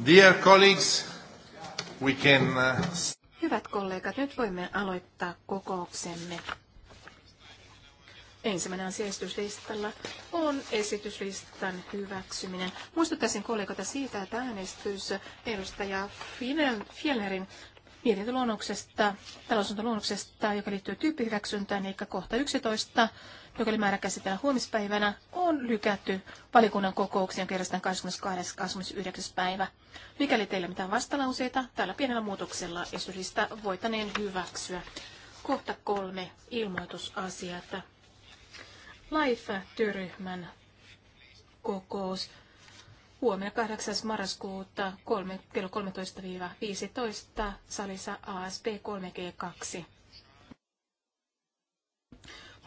Dear colleagues, we can... Uh, Hyvät kollegat, nyt voimme aloittaa kokouksemme. Ensimmäinen asia esityslistalla on esityslistan hyväksyminen. Muistuttaisin kollegoita siitä, että äänestys edustaja Fjellnerin mietintöluonnoksesta, luonnoksesta, joka liittyy tyyppihyväksyntään, eli kohta 11, joka oli määrä käsitellä huomispäivänä, on lykätty valikunnan kokoukseen kerrastaan 28.29. päivä. Mikäli teillä mitään vastalauseita, tällä pienellä muutoksella esitystä voitaneen hyväksyä. Kohta kolme ilmoitusasiat. Life-työryhmän kokous Huomenna 8. marraskuuta 3, kello 13-15 salissa ASP 3G2.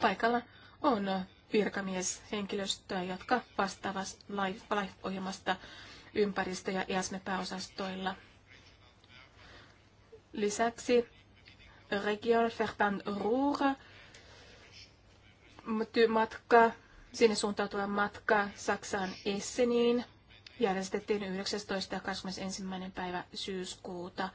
Paikalla on virkamieshenkilöstöä, jotka vastaavat LIFE-ohjelmasta ympäristö- ja EASME-pääosastoilla. Lisäksi Region Fertan Ruura matka, sinne suuntautuva matka Saksaan Esseniin järjestettiin 19. ja 21. päivä syyskuuta.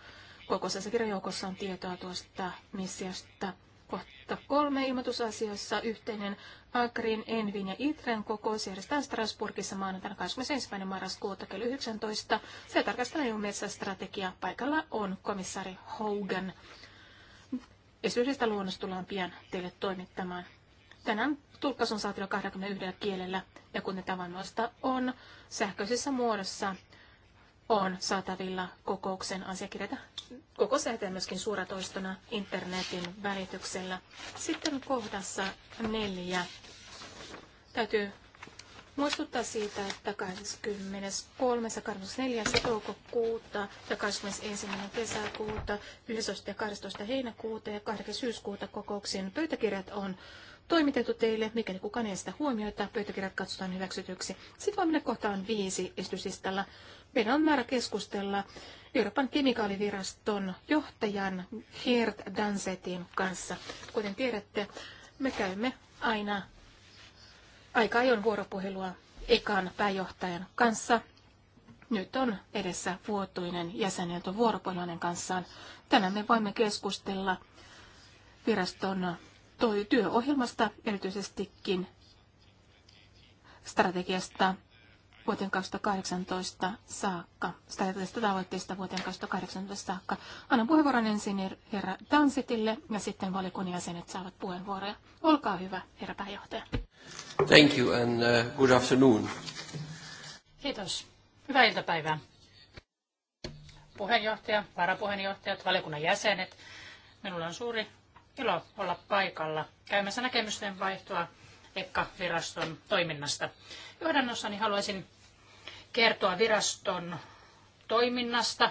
Kokoisessa kirjajoukossa on tietoa tuosta missiosta. Kohta kolme ilmoitusasioissa yhteinen Agrin, Envin ja Itren kokous järjestetään Strasbourgissa maanantaina 21. marraskuuta kello 19. Se tarkastelee eu metsästrategiaa. Paikalla on komissaari Hogan. Esityksestä luonnosta tullaan pian teille toimittamaan. Tänään tulkkaus on saatu 21 kielellä ja ne tavannoista on sähköisessä muodossa on saatavilla kokouksen asiakirjata. Koko lähetetään myöskin suoratoistona internetin välityksellä. Sitten kohdassa neljä. Täytyy muistuttaa siitä, että 23. ja 24. toukokuuta ja 21. kesäkuuta, 11. ja 12. heinäkuuta ja 8. syyskuuta kokouksien pöytäkirjat on toimitettu teille, mikäli kukaan ei sitä huomioita, pöytäkirjat katsotaan hyväksytyksi. Sitten voimme kohtaan viisi esityslistalla. Meidän on määrä keskustella Euroopan kemikaaliviraston johtajan Hert Dansetin kanssa. Kuten tiedätte, me käymme aina aika ajoin vuoropuhelua ekan pääjohtajan kanssa. Nyt on edessä vuotuinen jäsenelty vuoropuhelu kanssaan. Tänään me voimme keskustella viraston toi työohjelmasta erityisestikin strategiasta vuoteen 2018 saakka, strategisista tavoitteista vuoteen 2018 saakka. Annan puheenvuoron ensin herra Tansitille ja sitten valikunnan jäsenet saavat puheenvuoroja. Olkaa hyvä, herra pääjohtaja. Thank you and uh, good afternoon. Kiitos. Hyvää iltapäivää. Puheenjohtaja, varapuheenjohtajat, valikunnan jäsenet. Minulla on suuri ilo olla paikalla käymässä näkemysten vaihtoa EKKA-viraston toiminnasta. Johdannossani haluaisin kertoa viraston toiminnasta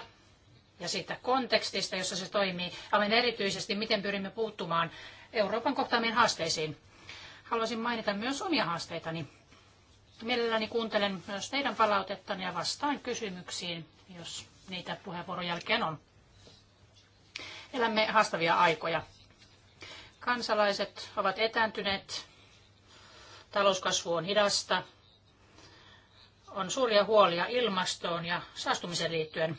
ja siitä kontekstista, jossa se toimii, aivan erityisesti miten pyrimme puuttumaan Euroopan kohtaamiin haasteisiin. Haluaisin mainita myös omia haasteitani. Mielelläni kuuntelen myös teidän palautettanne ja vastaan kysymyksiin, jos niitä puheenvuoron jälkeen on. Elämme haastavia aikoja. Kansalaiset ovat etääntyneet, talouskasvu on hidasta, on suuria huolia ilmastoon ja saastumiseen liittyen.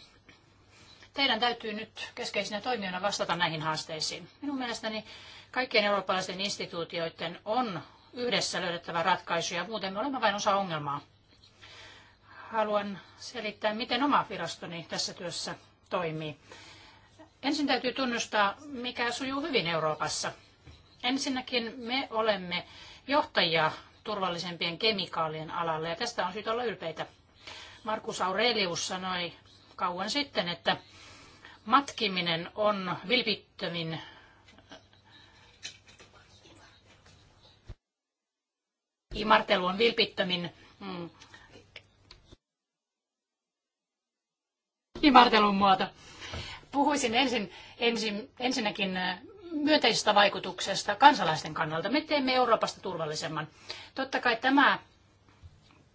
Teidän täytyy nyt keskeisinä toimijoina vastata näihin haasteisiin. Minun mielestäni kaikkien eurooppalaisten instituutioiden on yhdessä löydettävä ratkaisuja, muuten me olemme vain osa ongelmaa. Haluan selittää, miten oma virastoni tässä työssä toimii. Ensin täytyy tunnustaa, mikä sujuu hyvin Euroopassa – Ensinnäkin me olemme johtajia turvallisempien kemikaalien alalla ja tästä on syytä olla ylpeitä. Markus Aurelius sanoi kauan sitten, että matkiminen on vilpittömin imartelu on vilpittömin mm, imartelun muoto. Puhuisin ensin, ensin, ensinnäkin myönteisestä vaikutuksesta kansalaisten kannalta. Me teemme Euroopasta turvallisemman. Totta kai tämä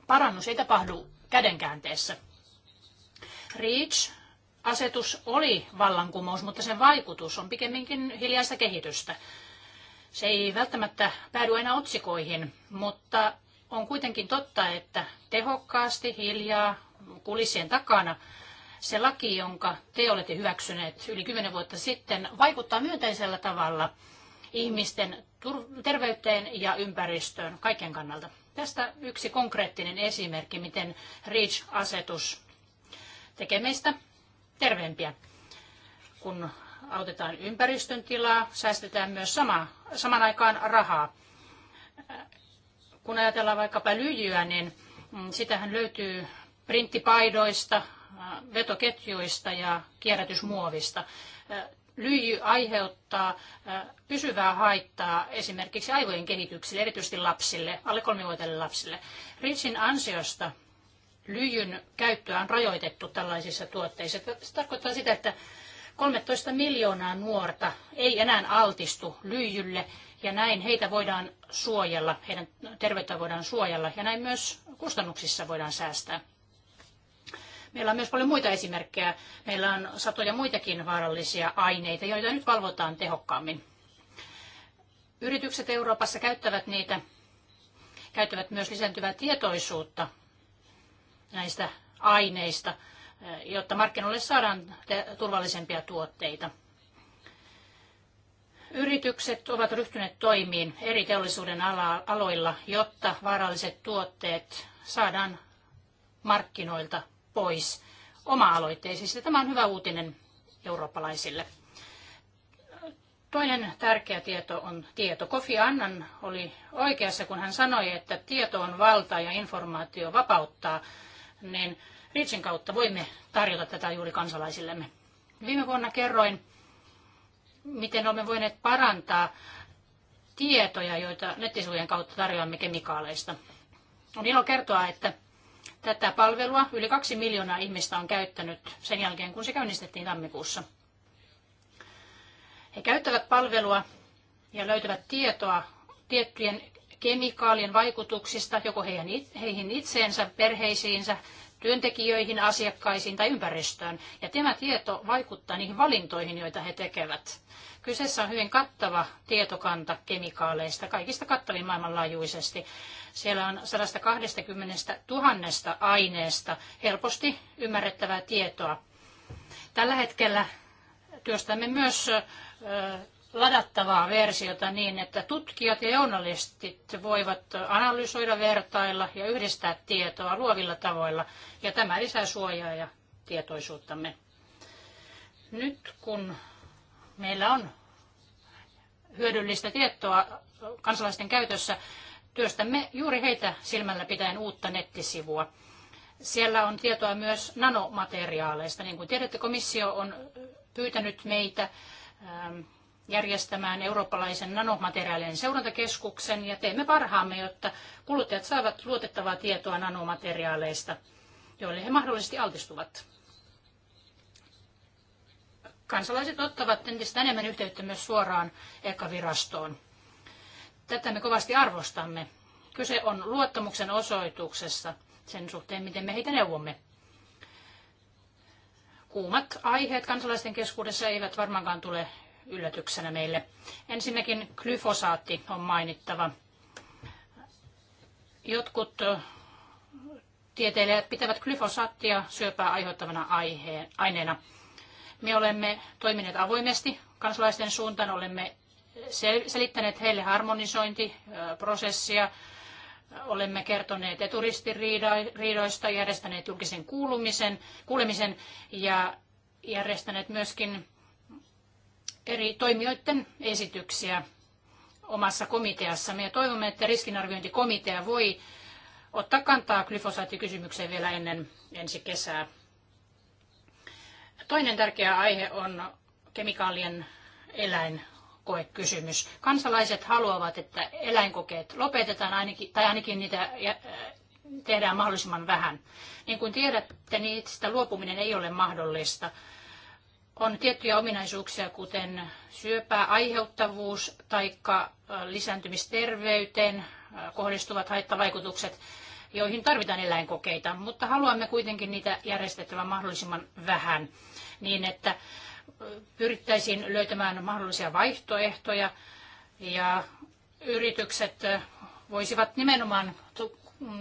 parannus ei tapahdu kädenkäänteessä. REACH asetus oli vallankumous, mutta sen vaikutus on pikemminkin hiljaista kehitystä. Se ei välttämättä päädy aina otsikoihin, mutta on kuitenkin totta, että tehokkaasti, hiljaa, kulissien takana – se laki, jonka te olette hyväksyneet yli kymmenen vuotta sitten, vaikuttaa myönteisellä tavalla ihmisten terveyteen ja ympäristöön kaiken kannalta. Tästä yksi konkreettinen esimerkki, miten REACH-asetus tekee meistä terveempiä, kun autetaan ympäristön tilaa, säästetään myös sama, saman aikaan rahaa. Kun ajatellaan vaikkapa lyijyä, niin mm, sitähän löytyy printtipaidoista, vetoketjuista ja kierrätysmuovista. Lyijy aiheuttaa pysyvää haittaa esimerkiksi aivojen kehitykselle, erityisesti lapsille, alle kolmivuotiaille lapsille. Ritsin ansiosta lyijyn käyttöä on rajoitettu tällaisissa tuotteissa. Se tarkoittaa sitä, että 13 miljoonaa nuorta ei enää altistu lyijylle ja näin heitä voidaan suojella, heidän terveyttä voidaan suojella ja näin myös kustannuksissa voidaan säästää. Meillä on myös paljon muita esimerkkejä. Meillä on satoja muitakin vaarallisia aineita, joita nyt valvotaan tehokkaammin. Yritykset Euroopassa käyttävät niitä, käyttävät myös lisääntyvää tietoisuutta näistä aineista, jotta markkinoille saadaan turvallisempia tuotteita. Yritykset ovat ryhtyneet toimiin eri teollisuuden aloilla, jotta vaaralliset tuotteet saadaan markkinoilta pois oma-aloitteisesti. Tämä on hyvä uutinen eurooppalaisille. Toinen tärkeä tieto on tieto. Kofi Annan oli oikeassa, kun hän sanoi, että tieto on valta ja informaatio vapauttaa, niin Ritsin kautta voimme tarjota tätä juuri kansalaisillemme. Viime vuonna kerroin, miten olemme voineet parantaa tietoja, joita nettisivujen kautta tarjoamme kemikaaleista. On ilo kertoa, että Tätä palvelua yli kaksi miljoonaa ihmistä on käyttänyt sen jälkeen, kun se käynnistettiin tammikuussa. He käyttävät palvelua ja löytävät tietoa tiettyjen kemikaalien vaikutuksista joko heihin itseensä, perheisiinsä, työntekijöihin, asiakkaisiin tai ympäristöön. Ja tämä tieto vaikuttaa niihin valintoihin, joita he tekevät. Kyseessä on hyvin kattava tietokanta kemikaaleista, kaikista kattavin maailmanlaajuisesti. Siellä on 120 000 aineesta helposti ymmärrettävää tietoa. Tällä hetkellä työstämme myös ladattavaa versiota niin, että tutkijat ja journalistit voivat analysoida, vertailla ja yhdistää tietoa luovilla tavoilla, ja tämä lisää suojaa ja tietoisuuttamme. Nyt kun Meillä on hyödyllistä tietoa kansalaisten käytössä. Työstämme juuri heitä silmällä pitäen uutta nettisivua. Siellä on tietoa myös nanomateriaaleista. Niin kuin tiedätte, komissio on pyytänyt meitä ähm, järjestämään eurooppalaisen nanomateriaalien seurantakeskuksen ja teemme parhaamme, jotta kuluttajat saavat luotettavaa tietoa nanomateriaaleista, joille he mahdollisesti altistuvat kansalaiset ottavat entistä enemmän yhteyttä myös suoraan ekavirastoon. virastoon Tätä me kovasti arvostamme. Kyse on luottamuksen osoituksessa sen suhteen, miten me heitä neuvomme. Kuumat aiheet kansalaisten keskuudessa eivät varmaankaan tule yllätyksenä meille. Ensinnäkin glyfosaatti on mainittava. Jotkut tieteilijät pitävät glyfosaattia syöpää aiheuttavana aineena. Me olemme toimineet avoimesti kansalaisten suuntaan, olemme selittäneet heille harmonisointiprosessia, olemme kertoneet eturistiriidoista, järjestäneet julkisen kuulumisen, kuulemisen ja järjestäneet myöskin eri toimijoiden esityksiä omassa komiteassa. Me toivomme, että riskinarviointikomitea voi ottaa kantaa glyfosaattikysymykseen vielä ennen ensi kesää. Toinen tärkeä aihe on kemikaalien eläinkoekysymys. Kansalaiset haluavat, että eläinkokeet lopetetaan ainakin, tai ainakin niitä äh, tehdään mahdollisimman vähän. Niin kuin tiedätte, niistä luopuminen ei ole mahdollista. On tiettyjä ominaisuuksia, kuten syöpää aiheuttavuus tai äh, lisääntymisterveyteen äh, kohdistuvat haittavaikutukset, joihin tarvitaan eläinkokeita, mutta haluamme kuitenkin niitä järjestettävän mahdollisimman vähän niin, että pyrittäisiin löytämään mahdollisia vaihtoehtoja ja yritykset voisivat nimenomaan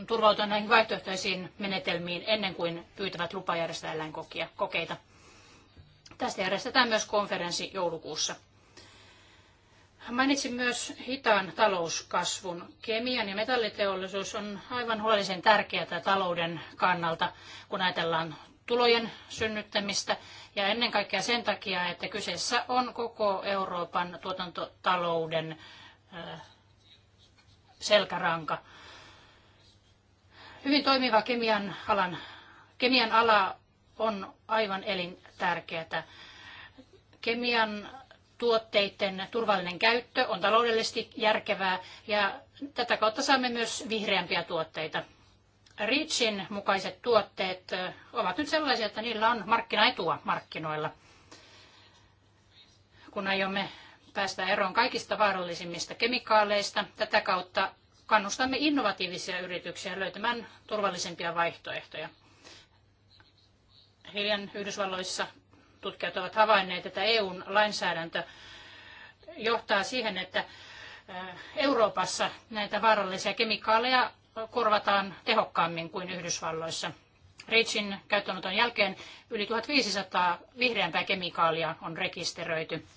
turvautua näihin vaihtoehtoisiin menetelmiin ennen kuin pyytävät lupaa järjestää eläinkokeita. Tästä järjestetään myös konferenssi joulukuussa. Mainitsin myös hitaan talouskasvun. Kemian ja metalliteollisuus on aivan huolellisen tärkeää talouden kannalta, kun ajatellaan tulojen synnyttämistä ja ennen kaikkea sen takia, että kyseessä on koko Euroopan tuotantotalouden äh, selkäranka. Hyvin toimiva kemian, alan, kemian ala on aivan elintärkeätä. Kemian tuotteiden turvallinen käyttö on taloudellisesti järkevää ja tätä kautta saamme myös vihreämpiä tuotteita. REACHin mukaiset tuotteet ovat nyt sellaisia, että niillä on markkinaetua markkinoilla, kun aiomme päästä eroon kaikista vaarallisimmista kemikaaleista. Tätä kautta kannustamme innovatiivisia yrityksiä löytämään turvallisempia vaihtoehtoja. Hiljan Yhdysvalloissa tutkijat ovat havainneet, että EUn lainsäädäntö johtaa siihen, että Euroopassa näitä vaarallisia kemikaaleja korvataan tehokkaammin kuin Yhdysvalloissa. Reachin käyttöönoton jälkeen yli 1500 vihreämpää kemikaalia on rekisteröity.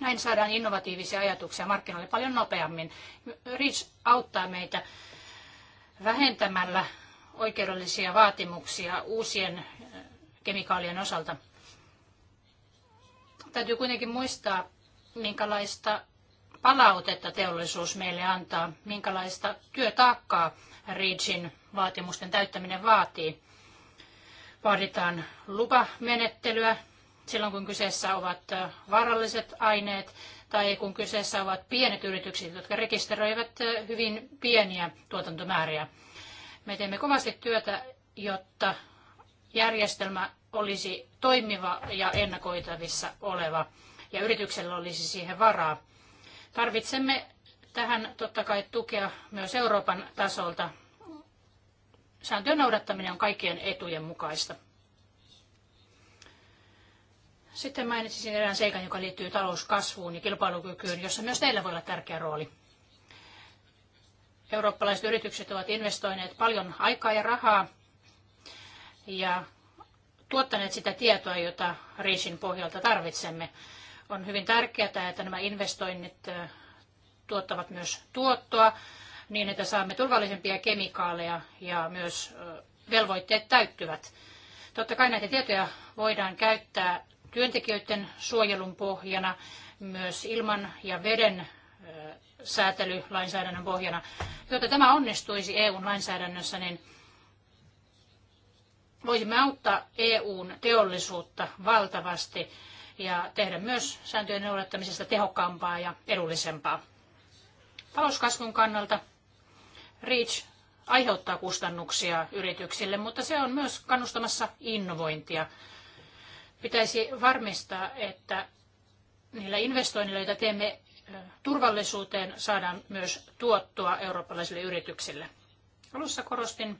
Näin saadaan innovatiivisia ajatuksia markkinoille paljon nopeammin. REACH auttaa meitä vähentämällä oikeudellisia vaatimuksia uusien eh, kemikaalien osalta. Täytyy kuitenkin muistaa, minkälaista palautetta teollisuus meille antaa, minkälaista työtaakkaa REACHin vaatimusten täyttäminen vaatii. Vaaditaan lupamenettelyä silloin, kun kyseessä ovat vaaralliset aineet tai kun kyseessä ovat pienet yritykset, jotka rekisteröivät hyvin pieniä tuotantomääriä. Me teemme kovasti työtä, jotta järjestelmä olisi toimiva ja ennakoitavissa oleva ja yrityksellä olisi siihen varaa. Tarvitsemme tähän totta kai tukea myös Euroopan tasolta. Sääntöjen noudattaminen on kaikkien etujen mukaista. Sitten mainitsisin erään seikan, joka liittyy talouskasvuun ja kilpailukykyyn, jossa myös teillä voi olla tärkeä rooli. Eurooppalaiset yritykset ovat investoineet paljon aikaa ja rahaa ja tuottaneet sitä tietoa, jota Riisin pohjalta tarvitsemme. On hyvin tärkeää, että nämä investoinnit tuottavat myös tuottoa niin, että saamme turvallisempia kemikaaleja ja myös velvoitteet täyttyvät. Totta kai näitä tietoja voidaan käyttää työntekijöiden suojelun pohjana, myös ilman ja veden säätelylainsäädännön pohjana. Jotta tämä onnistuisi EUn lainsäädännössä, niin voisimme auttaa EUn teollisuutta valtavasti ja tehdä myös sääntöjen noudattamisesta tehokkaampaa ja edullisempaa. Talouskasvun kannalta REACH aiheuttaa kustannuksia yrityksille, mutta se on myös kannustamassa innovointia. Pitäisi varmistaa, että niillä investoinneilla, joita teemme turvallisuuteen, saadaan myös tuottoa eurooppalaisille yrityksille. Alussa korostin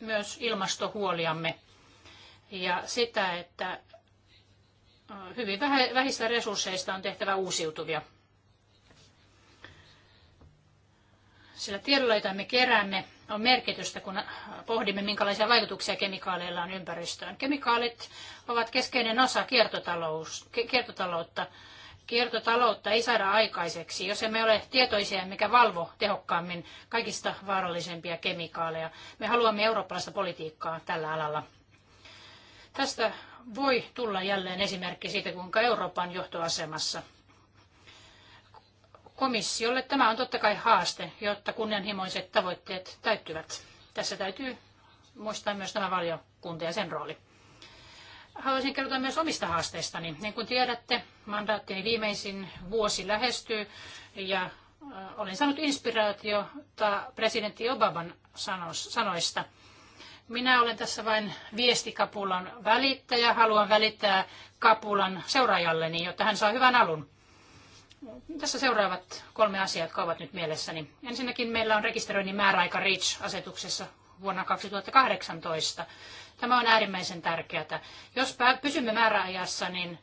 myös ilmastohuoliamme ja sitä, että hyvin vähistä resursseista on tehtävä uusiutuvia. Sillä tiedolla, jota me keräämme, on merkitystä, kun pohdimme, minkälaisia vaikutuksia kemikaaleilla on ympäristöön. Kemikaalit ovat keskeinen osa kiertotalous, kiertotaloutta. Kiertotaloutta ei saada aikaiseksi, jos emme ole tietoisia mikä valvo tehokkaammin kaikista vaarallisempia kemikaaleja. Me haluamme eurooppalaista politiikkaa tällä alalla. Tästä voi tulla jälleen esimerkki siitä, kuinka Eurooppa on johtoasemassa. Komissiolle tämä on totta kai haaste, jotta kunnianhimoiset tavoitteet täyttyvät. Tässä täytyy muistaa myös tämä valiokunta ja sen rooli. Haluaisin kertoa myös omista haasteistani. Niin kuin tiedätte, mandaattini viimeisin vuosi lähestyy ja olen saanut inspiraatiota presidentti Obaman sanoista – minä olen tässä vain viestikapulan välittäjä. Haluan välittää kapulan seuraajalleni, niin jotta hän saa hyvän alun. Tässä seuraavat kolme asiaa, jotka ovat nyt mielessäni. Ensinnäkin meillä on rekisteröinnin määräaika REACH-asetuksessa vuonna 2018. Tämä on äärimmäisen tärkeää. Jos pysymme määräajassa, niin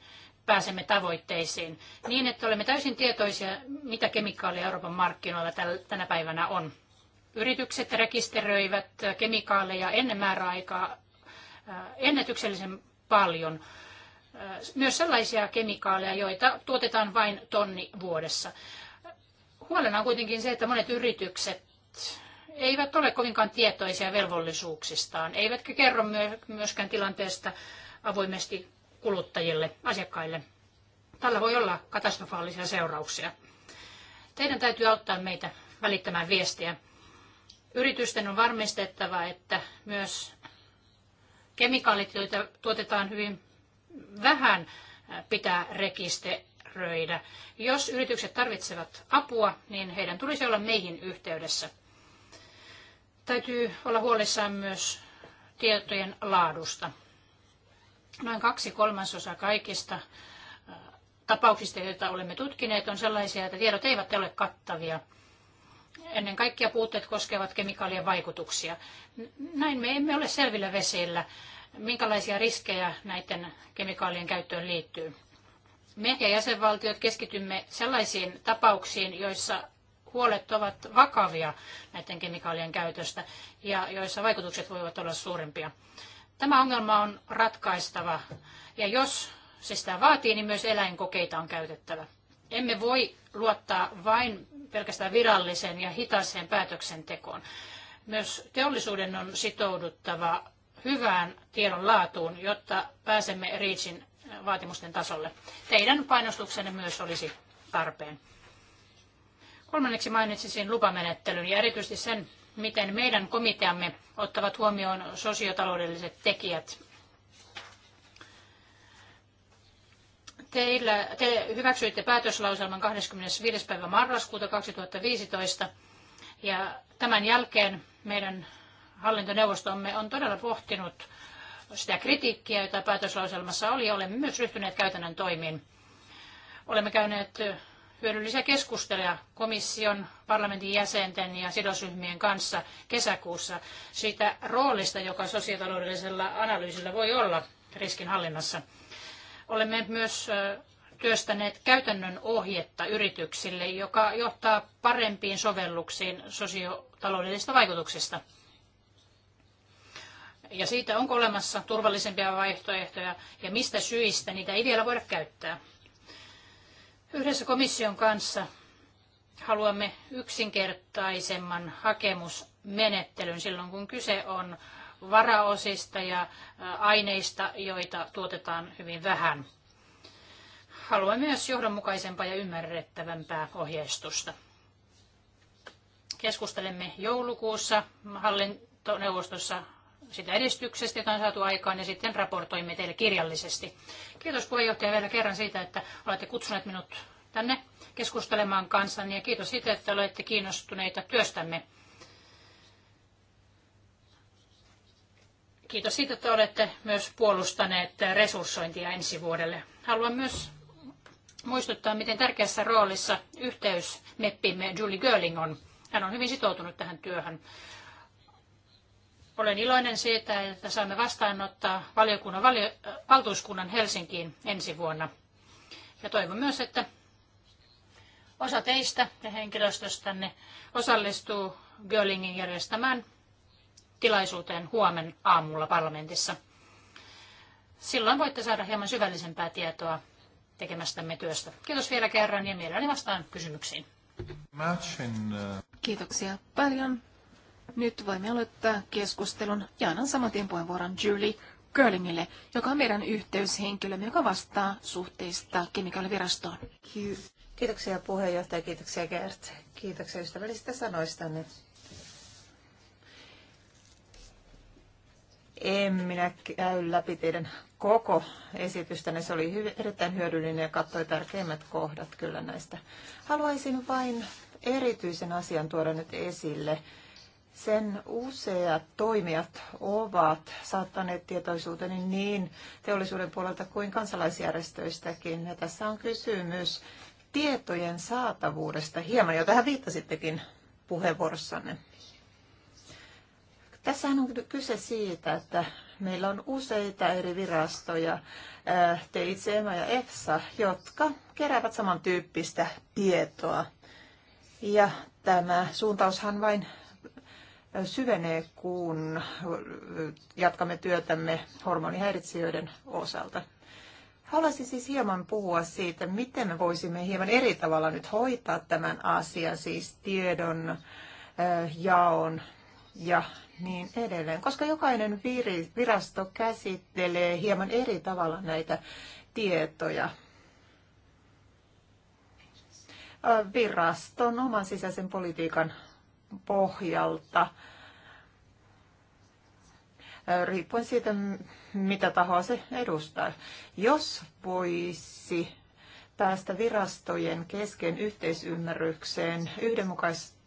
pääsemme tavoitteisiin niin, että olemme täysin tietoisia, mitä kemikaaleja Euroopan markkinoilla tänä päivänä on. Yritykset rekisteröivät kemikaaleja ennen määräaikaa äh, ennätyksellisen paljon. Äh, myös sellaisia kemikaaleja, joita tuotetaan vain tonni vuodessa. Huolena on kuitenkin se, että monet yritykset eivät ole kovinkaan tietoisia velvollisuuksistaan, eivätkä kerro myöskään tilanteesta avoimesti kuluttajille, asiakkaille. Tällä voi olla katastrofaalisia seurauksia. Teidän täytyy auttaa meitä välittämään viestiä. Yritysten on varmistettava, että myös kemikaalit, joita tuotetaan hyvin vähän, pitää rekisteröidä. Jos yritykset tarvitsevat apua, niin heidän tulisi olla meihin yhteydessä. Täytyy olla huolissaan myös tietojen laadusta. Noin kaksi kolmasosa kaikista äh, tapauksista, joita olemme tutkineet, on sellaisia, että tiedot eivät ole kattavia – Ennen kaikkea puutteet koskevat kemikaalien vaikutuksia. Näin me emme ole selvillä vesillä, minkälaisia riskejä näiden kemikaalien käyttöön liittyy. Me ja jäsenvaltiot keskitymme sellaisiin tapauksiin, joissa huolet ovat vakavia näiden kemikaalien käytöstä ja joissa vaikutukset voivat olla suurempia. Tämä ongelma on ratkaistava ja jos se sitä vaatii, niin myös eläinkokeita on käytettävä. Emme voi luottaa vain pelkästään virallisen ja hitaaseen päätöksentekoon. Myös teollisuuden on sitouduttava hyvään tiedon laatuun, jotta pääsemme REACHin vaatimusten tasolle. Teidän painostuksenne myös olisi tarpeen. Kolmanneksi mainitsisin lupamenettelyn ja erityisesti sen, miten meidän komiteamme ottavat huomioon sosiotaloudelliset tekijät Teillä, te hyväksyitte päätöslauselman 25. päivä marraskuuta 2015 ja tämän jälkeen meidän hallintoneuvostomme on todella pohtinut sitä kritiikkiä, jota päätöslauselmassa oli ja olemme myös ryhtyneet käytännön toimiin. Olemme käyneet hyödyllisiä keskusteluja komission, parlamentin jäsenten ja sidosryhmien kanssa kesäkuussa siitä roolista, joka sosiotaloudellisella analyysillä voi olla riskinhallinnassa. hallinnassa. Olemme myös työstäneet käytännön ohjetta yrityksille, joka johtaa parempiin sovelluksiin sosiotaloudellisista vaikutuksista. Ja siitä onko olemassa turvallisempia vaihtoehtoja ja mistä syistä niitä ei vielä voida käyttää. Yhdessä komission kanssa haluamme yksinkertaisemman hakemusmenettelyn silloin, kun kyse on varaosista ja aineista, joita tuotetaan hyvin vähän. Haluamme myös johdonmukaisempaa ja ymmärrettävämpää ohjeistusta. Keskustelemme joulukuussa hallintoneuvostossa sitä edistyksestä, jota on saatu aikaan, ja sitten raportoimme teille kirjallisesti. Kiitos puheenjohtaja vielä kerran siitä, että olette kutsuneet minut tänne keskustelemaan kanssani, ja kiitos siitä, että olette kiinnostuneita työstämme. Kiitos siitä, että olette myös puolustaneet resurssointia ensi vuodelle. Haluan myös muistuttaa, miten tärkeässä roolissa yhteys meppimme Julie Görling on. Hän on hyvin sitoutunut tähän työhön. Olen iloinen siitä, että saamme vastaanottaa valiokunnan valio, valtuuskunnan Helsinkiin ensi vuonna. Ja toivon myös, että osa teistä ja henkilöstöstänne osallistuu Görlingin järjestämään tilaisuuteen huomen aamulla parlamentissa. Silloin voitte saada hieman syvällisempää tietoa tekemästämme työstä. Kiitos vielä kerran ja mielelläni vastaan kysymyksiin. Uh, kiitoksia paljon. Nyt voimme aloittaa keskustelun ja annan samatien puheenvuoron Julie Curlingille, joka on meidän yhteyshenkilömme, joka vastaa suhteista kemikaalivirastoon. Kiitoksia puheenjohtaja, kiitoksia Gert. Kiitoksia ystävällisistä sanoista. En minä käy läpi teidän koko esitystänne. Se oli hyvin, erittäin hyödyllinen ja katsoi tärkeimmät kohdat kyllä näistä. Haluaisin vain erityisen asian tuoda nyt esille. Sen useat toimijat ovat saattaneet tietoisuuteni niin teollisuuden puolelta kuin kansalaisjärjestöistäkin. Ja tässä on kysymys tietojen saatavuudesta. Hieman jo tähän viittasittekin puheenvuorossanne. Tässähän on kyse siitä, että meillä on useita eri virastoja, äh, TICMA ja EFSA, jotka keräävät samantyyppistä tietoa. Ja tämä suuntaushan vain syvenee, kun jatkamme työtämme hormonihäiritsijöiden osalta. Haluaisin siis hieman puhua siitä, miten me voisimme hieman eri tavalla nyt hoitaa tämän asian, siis tiedon, äh, jaon ja niin edelleen, koska jokainen virasto käsittelee hieman eri tavalla näitä tietoja. Viraston oman sisäisen politiikan pohjalta, riippuen siitä, mitä tahoa se edustaa. Jos voisi päästä virastojen kesken yhteisymmärrykseen yhdenmukaisesti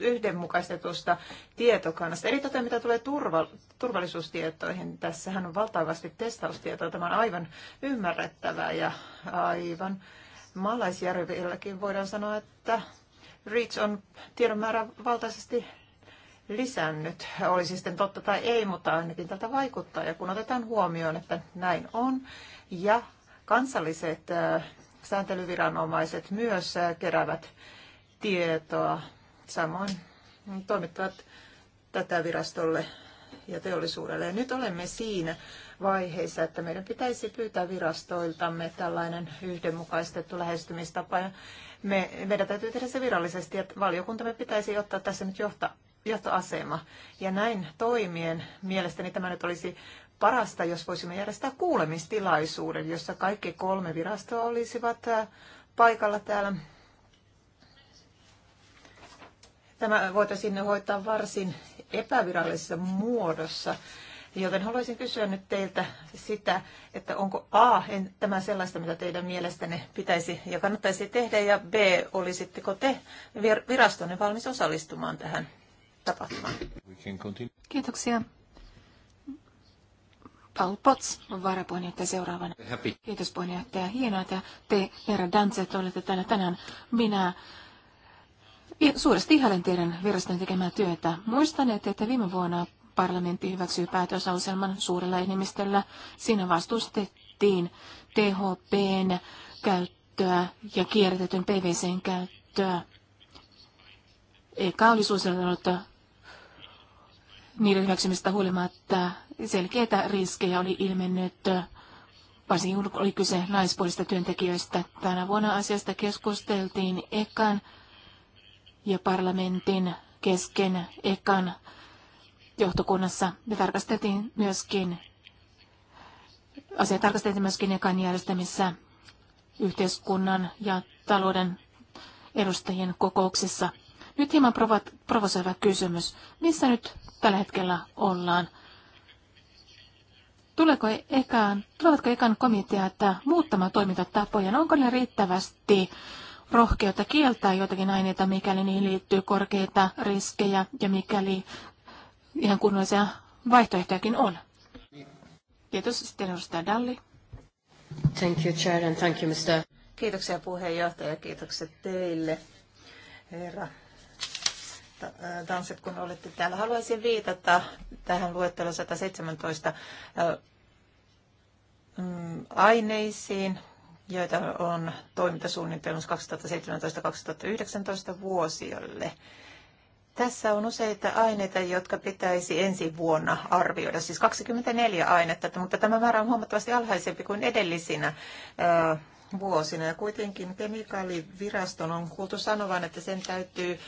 yhdenmukaistetusta tietokannasta. Eri toteen, mitä tulee turva, turvallisuustietoihin, tässähän on valtavasti testaustietoa. Tämä on aivan ymmärrettävää ja aivan maalaisjärvilläkin voidaan sanoa, että REACH on tiedon määrä valtaisesti lisännyt, olisi sitten totta tai ei, mutta ainakin tältä vaikuttaa. Ja kun otetaan huomioon, että näin on, ja kansalliset äh, sääntelyviranomaiset myös äh, keräävät tietoa samoin toimittavat tätä virastolle ja teollisuudelle. Ja nyt olemme siinä vaiheessa, että meidän pitäisi pyytää virastoiltamme tällainen yhdenmukaistettu lähestymistapa. Ja me, meidän täytyy tehdä se virallisesti, että valiokuntamme pitäisi ottaa tässä nyt johta, johtoasema. Ja näin toimien mielestäni tämä nyt olisi parasta, jos voisimme järjestää kuulemistilaisuuden, jossa kaikki kolme virastoa olisivat äh, paikalla täällä Tämä voitaisiin hoitaa varsin epävirallisessa muodossa. Joten haluaisin kysyä nyt teiltä sitä, että onko A, en, tämä sellaista, mitä teidän mielestänne pitäisi ja kannattaisi tehdä, ja B, olisitteko te virastonne valmis osallistumaan tähän tapahtumaan? Kiitoksia. Paul Potts on varapuheenjohtaja seuraavana. Kiitos puheenjohtaja. Hienoa, että te, herra Danset, olette täällä tänään. Minä Suuresti ihailen teidän viraston tekemää työtä. Muistan, että viime vuonna parlamentti hyväksyi päätösauselman suurella enemmistöllä. Siinä vastustettiin THPn käyttöä ja kierrätetyn PVCn käyttöä. Eka oli suosittanut niiden hyväksymistä huolimatta selkeitä riskejä oli ilmennyt, varsinkin kun oli kyse naispuolista työntekijöistä. Tänä vuonna asiasta keskusteltiin ekan ja parlamentin kesken ekan johtokunnassa. Me tarkasteltiin myöskin, asia tarkasteltiin myöskin ekan järjestämissä yhteiskunnan ja talouden edustajien kokouksissa. Nyt hieman provat, provosoiva kysymys. Missä nyt tällä hetkellä ollaan? Tuleeko ekaan, tulevatko ekan komiteat muuttamaan toimintatapoja? No onko ne riittävästi rohkeutta kieltää jotakin aineita, mikäli niihin liittyy korkeita riskejä ja mikäli ihan kunnollisia vaihtoehtojakin on. Kiitos. Sitten edustaja Dalli. Thank you, Chair, and thank you, Mr. Kiitoksia puheenjohtaja, kiitokset teille, herra Tanset, kun olette täällä. Haluaisin viitata tähän luetteloon 117 mm, aineisiin, joita on toimintasuunnitelmassa 2017-2019 vuosiolle. Tässä on useita aineita, jotka pitäisi ensi vuonna arvioida, siis 24 ainetta, mutta tämä määrä on huomattavasti alhaisempi kuin edellisinä vuosina. Ja kuitenkin kemikaaliviraston on kuultu sanovan, että sen täytyy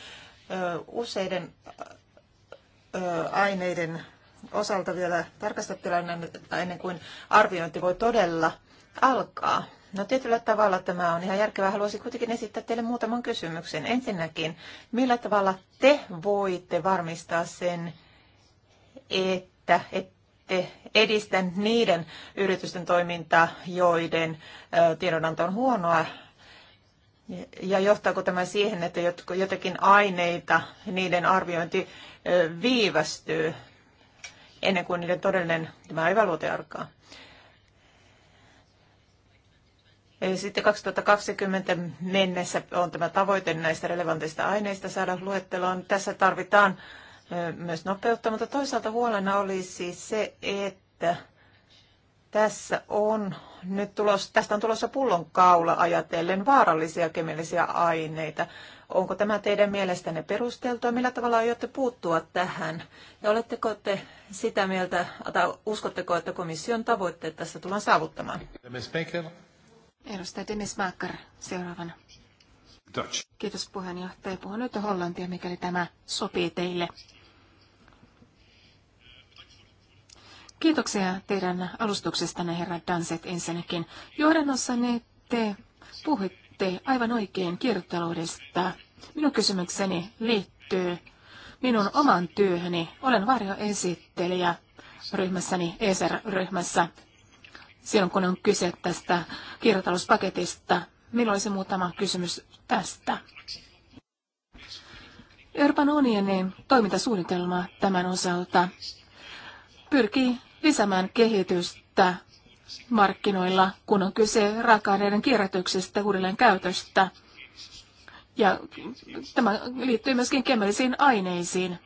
useiden aineiden osalta vielä tarkastaa tilanne ennen kuin arviointi voi todella alkaa. No tietyllä tavalla tämä on ihan järkevää. Haluaisin kuitenkin esittää teille muutaman kysymyksen. Ensinnäkin, millä tavalla te voitte varmistaa sen, että ette edistä niiden yritysten toimintaa, joiden tiedonanto on huonoa, ja johtaako tämä siihen, että jotakin aineita, niiden arviointi viivästyy ennen kuin niiden todellinen tämä evaluote alkaa? Sitten 2020 mennessä on tämä tavoite näistä relevanteista aineista saada luetteloon. Tässä tarvitaan myös nopeutta, mutta toisaalta huolena oli siis se, että tässä on nyt tulos, tästä on tulossa pullonkaula ajatellen vaarallisia kemiallisia aineita. Onko tämä teidän mielestänne perusteltua? Millä tavalla aiotte puuttua tähän? Ja oletteko te sitä mieltä, tai uskotteko, että komission tavoitteet tässä tullaan saavuttamaan? Edustaja Dennis Macker seuraavana. Dutch. Kiitos puheenjohtaja. Puhun nyt hollantia, mikäli tämä sopii teille. Kiitoksia teidän alustuksestanne, herra Danset, ensinnäkin. Johdannossanne te puhuitte aivan oikein kiertotaloudesta. Minun kysymykseni liittyy minun oman työhöni. Olen varjoesittelijä ryhmässäni, ESER-ryhmässä silloin, kun on kyse tästä kiertotalouspaketista. Minulla olisi muutama kysymys tästä. Euroopan unionin toimintasuunnitelma tämän osalta pyrkii lisäämään kehitystä markkinoilla, kun on kyse raaka-aineiden kierrätyksestä, uudelleen käytöstä. Ja tämä liittyy myöskin kemiallisiin aineisiin.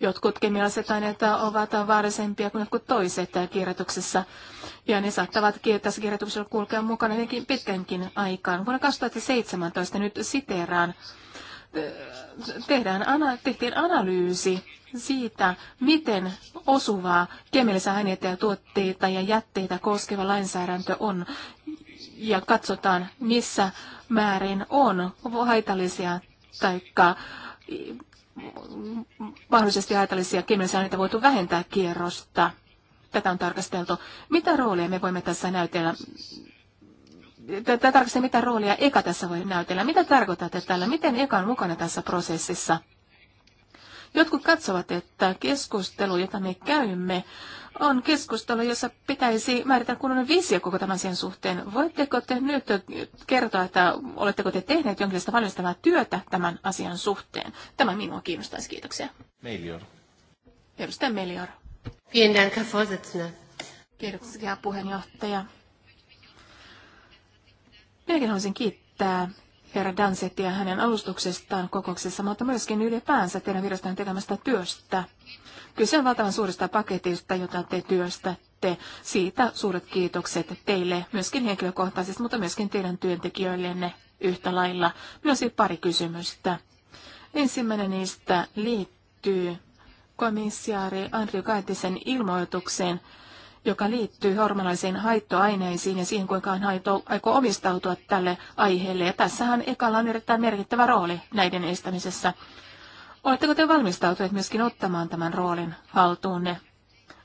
Jotkut kemialliset aineet ovat vaarallisempia kuin jotkut toiset kierrätyksessä, ja ne saattavat tässä kierrätyksellä kulkea mukana pitkänkin aikaan. Vuonna 2017 nyt siteeraan tehdään, tehtiin analyysi siitä, miten osuvaa kemiallisia aineita ja tuotteita ja jätteitä koskeva lainsäädäntö on. Ja katsotaan, missä määrin on haitallisia tai mahdollisesti haitallisia kemiallisia aineita voitu vähentää kierrosta. Tätä on tarkasteltu. Mitä roolia me voimme tässä näytellä? Tätä tarkastelemme, mitä roolia eka tässä voi näytellä. Mitä tarkoitatte tällä? Miten eka on mukana tässä prosessissa? Jotkut katsovat, että keskustelu, jota me käymme, on keskustelu, jossa pitäisi määritellä kunnon visio koko tämän sen suhteen. Voitteko te nyt kertoa, että oletteko te tehneet jonkinlaista valmistavaa työtä tämän asian suhteen? Tämä minua kiinnostaisi. Kiitoksia. Melior. Edustaja Melior. Kiitoksia puheenjohtaja. Minäkin haluaisin kiittää herra ja hänen alustuksestaan kokouksessa, mutta myöskin ylipäänsä teidän viraston tekemästä työstä. Kyse on valtavan suurista paketista, jota te työstätte. Siitä suuret kiitokset teille, myöskin henkilökohtaisesti, mutta myöskin teidän työntekijöillenne yhtä lailla. Myös pari kysymystä. Ensimmäinen niistä liittyy komissiaari Andrew Kaitisen ilmoitukseen joka liittyy hormonaisiin haittoaineisiin ja siihen, kuinka hän aikoo omistautua tälle aiheelle. Ja tässähän ekalla on erittäin merkittävä rooli näiden estämisessä. Oletteko te valmistautuneet myöskin ottamaan tämän roolin haltuunne?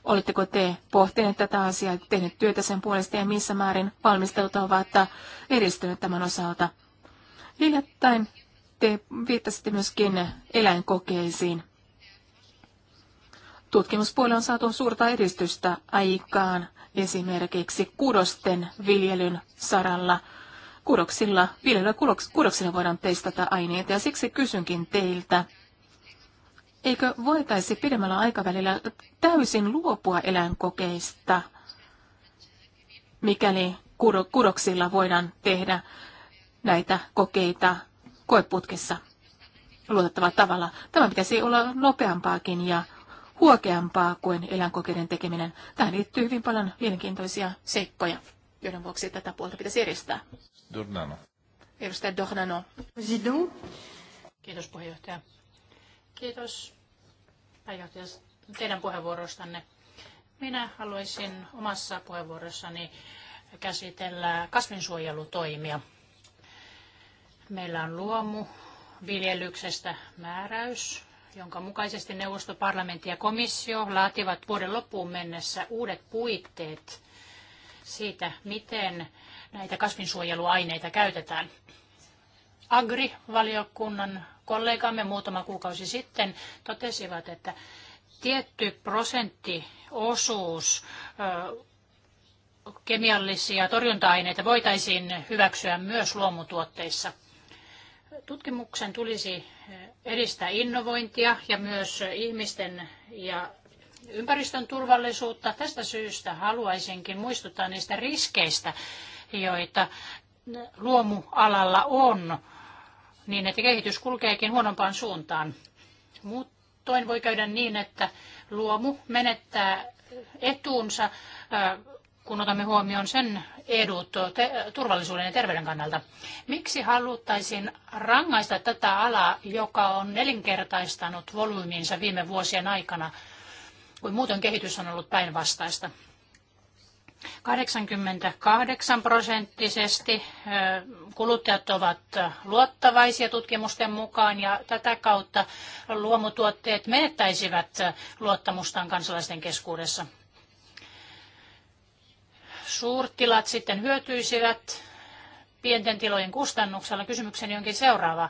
Oletteko te pohtineet tätä asiaa, tehneet työtä sen puolesta ja missä määrin valmistelut ovat edistyneet tämän osalta? Hiljattain te viittasitte myöskin eläinkokeisiin. Tutkimuspuolella on saatu suurta edistystä aikaan esimerkiksi kudosten viljelyn saralla. Kudoksilla, viljelyllä kudoksilla voidaan testata aineita ja siksi kysynkin teiltä, eikö voitaisi pidemmällä aikavälillä täysin luopua eläinkokeista, mikäli kudoksilla voidaan tehdä näitä kokeita koeputkessa luotettavalla tavalla. Tämä pitäisi olla nopeampaakin ja huokeampaa kuin eläinkokeiden tekeminen. Tähän liittyy hyvin paljon mielenkiintoisia seikkoja, joiden vuoksi tätä puolta pitäisi edistää. Dornano. Edustaja Dornano. Kiitos puheenjohtaja. Kiitos puheenjohtaja teidän puheenvuorostanne. Minä haluaisin omassa puheenvuorossani käsitellä kasvinsuojelutoimia. Meillä on luomu viljelyksestä määräys jonka mukaisesti neuvosto, parlamentti ja komissio laativat vuoden loppuun mennessä uudet puitteet siitä, miten näitä kasvinsuojeluaineita käytetään. Agri-valiokunnan kollegamme muutama kuukausi sitten totesivat, että tietty prosenttiosuus kemiallisia torjunta-aineita voitaisiin hyväksyä myös luomutuotteissa. Tutkimuksen tulisi edistää innovointia ja myös ihmisten ja ympäristön turvallisuutta. Tästä syystä haluaisinkin muistuttaa niistä riskeistä, joita luomualalla on, niin että kehitys kulkeekin huonompaan suuntaan. Muuttoin voi käydä niin, että luomu menettää etuunsa kun otamme huomioon sen edut turvallisuuden ja terveyden kannalta. Miksi haluttaisiin rangaista tätä alaa, joka on nelinkertaistanut volyyminsa viime vuosien aikana, kun muuten kehitys on ollut päinvastaista? 88 prosenttisesti kuluttajat ovat luottavaisia tutkimusten mukaan ja tätä kautta luomutuotteet menettäisivät luottamustaan kansalaisten keskuudessa suurtilat sitten hyötyisivät pienten tilojen kustannuksella. Kysymykseni onkin seuraava.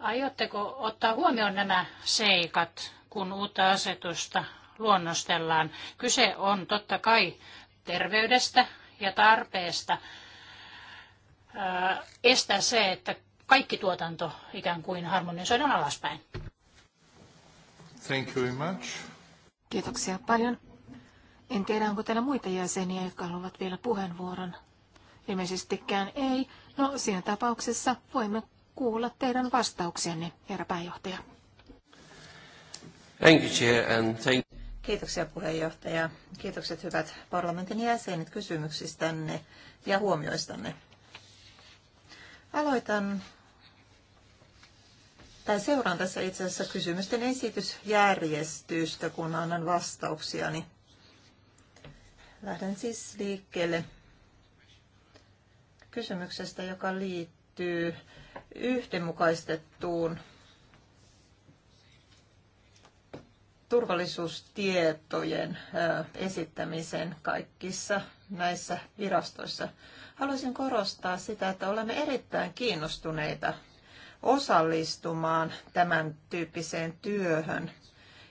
Aiotteko ottaa huomioon nämä seikat, kun uutta asetusta luonnostellaan? Kyse on totta kai terveydestä ja tarpeesta estää se, että kaikki tuotanto ikään kuin harmonisoidaan alaspäin. Thank you very much. Kiitoksia paljon. En tiedä, onko täällä muita jäseniä, jotka haluavat vielä puheenvuoron. Ilmeisestikään ei. No, siinä tapauksessa voimme kuulla teidän vastauksenne, herra pääjohtaja. Thank you, Chair, and thank... Kiitoksia puheenjohtaja. Kiitokset hyvät parlamentin jäsenet kysymyksistänne ja huomioistanne. Aloitan tai seuraan tässä itse asiassa kysymysten esitysjärjestystä, kun annan vastauksiani Lähden siis liikkeelle kysymyksestä, joka liittyy yhdenmukaistettuun turvallisuustietojen esittämisen kaikissa näissä virastoissa. Haluaisin korostaa sitä, että olemme erittäin kiinnostuneita osallistumaan tämän tyyppiseen työhön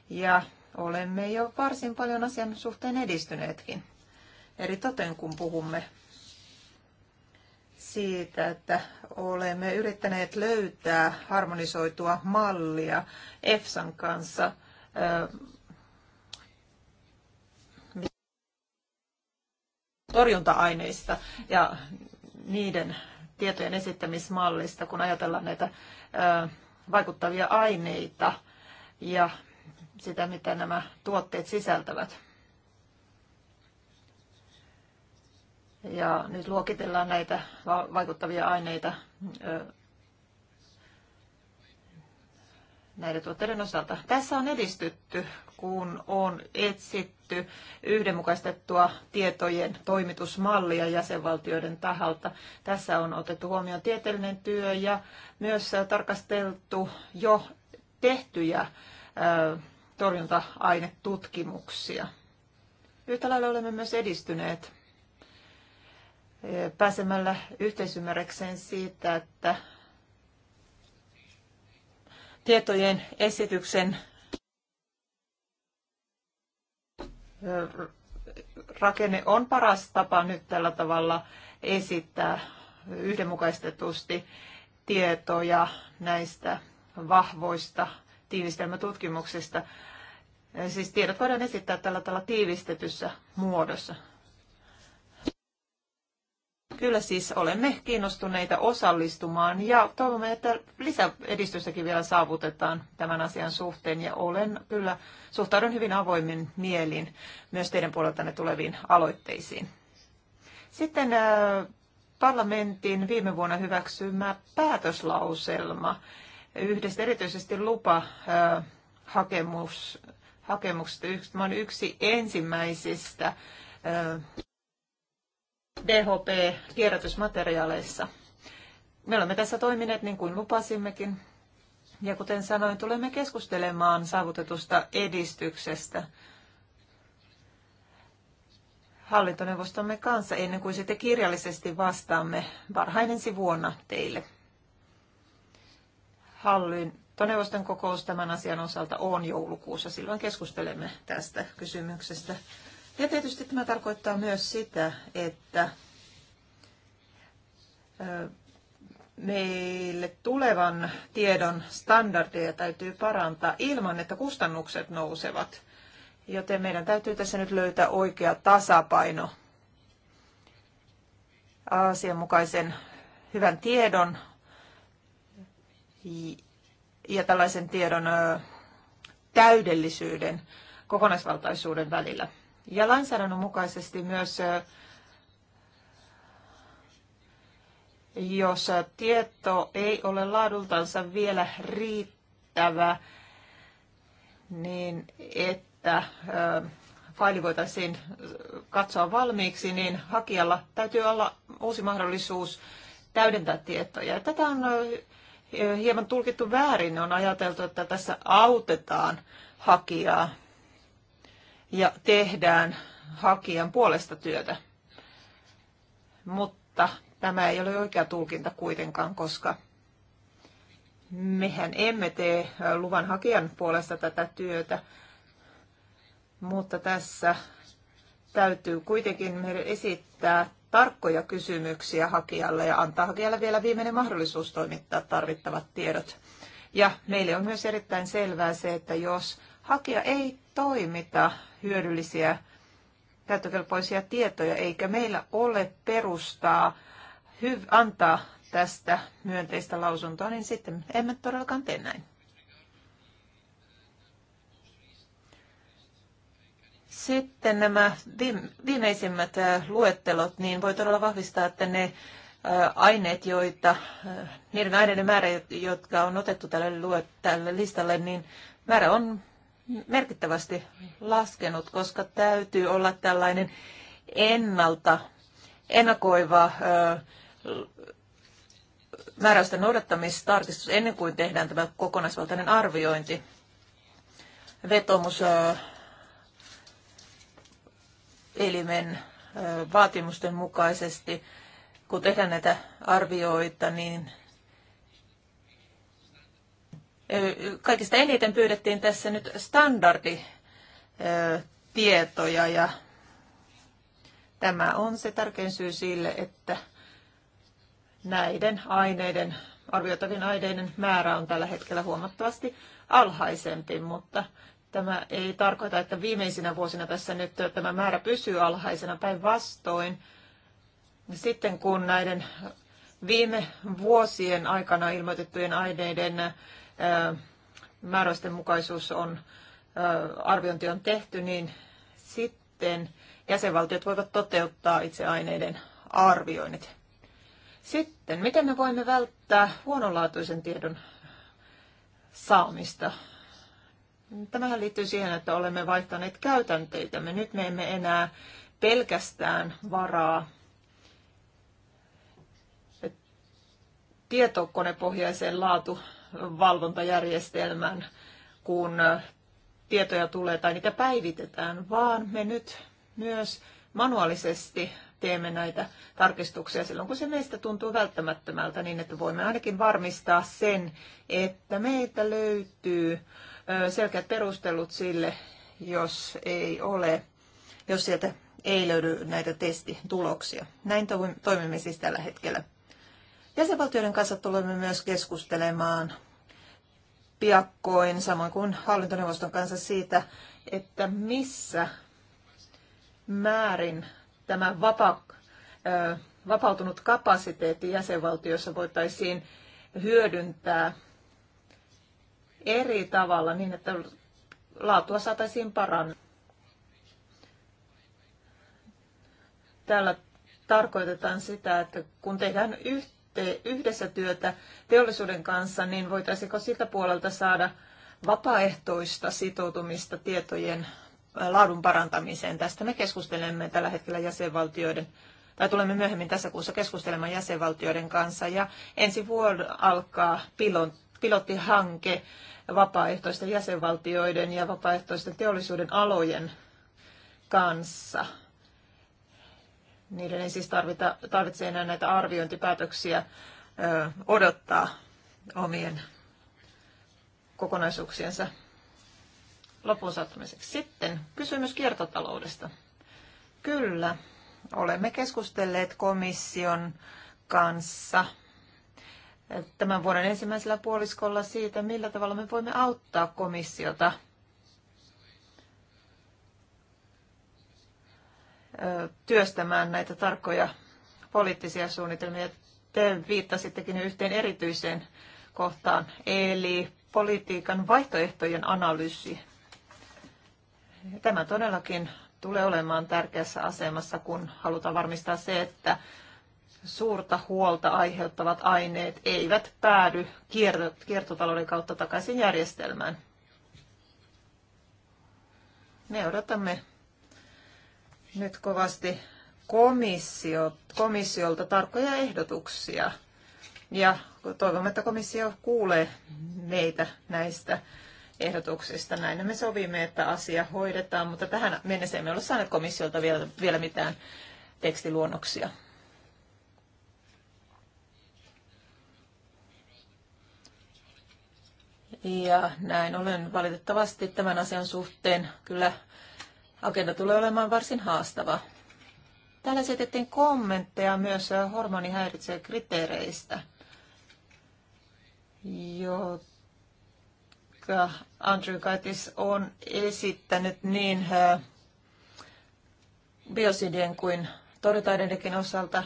ja olemme jo varsin paljon asian suhteen edistyneetkin. Eri toten kun puhumme siitä, että olemme yrittäneet löytää harmonisoitua mallia EFSAn kanssa torjunta-aineista ja niiden tietojen esittämismallista, kun ajatellaan näitä vaikuttavia aineita ja sitä, mitä nämä tuotteet sisältävät. Ja nyt luokitellaan näitä vaikuttavia aineita näiden tuotteiden osalta. Tässä on edistytty, kun on etsitty yhdenmukaistettua tietojen toimitusmallia jäsenvaltioiden taholta. Tässä on otettu huomioon tieteellinen työ ja myös tarkasteltu jo tehtyjä torjunta-ainetutkimuksia. Yhtä lailla olemme myös edistyneet pääsemällä yhteisymmärrykseen siitä, että tietojen esityksen rakenne on paras tapa nyt tällä tavalla esittää yhdenmukaistetusti tietoja näistä vahvoista tiivistelmätutkimuksista. Siis tiedot voidaan esittää tällä tavalla tiivistetyssä muodossa kyllä siis olemme kiinnostuneita osallistumaan ja toivomme, että lisäedistystäkin vielä saavutetaan tämän asian suhteen ja olen kyllä suhtaudun hyvin avoimin mielin myös teidän puoleltanne tuleviin aloitteisiin. Sitten äh, parlamentin viime vuonna hyväksymä päätöslauselma yhdessä erityisesti lupa äh, hakemus, hakemuksesta. Mä yksi ensimmäisistä äh, DHP-kierrätysmateriaaleissa. Me olemme tässä toimineet niin kuin lupasimmekin. Ja kuten sanoin, tulemme keskustelemaan saavutetusta edistyksestä hallintoneuvostomme kanssa ennen kuin sitten kirjallisesti vastaamme varhain ensi vuonna teille. Hallintoneuvoston kokous tämän asian osalta on joulukuussa. Silloin keskustelemme tästä kysymyksestä. Ja tietysti tämä tarkoittaa myös sitä, että meille tulevan tiedon standardeja täytyy parantaa ilman, että kustannukset nousevat. Joten meidän täytyy tässä nyt löytää oikea tasapaino asianmukaisen hyvän tiedon ja tällaisen tiedon täydellisyyden kokonaisvaltaisuuden välillä. Ja lainsäädännön mukaisesti myös, jos tieto ei ole laadultansa vielä riittävä, niin että faili voitaisiin katsoa valmiiksi, niin hakijalla täytyy olla uusi mahdollisuus täydentää tietoja. Tätä on hieman tulkittu väärin. On ajateltu, että tässä autetaan hakijaa, ja tehdään hakijan puolesta työtä. Mutta tämä ei ole oikea tulkinta kuitenkaan, koska mehän emme tee luvan hakijan puolesta tätä työtä, mutta tässä täytyy kuitenkin meidän esittää tarkkoja kysymyksiä hakijalle ja antaa hakijalle vielä viimeinen mahdollisuus toimittaa tarvittavat tiedot. Ja meille on myös erittäin selvää se, että jos hakija ei toimita hyödyllisiä käyttökelpoisia tietoja, eikä meillä ole perustaa hyv- antaa tästä myönteistä lausuntoa, niin sitten emme todellakaan tee näin. Sitten nämä viimeisimmät äh, luettelot, niin voi todella vahvistaa, että ne äh, aineet, joita, äh, niiden aineiden määrä, jotka on otettu tälle, tälle listalle, niin määrä on merkittävästi laskenut, koska täytyy olla tällainen ennalta ennakoiva määräysten noudattamistarkistus ennen kuin tehdään tämä kokonaisvaltainen arviointi. Vetomus elimen vaatimusten mukaisesti, kun tehdään näitä arvioita, niin kaikista eniten pyydettiin tässä nyt standarditietoja ja tämä on se tärkein syy sille, että näiden aineiden, arvioitavien aineiden määrä on tällä hetkellä huomattavasti alhaisempi, mutta tämä ei tarkoita, että viimeisinä vuosina tässä nyt tämä määrä pysyy alhaisena päinvastoin. Sitten kun näiden viime vuosien aikana ilmoitettujen aineiden määräysten mukaisuus on, arviointi on tehty, niin sitten jäsenvaltiot voivat toteuttaa itse aineiden arvioinnit. Sitten, miten me voimme välttää huonolaatuisen tiedon saamista? Tämähän liittyy siihen, että olemme vaihtaneet Me Nyt me emme enää pelkästään varaa tietokonepohjaiseen laatu valvontajärjestelmän, kun tietoja tulee tai niitä päivitetään, vaan me nyt myös manuaalisesti teemme näitä tarkistuksia silloin, kun se meistä tuntuu välttämättömältä, niin että voimme ainakin varmistaa sen, että meiltä löytyy selkeät perustelut sille, jos ei ole, jos sieltä ei löydy näitä testituloksia. Näin toimimme siis tällä hetkellä. Jäsenvaltioiden kanssa tulemme myös keskustelemaan piakkoin, samoin kuin hallintoneuvoston kanssa siitä, että missä määrin tämä vapa, vapautunut kapasiteetti jäsenvaltioissa voitaisiin hyödyntää eri tavalla niin, että laatua saataisiin parannettua. Täällä tarkoitetaan sitä, että kun tehdään yhteistyötä, tee yhdessä työtä teollisuuden kanssa, niin voitaisiinko siltä puolelta saada vapaaehtoista sitoutumista tietojen laadun parantamiseen? Tästä me keskustelemme tällä hetkellä jäsenvaltioiden tai tulemme myöhemmin tässä kuussa keskustelemaan jäsenvaltioiden kanssa. Ja ensi vuonna alkaa pilottihanke vapaaehtoisten jäsenvaltioiden ja vapaaehtoisten teollisuuden alojen kanssa. Niiden ei siis tarvita, tarvitse enää näitä arviointipäätöksiä ö, odottaa omien kokonaisuuksiensa lopun saattamiseksi. Sitten kysymys kiertotaloudesta. Kyllä, olemme keskustelleet komission kanssa tämän vuoden ensimmäisellä puoliskolla siitä, millä tavalla me voimme auttaa komissiota – työstämään näitä tarkkoja poliittisia suunnitelmia. Te viittasittekin yhteen erityiseen kohtaan, eli politiikan vaihtoehtojen analyysi. Tämä todellakin tulee olemaan tärkeässä asemassa, kun halutaan varmistaa se, että suurta huolta aiheuttavat aineet eivät päädy kiertotalouden kautta takaisin järjestelmään. Me odotamme nyt kovasti komissio, komissiolta tarkkoja ehdotuksia. Ja toivomme, että komissio kuulee meitä näistä ehdotuksista. Näin me sovimme, että asia hoidetaan, mutta tähän mennessä emme ole saaneet komissiolta vielä, vielä mitään tekstiluonnoksia. Ja näin olen valitettavasti tämän asian suhteen kyllä agenda tulee olemaan varsin haastava. Täällä esitettiin kommentteja myös kriteereistä, jotka Andrew Kaitis on esittänyt niin biosidien kuin torjutaideidenkin osalta.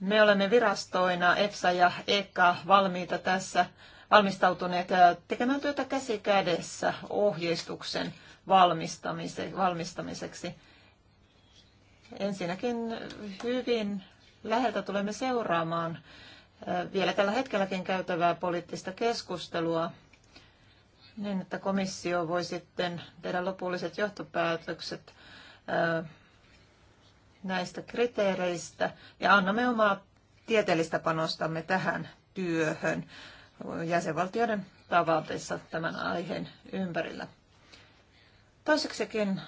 Me olemme virastoina EFSA ja EKA valmiita tässä valmistautuneet tekemään työtä käsi kädessä ohjeistuksen – valmistamiseksi. Ensinnäkin hyvin läheltä tulemme seuraamaan vielä tällä hetkelläkin käytävää poliittista keskustelua, niin että komissio voi sitten tehdä lopulliset johtopäätökset näistä kriteereistä ja annamme omaa tieteellistä panostamme tähän työhön jäsenvaltioiden tavoitteissa tämän aiheen ympärillä. Toiseksikin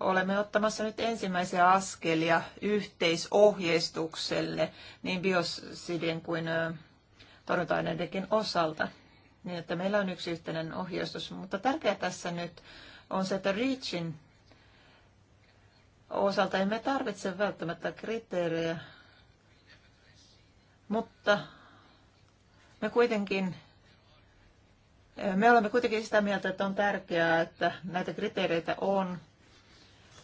olemme ottamassa nyt ensimmäisiä askelia yhteisohjeistukselle niin biosidien kuin torjunta-aineidenkin osalta, niin että meillä on yksi yhteinen ohjeistus. Mutta tärkeää tässä nyt on se, että REACHin osalta emme tarvitse välttämättä kriteerejä, mutta me kuitenkin me olemme kuitenkin sitä mieltä, että on tärkeää, että näitä kriteereitä on.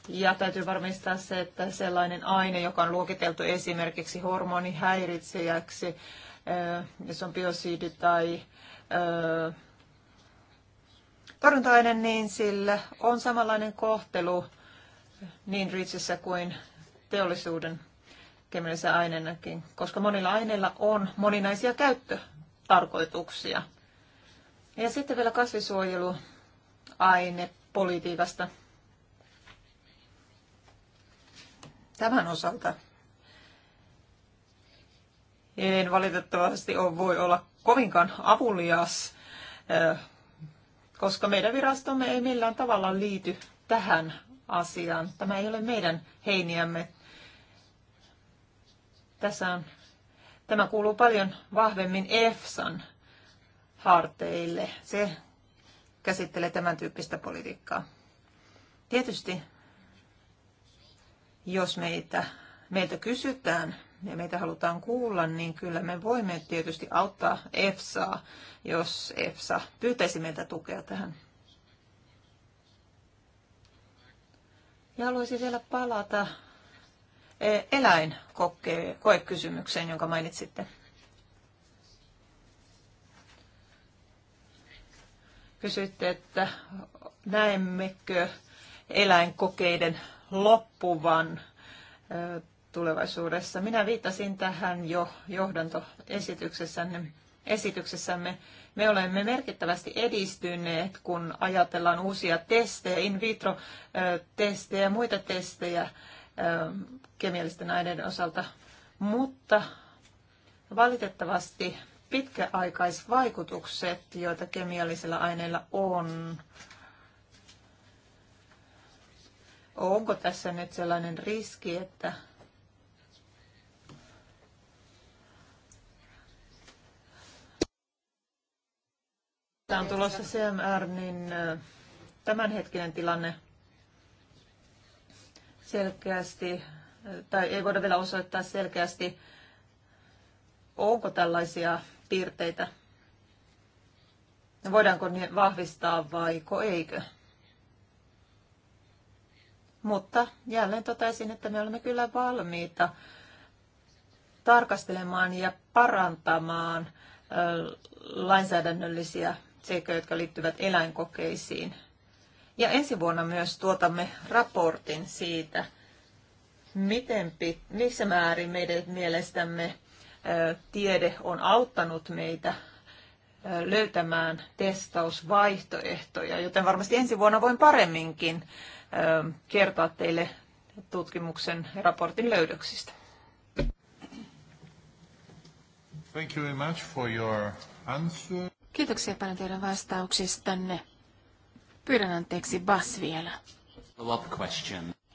Ja täytyy varmistaa se, että sellainen aine, joka on luokiteltu esimerkiksi hormonihäiritsejäksi, jos on biosiidi tai torjunta-aine, niin sillä on samanlainen kohtelu niin REACHissä kuin teollisuuden kemiallisessa aineenakin, koska monilla aineilla on moninaisia käyttötarkoituksia. Ja sitten vielä kasvisuojeluainepolitiikasta. Tämän osalta en valitettavasti ole, voi olla kovinkaan avulias, koska meidän virastomme ei millään tavalla liity tähän asiaan. Tämä ei ole meidän heiniämme. Tässä on, tämä kuuluu paljon vahvemmin EFSAn harteille. Se käsittelee tämän tyyppistä politiikkaa. Tietysti, jos meitä, meiltä kysytään ja meitä halutaan kuulla, niin kyllä me voimme tietysti auttaa EFSAa, jos EFSA pyytäisi meiltä tukea tähän. Ja haluaisin vielä palata eh, eläinkoekysymykseen, jonka mainitsitte. Kysyitte, että näemmekö eläinkokeiden loppuvan tulevaisuudessa. Minä viittasin tähän jo johdantoesityksessämme. Esityksessämme me olemme merkittävästi edistyneet, kun ajatellaan uusia testejä, in vitro-testejä ja muita testejä kemiallisten aineiden osalta, mutta valitettavasti pitkäaikaisvaikutukset, joita kemiallisilla aineilla on. Onko tässä nyt sellainen riski, että Tämä on tulossa CMR, niin tämänhetkinen tilanne selkeästi, tai ei voida vielä osoittaa selkeästi, onko tällaisia piirteitä. Voidaanko ne vahvistaa vaiko eikö? Mutta jälleen totesin, että me olemme kyllä valmiita tarkastelemaan ja parantamaan lainsäädännöllisiä seikkoja, jotka liittyvät eläinkokeisiin. Ja ensi vuonna myös tuotamme raportin siitä, miten, missä määrin meidän mielestämme tiede on auttanut meitä löytämään testausvaihtoehtoja, joten varmasti ensi vuonna voin paremminkin kertoa teille tutkimuksen ja raportin löydöksistä. Thank you very much for your answer. Kiitoksia paljon teidän vastauksistanne. Pyydän anteeksi Bas vielä.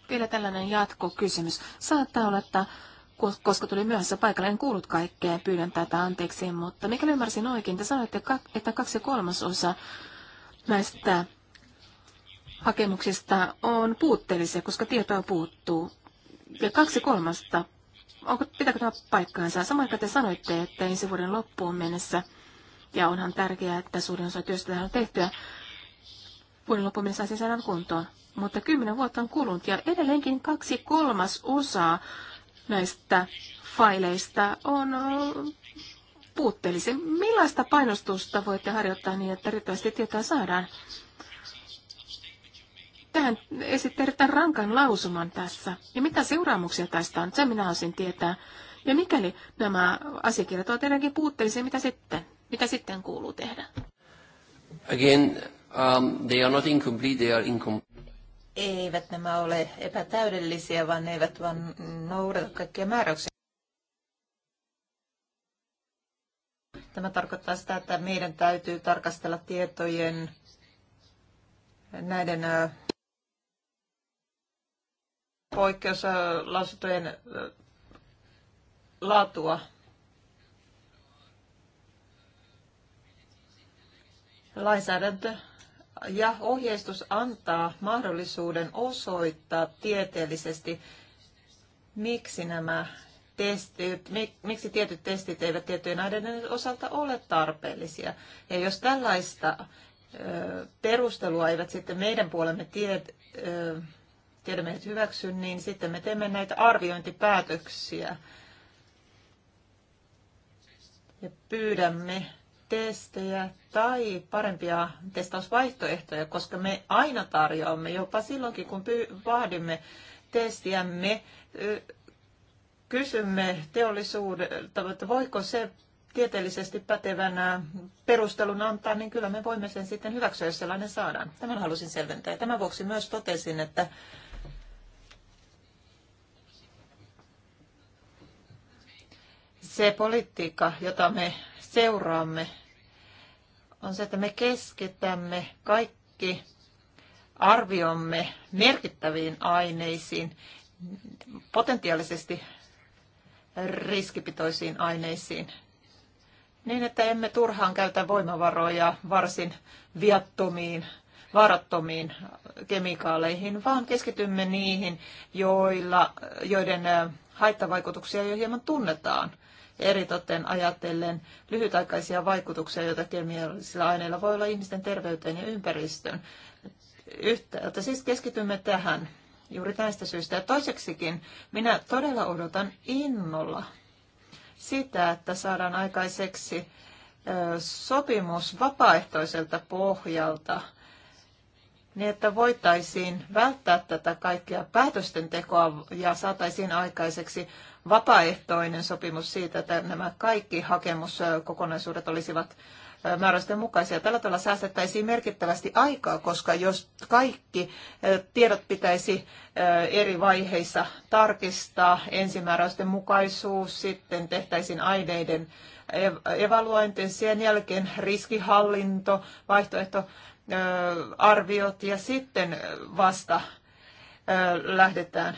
Vielä tällainen jatkokysymys. Saattaa olla, että koska tuli myöhässä paikalle, en kuullut kaikkea, pyydän tätä anteeksi, mutta mikäli ymmärsin oikein, te sanoitte, että kaksi kolmasosa näistä hakemuksista on puutteellisia, koska tietoa puuttuu. Ja kaksi kolmasta, onko, pitääkö tämä paikkaansa? Samoin kuin te sanoitte, että ensi vuoden loppuun mennessä, ja onhan tärkeää, että suurin osa työstä tähän on tehtyä, vuoden loppuun mennessä asia saadaan kuntoon. Mutta kymmenen vuotta on kulunut ja edelleenkin kaksi kolmasosaa osaa näistä faileista on puutteellisen. Millaista painostusta voitte harjoittaa niin, että riittävästi tietoa saadaan? Tähän esittää rankan lausuman tässä. Ja mitä seuraamuksia tästä on, sen minä haluaisin tietää. Ja mikäli nämä asiakirjat ovat edelleenkin puutteellisia, mitä sitten, mitä sitten kuuluu tehdä? Again, um, they are not incomplete, they are incomplete eivät nämä ole epätäydellisiä, vaan ne eivät vaan noudata kaikkia määräyksiä. Tämä tarkoittaa sitä, että meidän täytyy tarkastella tietojen näiden poikkeuslausuntojen laatua. Lainsäädäntö ja ohjeistus antaa mahdollisuuden osoittaa tieteellisesti, miksi nämä testit, miksi tietyt testit eivät tiettyjen aineiden osalta ole tarpeellisia. Ja jos tällaista perustelua eivät sitten meidän puolemme tied, tiedämme hyväksy, niin sitten me teemme näitä arviointipäätöksiä ja pyydämme testejä tai parempia testausvaihtoehtoja, koska me aina tarjoamme, jopa silloinkin kun vaadimme testiä, me kysymme teollisuudelta, että voiko se tieteellisesti pätevänä perustelun antaa, niin kyllä me voimme sen sitten hyväksyä, jos sellainen saadaan. Tämän halusin selventää. Tämän vuoksi myös totesin, että se politiikka, jota me seuraamme on se, että me keskitämme kaikki arviomme merkittäviin aineisiin, potentiaalisesti riskipitoisiin aineisiin, niin että emme turhaan käytä voimavaroja varsin viattomiin, varattomiin kemikaaleihin, vaan keskitymme niihin, joilla, joiden haittavaikutuksia jo hieman tunnetaan – eritoten ajatellen lyhytaikaisia vaikutuksia, joita kemiallisilla aineilla voi olla ihmisten terveyteen ja ympäristöön. Yhtäältä siis keskitymme tähän juuri tästä syystä. Ja toiseksikin minä todella odotan innolla sitä, että saadaan aikaiseksi sopimus vapaaehtoiselta pohjalta – niin että voitaisiin välttää tätä kaikkea päätösten tekoa ja saataisiin aikaiseksi vapaaehtoinen sopimus siitä, että nämä kaikki hakemuskokonaisuudet olisivat määräysten mukaisia. Tällä tavalla säästettäisiin merkittävästi aikaa, koska jos kaikki tiedot pitäisi eri vaiheissa tarkistaa, ensimääräysten mukaisuus, sitten tehtäisiin aineiden evaluointi, sen jälkeen riskihallinto, vaihtoehto arviot ja sitten vasta lähdetään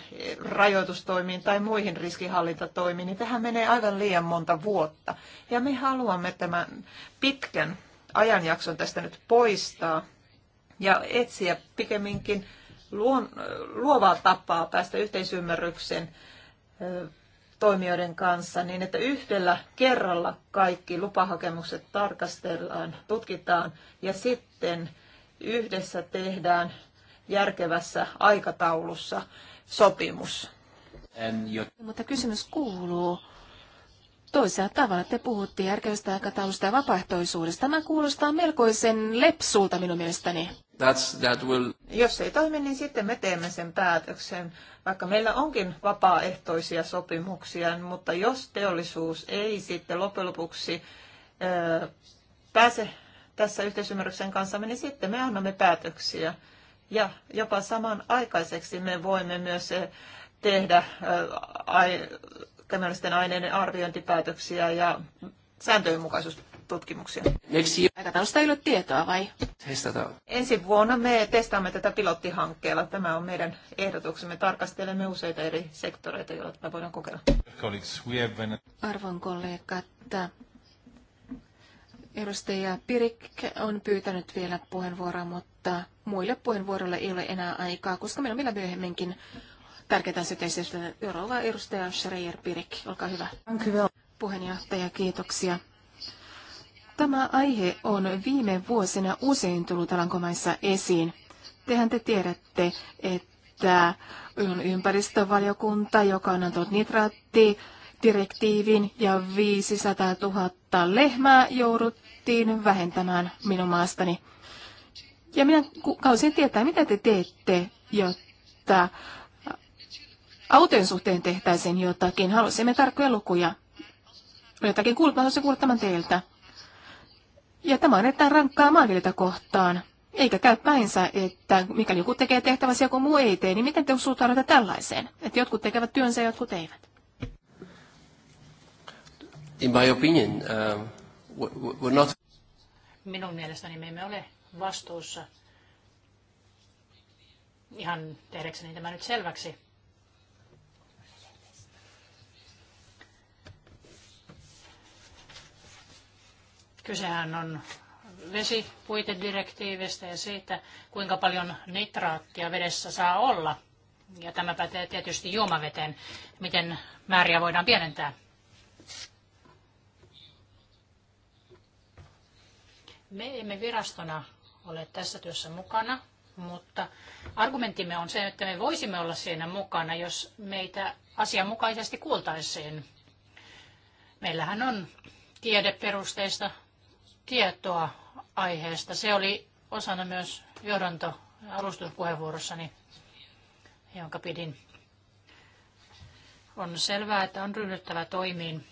rajoitustoimiin tai muihin riskihallintatoimiin, niin tähän menee aivan liian monta vuotta. Ja me haluamme tämän pitkän ajanjakson tästä nyt poistaa ja etsiä pikemminkin luon, luovaa tapaa päästä yhteisymmärryksen toimijoiden kanssa niin, että yhdellä kerralla kaikki lupahakemukset tarkastellaan, tutkitaan ja sitten yhdessä tehdään järkevässä aikataulussa sopimus. Mutta kysymys kuuluu, toisella tavalla. Te puhutte järkevästä aikataulusta ja vapaaehtoisuudesta. Tämä kuulostaa melkoisen lepsulta minun mielestäni. That's, that will... Jos ei toimi, niin sitten me teemme sen päätöksen, vaikka meillä onkin vapaaehtoisia sopimuksia, mutta jos teollisuus ei sitten loppujen lopuksi ö, pääse tässä yhteisymmärryksen kanssa, niin sitten me annamme päätöksiä. Ja jopa samanaikaiseksi me voimme myös tehdä kemiallisten aineiden arviointipäätöksiä ja sääntöjenmukaisuustutkimuksia. Aikataulusta ei ole tietoa vai? Testataan. Ensi vuonna me testaamme tätä pilottihankkeella. Tämä on meidän ehdotuksemme. Tarkastelemme useita eri sektoreita, joilla tätä voidaan kokeilla. Arvon kollegat, edustaja Pirik on pyytänyt vielä puheenvuoroa, mutta muille puheenvuoroille ei ole enää aikaa, koska meillä on vielä myöhemminkin tärkeitä asioita esille. Seuraava edustaja Schreier Pirik, olkaa hyvä. Puheenjohtaja, kiitoksia. Tämä aihe on viime vuosina usein tullut Alankomaissa esiin. Tehän te tiedätte, että on ympäristövaliokunta, joka on antanut nitraattidirektiivin direktiivin ja 500 000 lehmää jouduttiin vähentämään minun maastani. Ja minä kausin tietää, mitä te teette, jotta autojen suhteen tehtäisiin jotakin. Haluaisimme tarkkoja lukuja. Jotakin kuulut, haluaisin kuulla tämän teiltä. Ja tämä on erittäin rankkaa maanviljelijöitä kohtaan. Eikä käy päinsä, että mikäli joku tekee tehtävänsä, joku muu ei tee, niin miten te suhtaudutte tällaiseen? Että jotkut tekevät työnsä ja jotkut eivät. In my opinion, uh, we're not... Minun mielestäni me emme ole vastuussa ihan tehdäkseni tämä nyt selväksi Kysehän on vesipuitedirektiivistä ja siitä, kuinka paljon nitraattia vedessä saa olla. Ja tämä pätee tietysti juomaveteen, miten määriä voidaan pienentää. Me emme virastona ole tässä työssä mukana, mutta argumenttimme on se, että me voisimme olla siinä mukana, jos meitä asianmukaisesti kuultaisiin. Meillähän on tiedeperusteista tietoa aiheesta. Se oli osana myös johdanto alustuspuheenvuorossani, jonka pidin. On selvää, että on ryhdyttävä toimiin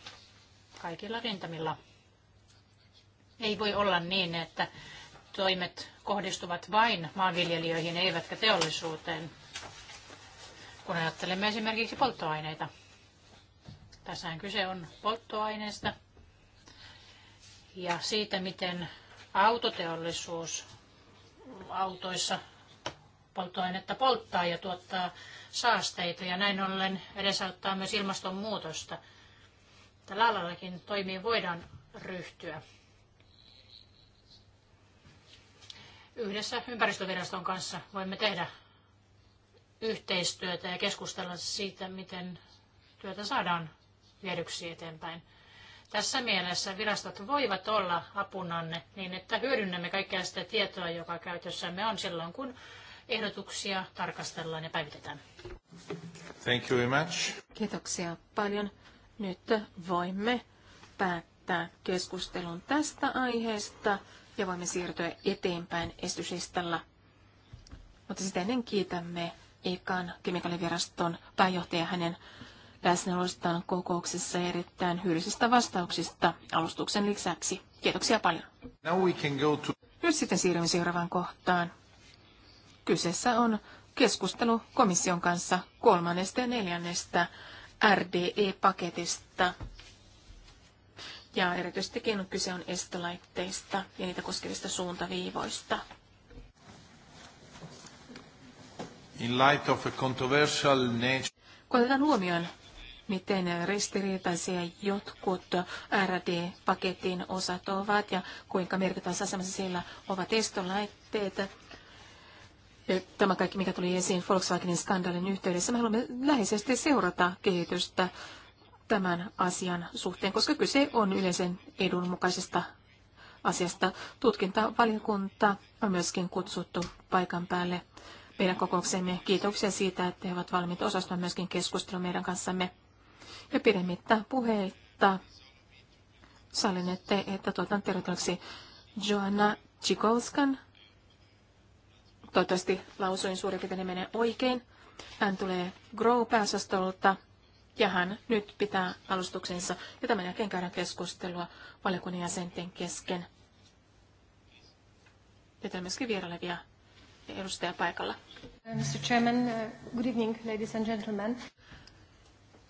kaikilla rintamilla. Ei voi olla niin, että toimet kohdistuvat vain maanviljelijöihin eivätkä teollisuuteen, kun ajattelemme esimerkiksi polttoaineita. Tässähän kyse on polttoaineesta – ja siitä, miten autoteollisuus autoissa polttoainetta polttaa ja tuottaa saasteita ja näin ollen edesauttaa myös ilmastonmuutosta. Tällä alallakin toimiin voidaan ryhtyä. Yhdessä ympäristöviraston kanssa voimme tehdä yhteistyötä ja keskustella siitä, miten työtä saadaan viedyksi eteenpäin. Tässä mielessä virastot voivat olla apunanne niin, että hyödynnämme kaikkea sitä tietoa, joka käytössämme on silloin, kun ehdotuksia tarkastellaan ja päivitetään. Thank you very much. Kiitoksia paljon. Nyt voimme päättää keskustelun tästä aiheesta ja voimme siirtyä eteenpäin estyslistalla. Mutta sitten ennen kiitämme Ekan kemikaaliviraston pääjohtaja hänen läsnäolostaan kokouksessa ja erittäin hyödyllisistä vastauksista alustuksen lisäksi. Kiitoksia paljon. To... Nyt sitten siirrymme seuraavaan kohtaan. Kyseessä on keskustelu komission kanssa kolmannesta ja neljännestä RDE-paketista. Ja erityisestikin kyse on estolaitteista ja niitä koskevista suuntaviivoista. In light of a controversial nature... Kun otetaan huomioon miten ristiriitaisia jotkut RD-paketin osat ovat ja kuinka merkittävässä asemassa siellä ovat estolaitteet. Tämä kaikki, mikä tuli esiin Volkswagenin skandaalin yhteydessä, me haluamme läheisesti seurata kehitystä tämän asian suhteen, koska kyse on yleisen edun mukaisesta asiasta. Tutkintavaliokunta on myöskin kutsuttu paikan päälle meidän kokouksemme. Kiitoksia siitä, että he ovat valmiit osastoon myöskin keskustelua meidän kanssamme. Ja pidemmittä puheitta sallin, että, että tuotan tervetulleeksi Joanna Chikolskan. Toivottavasti lausuin suurin piirtein menee oikein. Hän tulee Grow-pääsastolta ja hän nyt pitää alustuksensa ja tämän jälkeen käydään keskustelua valiokunnan jäsenten kesken. Ja täällä myöskin vierailevia edustajia paikalla. Mr. Chairman, uh, good evening, ladies and gentlemen.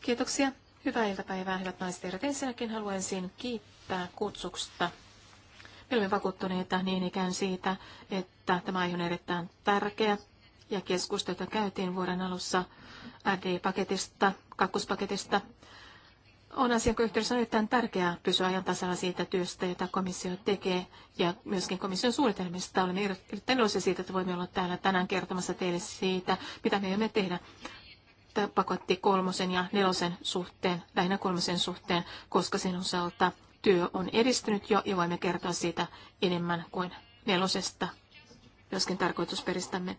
Kiitoksia. Hyvää iltapäivää, hyvät naiset ja Ensinnäkin haluaisin kiittää kutsusta. Me olemme vakuuttuneita niin ikään siitä, että tämä aihe on erittäin tärkeä ja keskustelua käytiin vuoden alussa RD-paketista, kakkospaketista. On asian yhteydessä erittäin tärkeää pysyä ajan tasalla siitä työstä, jota komissio tekee, ja myöskin komission suunnitelmista. Olemme erittäin iloisia siitä, että voimme olla täällä tänään kertomassa teille siitä, mitä me emme tehdä pakotti kolmosen ja nelosen suhteen, lähinnä kolmosen suhteen, koska sen osalta työ on edistynyt jo ja voimme kertoa siitä enemmän kuin nelosesta, joskin tarkoitusperistämme.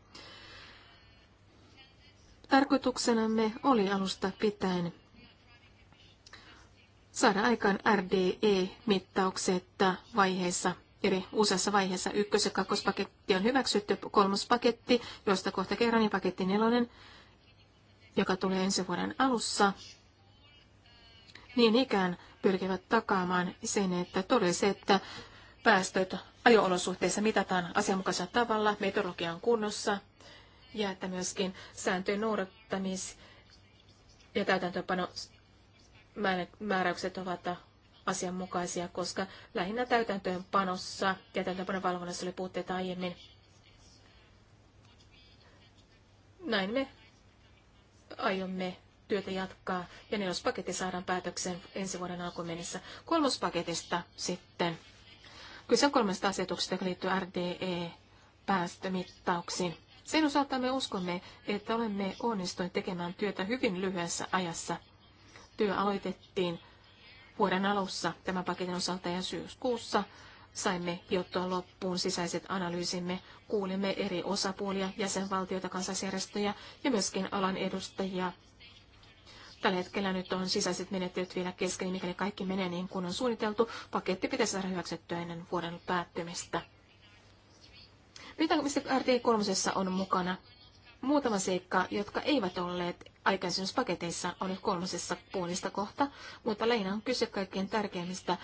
Tarkoituksenamme oli alusta pitäen saada aikaan RDE-mittaukset vaiheessa eri useassa vaiheessa. Ykkös- ja kakkospaketti on hyväksytty, kolmospaketti, josta kohta kerran ja paketti nelonen joka tulee ensi vuoden alussa, niin ikään pyrkivät takaamaan sen, että todelliset päästöt ajo-olosuhteissa mitataan asianmukaisella tavalla, meteorologia on kunnossa ja että myöskin sääntöjen noudattamis- ja täytäntöönpano määräykset ovat asianmukaisia, koska lähinnä täytäntöönpanossa ja täytäntöönpanon valvonnassa oli puutteita aiemmin. Näin me aiomme työtä jatkaa ja nelospaketti saadaan päätökseen ensi vuoden alkuun mennessä. Kolmospaketista sitten. Kyse on kolmesta asetuksesta, joka liittyy RDE-päästömittauksiin. Sen osalta me uskomme, että olemme onnistuneet tekemään työtä hyvin lyhyessä ajassa. Työ aloitettiin vuoden alussa tämän paketin osalta ja syyskuussa Saimme hiottua loppuun sisäiset analyysimme, kuulimme eri osapuolia, jäsenvaltioita, kansalaisjärjestöjä ja myöskin alan edustajia. Tällä hetkellä nyt on sisäiset menettelyt vielä kesken, mikäli kaikki menee niin kuin on suunniteltu. Paketti pitäisi saada hyväksyttyä ennen vuoden päättymistä. Mitä, mistä RT 3 on mukana? Muutama seikka, jotka eivät olleet aikaisemmissa paketeissa, oli kolmosessa puolista kohta, mutta lähinnä on kyse kaikkein tärkeimmistä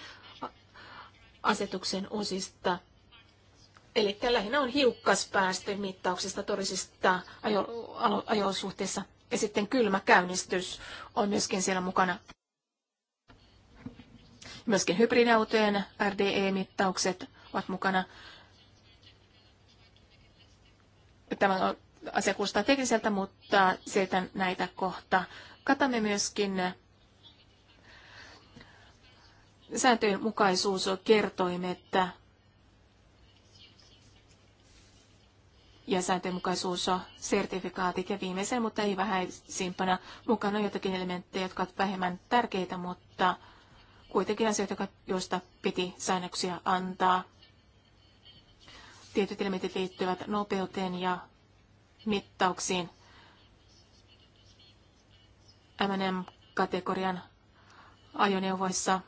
asetuksen osista. Eli lähinnä on hiukkaspäästömittauksesta todellisista ajo, Ja sitten kylmä käynnistys on myöskin siellä mukana. Myöskin hybridiautojen RDE-mittaukset ovat mukana. Tämä on asia kuulostaa tekniseltä, mutta selitän näitä kohta. Katamme myöskin sääntöjen mukaisuus on kertoimet ja sääntöjen mukaisuus sertifikaatit ja viimeisen, mutta ei vähäisimpänä mukana on jotakin elementtejä, jotka ovat vähemmän tärkeitä, mutta kuitenkin asioita, joista piti säännöksiä antaa. Tietyt elementit liittyvät nopeuteen ja mittauksiin. M&M-kategorian ajoneuvoissa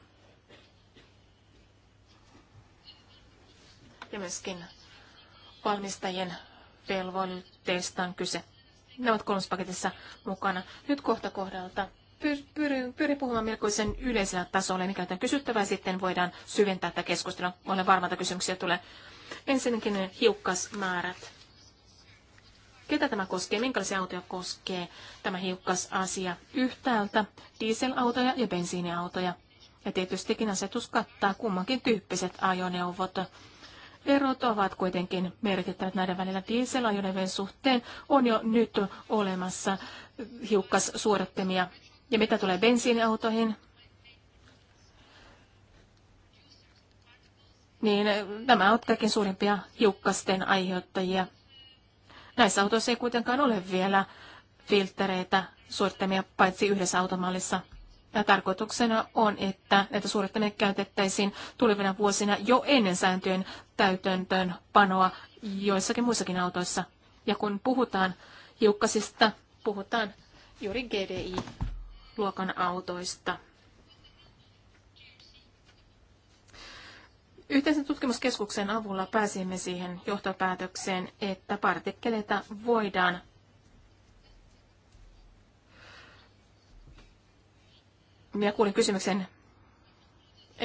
ja myöskin valmistajien velvoitteista on kyse. Ne ovat kolmospaketissa mukana. Nyt kohta kohdalta pyrin, pyr puhumaan melkoisen yleisellä tasolla, mikä on kysyttävää, sitten voidaan syventää tätä keskustelua. Olen varma, että kysymyksiä tulee. Ensinnäkin hiukkasmäärät. Ketä tämä koskee, minkälaisia autoja koskee tämä hiukkasasia? Yhtäältä dieselautoja ja bensiiniautoja. Ja tietystikin asetus kattaa kummankin tyyppiset ajoneuvot Erot ovat kuitenkin merkittävät näiden välillä. Dieselajoneuvojen suhteen on jo nyt olemassa hiukkas suodattimia. Ja mitä tulee bensiiniautoihin, niin nämä ovat kaikkein suurimpia hiukkasten aiheuttajia. Näissä autoissa ei kuitenkaan ole vielä filtreitä suorittamia paitsi yhdessä automallissa. Ja tarkoituksena on, että näitä suorittaminen käytettäisiin tulevina vuosina jo ennen sääntöjen täytäntöön panoa joissakin muissakin autoissa. Ja kun puhutaan hiukkasista, puhutaan juuri GDI-luokan autoista. Yhteisen tutkimuskeskuksen avulla pääsimme siihen johtopäätökseen, että partikkeleita voidaan minä kuulin kysymyksen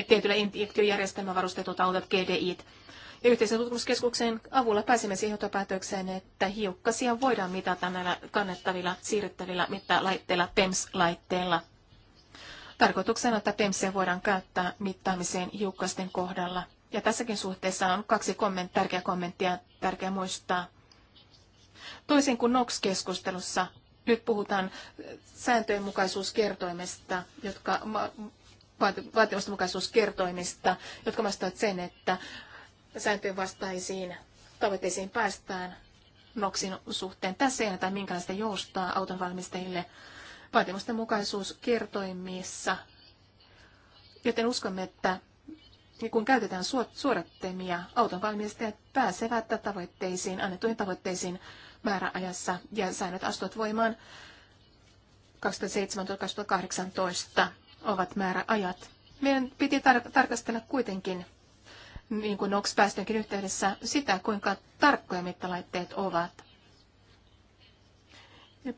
tietyllä injektiojärjestelmän varustetut autot, GDI. Ja yhteisen tutkimuskeskuksen avulla pääsemme siihen päätökseen, että hiukkasia voidaan mitata näillä kannettavilla, siirrettävillä mittalaitteilla, PEMS-laitteilla. Tarkoituksena on, että PEMSiä voidaan käyttää mittaamiseen hiukkasten kohdalla. Ja tässäkin suhteessa on kaksi komment- tärkeää kommenttia tärkeää muistaa. Toisin kuin NOX-keskustelussa, nyt puhutaan sääntöjenmukaisuuskertoimesta, jotka vaatimustenmukaisuuskertoimista, jotka vastaavat sen, että sääntöjen vastaisiin tavoitteisiin päästään NOXin suhteen. Tässä ei näytä minkälaista joustaa auton valmistajille vaatimusten mukaisuuskertoimissa, joten uskomme, että kun käytetään suorattemia, auton valmistajat pääsevät tavoitteisiin, annettuihin tavoitteisiin määräajassa ja säännöt astuvat voimaan 2017-2018 ovat määräajat. Meidän piti tar- tarkastella kuitenkin, niin kuin NOx-päästöjenkin yhteydessä, sitä, kuinka tarkkoja mittalaitteet ovat.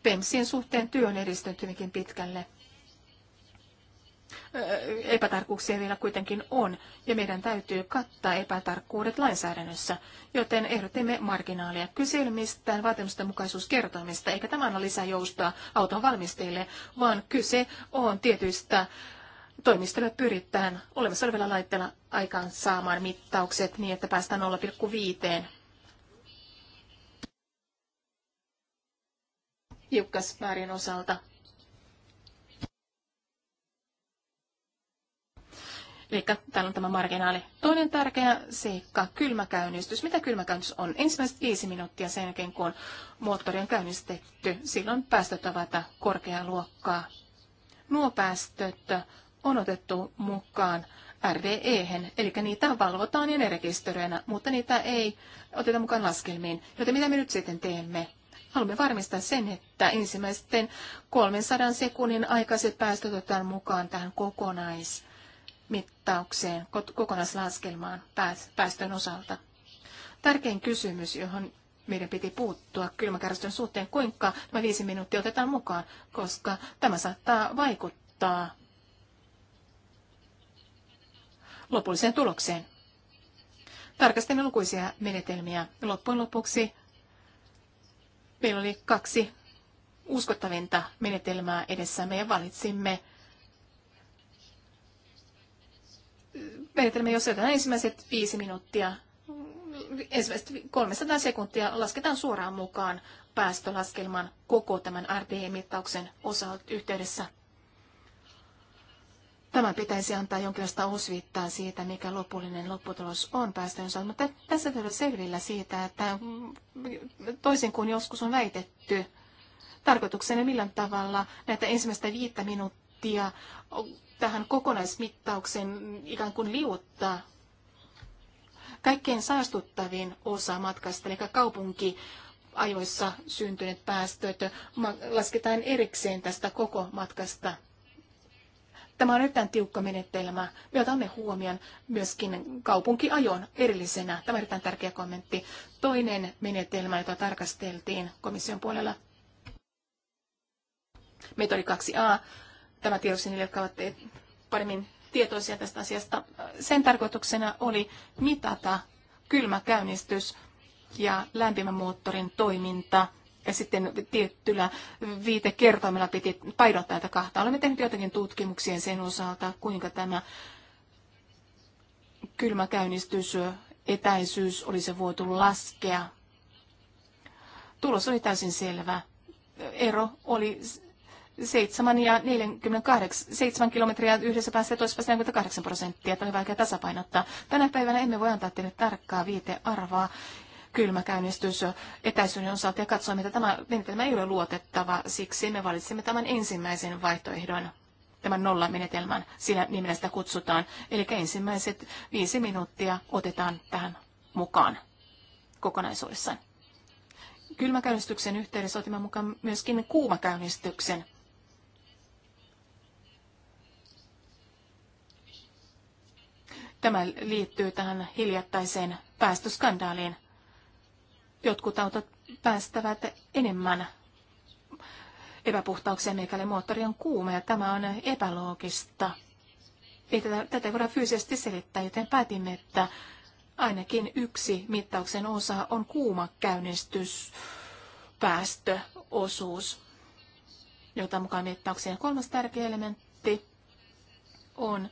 PEMSien suhteen työ on edistynyt hyvinkin pitkälle epätarkkuuksia vielä kuitenkin on, ja meidän täytyy kattaa epätarkkuudet lainsäädännössä, joten ehdotimme marginaalia kyselmistä, vaatimusten mukaisuuskertoimista, eikä tämä anna lisää joustoa auton valmistajille, vaan kyse on tietyistä toimista me pyritään olemassa olevilla laitteilla aikaan saamaan mittaukset niin, että päästään 0,5 hiukkasmäärien osalta. Eli täällä on tämä marginaali. Toinen tärkeä seikka, kylmäkäynnistys. Mitä kylmäkäynnistys on? Ensimmäiset viisi minuuttia sen jälkeen, kun moottori on käynnistetty, silloin päästöt ovat korkeaa luokkaa. Nuo päästöt on otettu mukaan RDE-hen, eli niitä valvotaan ja ne rekisteröinä, mutta niitä ei oteta mukaan laskelmiin. Joten mitä me nyt sitten teemme? Haluamme varmistaa sen, että ensimmäisten 300 sekunnin aikaiset päästöt otetaan mukaan tähän kokonaisuuteen mittaukseen, kokonaislaskelmaan päästön osalta. Tärkein kysymys, johon meidän piti puuttua kylmäkärjestön suhteen, kuinka tämä viisi minuuttia otetaan mukaan, koska tämä saattaa vaikuttaa lopulliseen tulokseen. Tarkastimme lukuisia menetelmiä. Loppujen lopuksi meillä oli kaksi uskottavinta menetelmää edessämme ja valitsimme menetelmä, jos otetaan ensimmäiset viisi minuuttia, ensimmäiset 300 sekuntia lasketaan suoraan mukaan päästölaskelman koko tämän RPE-mittauksen osalta yhteydessä. Tämän pitäisi antaa jonkinlaista osviittaa siitä, mikä lopullinen lopputulos on päästöjen osalta, mutta tässä täytyy selvillä siitä, että toisin kuin joskus on väitetty, tarkoituksena millään tavalla näitä ensimmäistä viittä minuuttia tähän kokonaismittaukseen ikään kuin liuottaa kaikkein saastuttavin osa matkasta, eli kaupunki ajoissa syntyneet päästöt lasketaan erikseen tästä koko matkasta. Tämä on erittäin tiukka menetelmä. Me otamme huomioon myöskin kaupunkiajon erillisenä. Tämä on erittäin tärkeä kommentti. Toinen menetelmä, jota tarkasteltiin komission puolella, metodi 2a, tämä tiedoksi niille, jotka ovat paremmin tietoisia tästä asiasta. Sen tarkoituksena oli mitata kylmäkäynnistys ja lämpimän moottorin toiminta. Ja sitten tiettyllä viitekertoimella piti painottaa näitä kahta. Olemme tehneet jotakin tutkimuksia sen osalta, kuinka tämä kylmäkäynnistys etäisyys olisi voitu laskea. Tulos oli täysin selvä. Ero oli 7 ja 48, 7 kilometriä yhdessä päässä toisessa 48 prosenttia, Tämä on vaikea tasapainottaa. Tänä päivänä emme voi antaa teille tarkkaa viitearvaa kylmäkäynnistys etäisyyden osalta ja katsoimme, että tämä menetelmä ei ole luotettava, siksi me valitsimme tämän ensimmäisen vaihtoehdon tämän nollamenetelmän, sillä nimellä sitä kutsutaan. Eli ensimmäiset viisi minuuttia otetaan tähän mukaan kokonaisuudessaan. Kylmäkäynnistyksen yhteydessä otimme mukaan myöskin kuumakäynnistyksen Tämä liittyy tähän hiljattaiseen päästöskandaaliin. Jotkut autot päästävät enemmän epäpuhtauksia, mikäli moottori on kuuma, ja tämä on epäloogista. Ei tätä, tätä ei voida fyysisesti selittää, joten päätimme, että ainakin yksi mittauksen osa on kuuma käynnistyspäästöosuus, jota mukaan mittaukseen kolmas tärkeä elementti on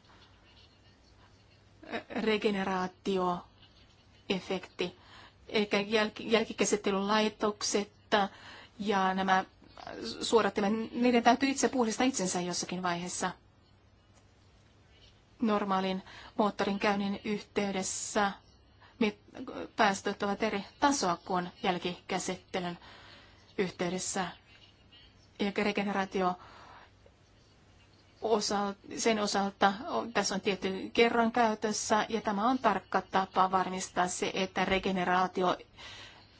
regeneraatioefekti. Ehkä jälkikäsittelyn laitokset ja nämä suodattimet, niiden täytyy itse puhdistaa itsensä jossakin vaiheessa. Normaalin moottorin käynnin yhteydessä päästöt ovat eri tasoa kuin jälkikäsittelyn yhteydessä. Ja regeneraatio osalta, sen osalta tässä on tietty kerran käytössä ja tämä on tarkka tapa varmistaa se, että regeneraatio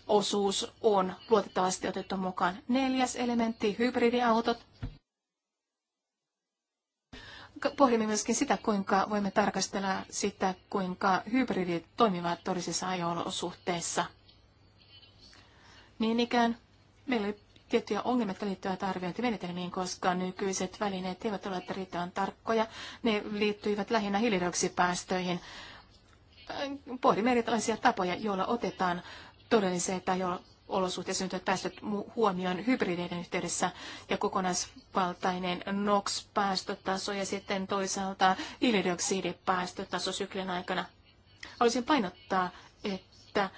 osuus on luotettavasti otettu mukaan. Neljäs elementti, hybridiautot. Pohdimme myöskin sitä, kuinka voimme tarkastella sitä, kuinka hybridit toimivat todellisissa ajo-olosuhteissa. Niin ikään meillä oli tiettyjä ongelmia liittyvät arviointimenetelmiin, koska nykyiset välineet eivät ole riittävän tarkkoja. Ne liittyivät lähinnä hiilidioksipäästöihin. Pohdimme erilaisia tapoja, joilla otetaan todelliseen tai olosuhteet syntyvät päästöt huomioon hybrideiden yhteydessä ja kokonaisvaltainen NOx-päästötaso ja sitten toisaalta hiilidioksidipäästötaso syklin aikana. Haluaisin painottaa, että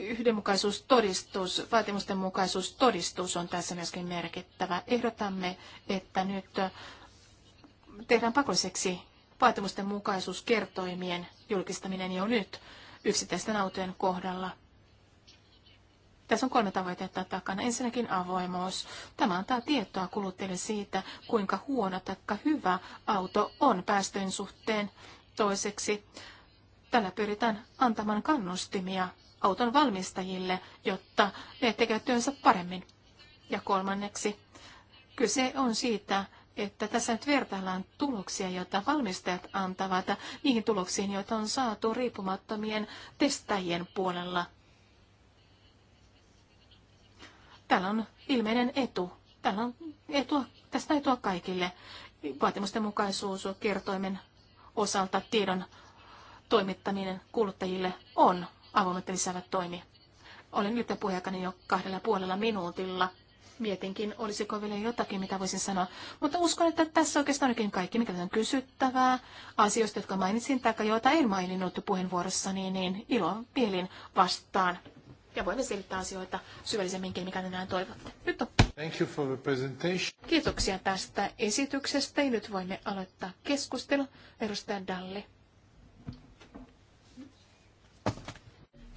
yhdenmukaisuustodistus, vaatimusten mukaisuustodistus on tässä myöskin merkittävä. Ehdotamme, että nyt tehdään pakolliseksi vaatimusten mukaisuuskertoimien julkistaminen jo nyt yksittäisten autojen kohdalla. Tässä on kolme tavoitetta takana. Ensinnäkin avoimuus. Tämä antaa tietoa kuluttajille siitä, kuinka huono tai hyvä auto on päästöjen suhteen. Toiseksi, tällä pyritään antamaan kannustimia auton valmistajille, jotta ne tekevät työnsä paremmin. Ja kolmanneksi, kyse on siitä, että tässä nyt vertaillaan tuloksia, joita valmistajat antavat niihin tuloksiin, joita on saatu riippumattomien testaajien puolella. Täällä on ilmeinen etu. Täällä on etua, tästä etua kaikille. Vaatimusten mukaisuus kertoimen osalta tiedon toimittaminen kuluttajille on avoimet lisäävät toimi. Olen nyt puheenjohtajani jo kahdella puolella minuutilla. Mietinkin, olisiko vielä jotakin, mitä voisin sanoa. Mutta uskon, että tässä oikeastaan onkin kaikki, mikä on kysyttävää. Asioista, jotka mainitsin tai joita en maininnut puheenvuorossani, niin ilo mielin vastaan. Ja voimme selittää asioita syvällisemminkin, mikä tänään toivotte. Nyt on. Thank you for the presentation. Kiitoksia tästä esityksestä. nyt voimme aloittaa keskustelu. Edustaja Dalli.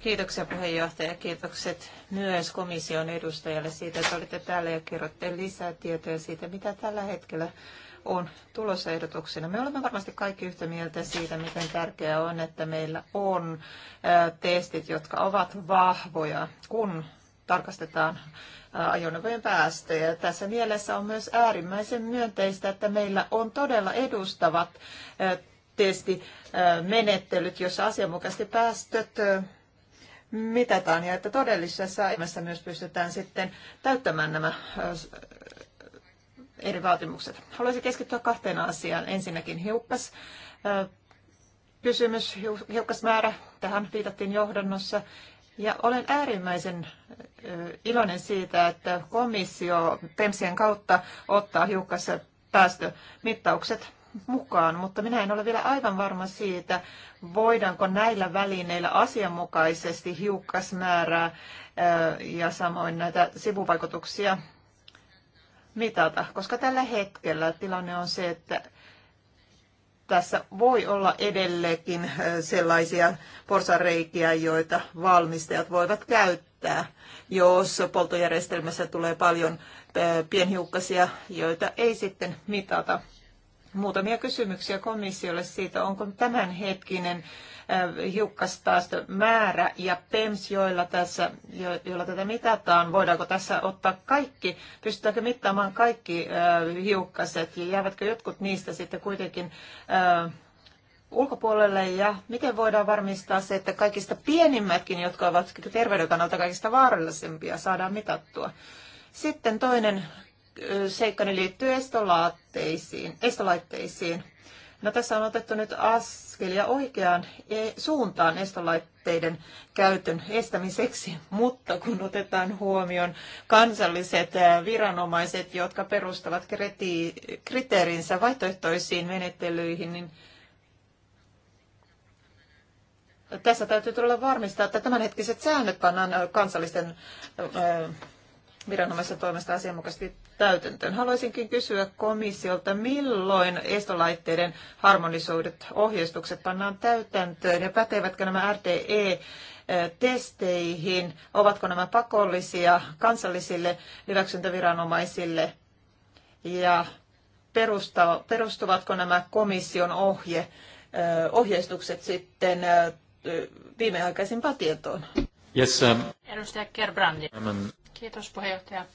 Kiitoksia puheenjohtaja. Kiitokset myös komission edustajalle siitä, että olitte täällä ja kerrotte lisää tietoja siitä, mitä tällä hetkellä on tulossa ehdotuksena. Me olemme varmasti kaikki yhtä mieltä siitä, miten tärkeää on, että meillä on testit, jotka ovat vahvoja, kun tarkastetaan ajoneuvojen päästöjä. Tässä mielessä on myös äärimmäisen myönteistä, että meillä on todella edustavat testimenettelyt, jossa asianmukaisesti päästöt mitataan ja että todellisessa elämässä myös pystytään sitten täyttämään nämä eri vaatimukset. Haluaisin keskittyä kahteen asiaan. Ensinnäkin hiukkas kysymys, hiukkasmäärä. Tähän viitattiin johdannossa. Ja olen äärimmäisen iloinen siitä, että komissio temsien kautta ottaa hiukkas päästömittaukset mukaan, mutta minä en ole vielä aivan varma siitä, voidaanko näillä välineillä asianmukaisesti hiukkasmäärää ja samoin näitä sivuvaikutuksia mitata, koska tällä hetkellä tilanne on se, että tässä voi olla edelleenkin sellaisia porsareikiä, joita valmistajat voivat käyttää, jos poltojärjestelmässä tulee paljon pienhiukkasia, joita ei sitten mitata. Muutamia kysymyksiä komissiolle siitä, onko tämänhetkinen määrä ja PEMS, joilla, tässä, jo, joilla tätä mitataan, voidaanko tässä ottaa kaikki, pystytäänkö mittaamaan kaikki hiukkaset ja jäävätkö jotkut niistä sitten kuitenkin ulkopuolelle ja miten voidaan varmistaa se, että kaikista pienimmätkin, jotka ovat terveyden kannalta kaikista vaarallisempia saadaan mitattua. Sitten toinen seikkani liittyy estolaitteisiin. estolaitteisiin. No, tässä on otettu nyt askelia oikeaan e, suuntaan estolaitteiden käytön estämiseksi, mutta kun otetaan huomioon kansalliset viranomaiset, jotka perustavat kriteerinsä vaihtoehtoisiin menettelyihin, niin tässä täytyy tulla varmistaa, että tämänhetkiset säännöt pannaan kansallisten viranomaisen toimesta asianmukaisesti täytäntöön. Haluaisinkin kysyä komissiolta, milloin estolaitteiden harmonisoidut ohjeistukset pannaan täytäntöön ja pätevätkö nämä rte testeihin, ovatko nämä pakollisia kansallisille hyväksyntäviranomaisille ja perustuvatko nämä komission ohje, ohjeistukset sitten viimeaikaisimpaan tietoon? Yes, um, Edustaja Kerbrandi. Kiitos puheenjohtaja.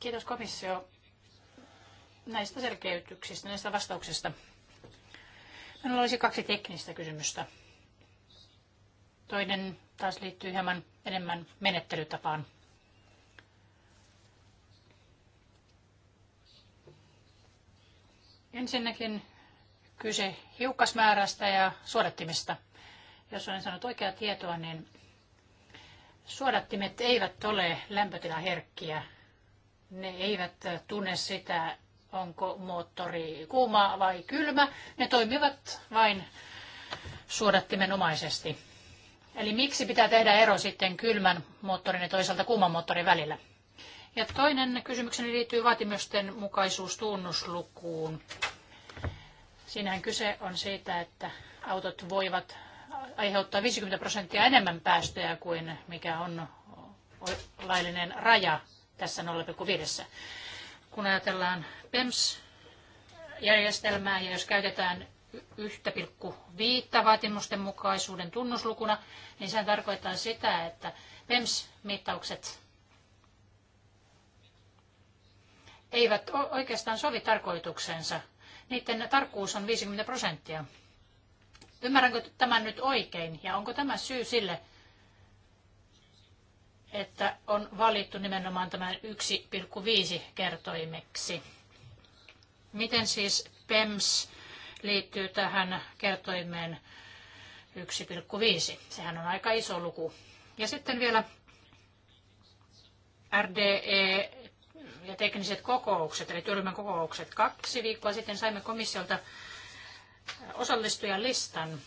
Kiitos komissio näistä selkeytyksistä, näistä vastauksista. Minulla olisi kaksi teknistä kysymystä. Toinen taas liittyy hieman enemmän menettelytapaan. Ensinnäkin kyse hiukkasmäärästä ja suodattimista. Jos olen saanut oikeaa tietoa, niin Suodattimet eivät ole lämpötilaherkkiä. Ne eivät tunne sitä, onko moottori kuuma vai kylmä. Ne toimivat vain suodattimenomaisesti. Eli miksi pitää tehdä ero sitten kylmän moottorin ja toisaalta kuuman moottorin välillä? Ja toinen kysymykseni liittyy vaatimusten mukaisuustunnuslukuun. Siinähän kyse on siitä, että autot voivat aiheuttaa 50 prosenttia enemmän päästöjä kuin mikä on laillinen raja tässä 0,5. Kun ajatellaan PEMS-järjestelmää ja jos käytetään 1,5 vaatimusten mukaisuuden tunnuslukuna, niin se tarkoittaa sitä, että PEMS-mittaukset eivät oikeastaan sovi tarkoituksensa. Niiden tarkkuus on 50 prosenttia. Ymmärränkö tämän nyt oikein ja onko tämä syy sille, että on valittu nimenomaan tämän 1,5 kertoimeksi? Miten siis PEMS liittyy tähän kertoimeen 1,5? Sehän on aika iso luku. Ja sitten vielä RDE ja tekniset kokoukset, eli työryhmän kokoukset. Kaksi viikkoa sitten saimme komissiolta osallistujan listan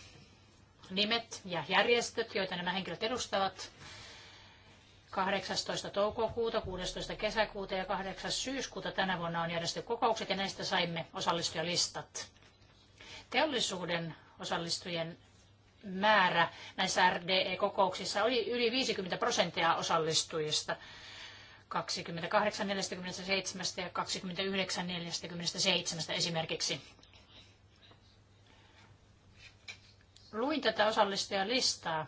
nimet ja järjestöt, joita nämä henkilöt edustavat 18. toukokuuta, 16. kesäkuuta ja 8. syyskuuta tänä vuonna on järjestetty kokoukset ja näistä saimme osallistujalistat. Teollisuuden osallistujien määrä näissä RDE-kokouksissa oli yli 50 prosenttia osallistujista 28, 47 ja 29, 47 esimerkiksi. luin tätä osallistujalistaa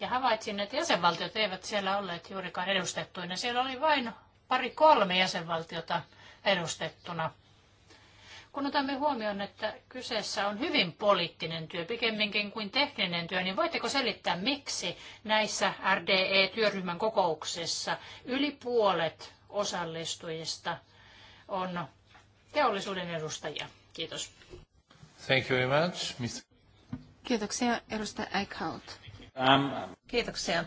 ja havaitsin, että jäsenvaltiot eivät siellä olleet juurikaan edustettuina. Siellä oli vain pari kolme jäsenvaltiota edustettuna. Kun otamme huomioon, että kyseessä on hyvin poliittinen työ, pikemminkin kuin tekninen työ, niin voitteko selittää, miksi näissä RDE-työryhmän kokouksissa yli puolet osallistujista on teollisuuden edustajia? Kiitos. Thank you very much, Mr. Kiitoksia, edustaja Eichhout. Ähm. Kiitoksia.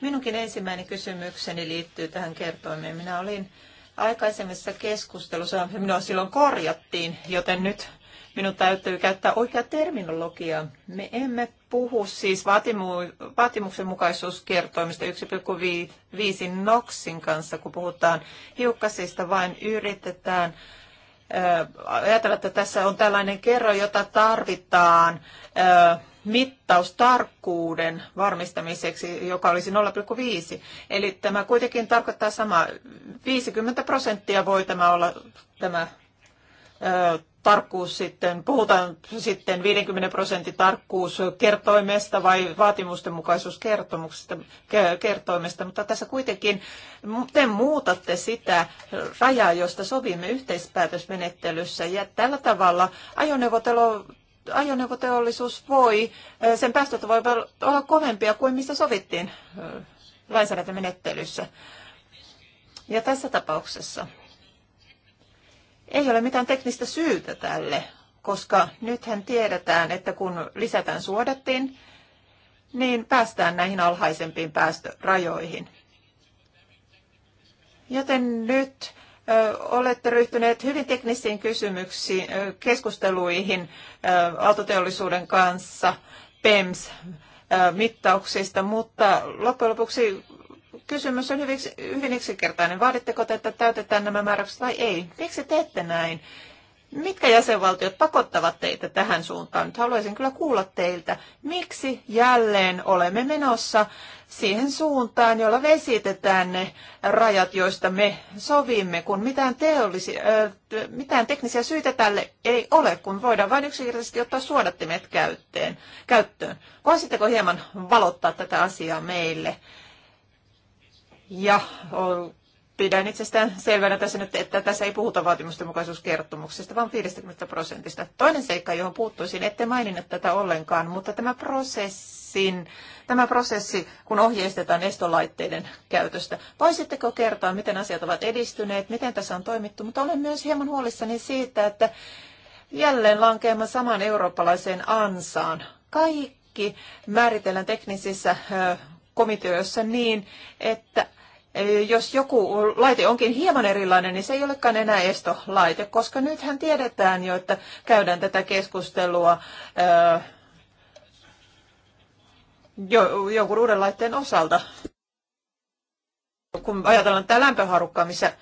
Minunkin ensimmäinen kysymykseni liittyy tähän kertoimeen. Minä olin aikaisemmassa keskustelussa, minua silloin korjattiin, joten nyt minun täytyy käyttää oikea terminologia. Me emme puhu siis vaatimu, vaatimuksenmukaisuuskertoimista 1,5 noksin kanssa, kun puhutaan hiukkasista, vain yritetään ajatella, että tässä on tällainen kerro, jota tarvitaan mittaustarkkuuden varmistamiseksi, joka olisi 0,5. Eli tämä kuitenkin tarkoittaa samaa. 50 prosenttia voi tämä olla tämä tarkkuus sitten, puhutaan sitten 50 prosentin tarkkuus kertoimesta vai vaatimusten mukaisuus kertoimesta, mutta tässä kuitenkin te muutatte sitä rajaa, josta sovimme yhteispäätösmenettelyssä ja tällä tavalla ajoneuvotelo ajoneuvoteollisuus voi, sen päästöt voi olla kovempia kuin mistä sovittiin lainsäädäntömenettelyssä. Ja tässä tapauksessa ei ole mitään teknistä syytä tälle, koska nythän tiedetään, että kun lisätään suodattiin, niin päästään näihin alhaisempiin päästörajoihin. Joten nyt olette ryhtyneet hyvin teknisiin kysymyksiin, keskusteluihin autoteollisuuden kanssa, PEMS, mittauksista, mutta loppujen lopuksi kysymys on hyvin, hyvin yksinkertainen. Vaaditteko te, että täytetään nämä määräykset vai ei? Miksi teette näin? Mitkä jäsenvaltiot pakottavat teitä tähän suuntaan? Nyt haluaisin kyllä kuulla teiltä, miksi jälleen olemme menossa siihen suuntaan, jolla vesitetään ne rajat, joista me sovimme, kun mitään, teollisi, äh, mitään teknisiä syitä tälle ei ole, kun voidaan vain yksinkertaisesti ottaa suodattimet käyttöön. käyttöön. Voisitteko hieman valottaa tätä asiaa meille? Ja pidän itsestään selvänä tässä nyt, että tässä ei puhuta vaatimustenmukaisuuskertomuksesta, vaan 50 prosentista. Toinen seikka, johon puuttuisin, ette maininnut tätä ollenkaan, mutta tämä prosessin, tämä prosessi, kun ohjeistetaan estolaitteiden käytöstä. Voisitteko kertoa, miten asiat ovat edistyneet, miten tässä on toimittu, mutta olen myös hieman huolissani siitä, että jälleen lankeema saman eurooppalaiseen ansaan. Kaikki määritellään teknisissä komiteoissa niin, että jos joku laite onkin hieman erilainen, niin se ei olekaan enää estolaite, koska nythän tiedetään jo, että käydään tätä keskustelua jo, jonkun uuden laitteen osalta. Kun ajatellaan tätä lämpöharukkaa, missä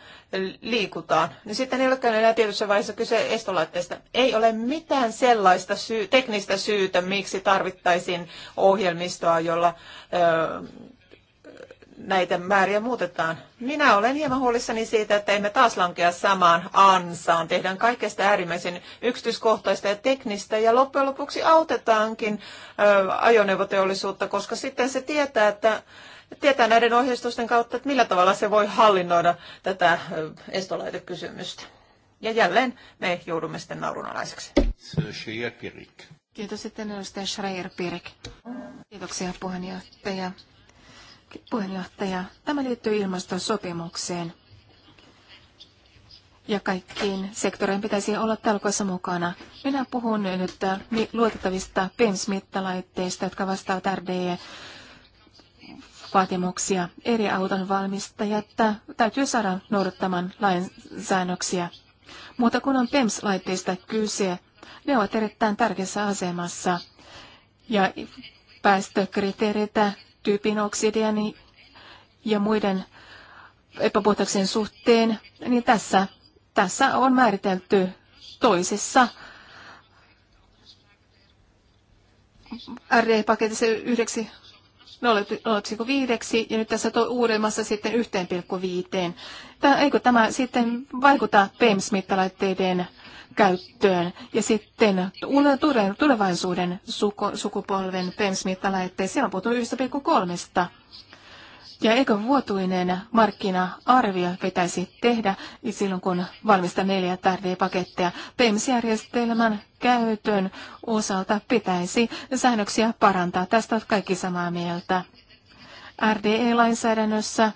liikutaan, niin sitten ei olekaan enää tietyssä vaiheessa kyse estolaitteesta. Ei ole mitään sellaista syy, teknistä syytä, miksi tarvittaisiin ohjelmistoa, jolla ö, näitä määriä muutetaan. Minä olen hieman huolissani siitä, että emme taas lankea samaan ansaan. Tehdään kaikesta äärimmäisen yksityiskohtaista ja teknistä ja loppujen lopuksi autetaankin ö, ajoneuvoteollisuutta, koska sitten se tietää, että tietää näiden ohjeistusten kautta, että millä tavalla se voi hallinnoida tätä estolaitekysymystä. Ja jälleen me joudumme sitten naurunalaiseksi. Kiitos sitten edustaja Schreier-Pirik. Kiitoksia puheenjohtaja puheenjohtaja, tämä liittyy ilmastosopimukseen. Ja kaikkiin sektoreihin pitäisi olla talkoissa mukana. Minä puhun nyt luotettavista PEMS-mittalaitteista, jotka vastaavat RDE vaatimuksia. Eri auton valmistajat täytyy saada noudattamaan lainsäännöksiä. Mutta kun on PEMS-laitteista kyse, ne ovat erittäin tärkeässä asemassa. Ja päästökriteereitä tyypin oksidien ja muiden epäpuhtauksien suhteen, niin tässä, tässä on määritelty toisessa RE-paketissa yhdeksi 0,5 ja nyt tässä tuo uudemmassa sitten 1,5. Eikö tämä sitten vaikuta PEMS-mittalaitteiden käyttöön. Ja sitten tulevaisuuden sukupolven pems siellä on puhuttu 1,3. Ja eikö vuotuinen markkina-arvio pitäisi tehdä silloin, kun valmista neljä paketteja PEMS-järjestelmän käytön osalta pitäisi säännöksiä parantaa. Tästä on kaikki samaa mieltä. RDE-lainsäädännössä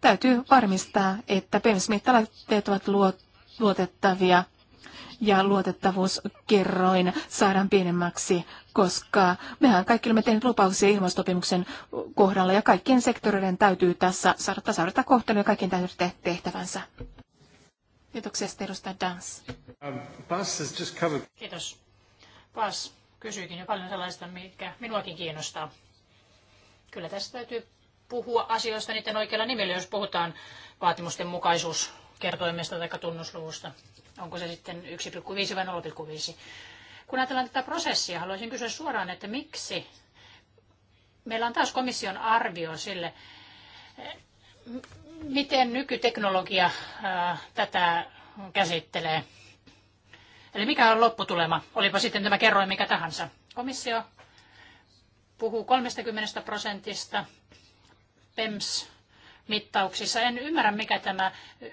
täytyy varmistaa, että PEMS-mittalaitteet ovat luotettavia ja luotettavuuskerroin saadaan pienemmäksi, koska mehän kaikki olemme tehneet lupauksia ilmastopimuksen kohdalla ja kaikkien sektoreiden täytyy tässä saada tasa kohtelua ja kaikkien täytyy tehdä tehtävänsä. Kiitoksia, edustaja Dans. Um, Kiitos. Paas kysyikin jo paljon sellaista, mikä minuakin kiinnostaa. Kyllä tässä täytyy puhua asioista niiden oikealla nimellä, jos puhutaan vaatimusten mukaisuus kertoimesta tai tunnusluvusta onko se sitten 1,5 vai 0,5. Kun ajatellaan tätä prosessia, haluaisin kysyä suoraan, että miksi meillä on taas komission arvio sille, eh, miten nykyteknologia eh, tätä käsittelee. Eli mikä on lopputulema? Olipa sitten tämä kerroin mikä tahansa. Komissio puhuu 30 prosentista PEMS-mittauksissa. En ymmärrä, mikä tämä eh,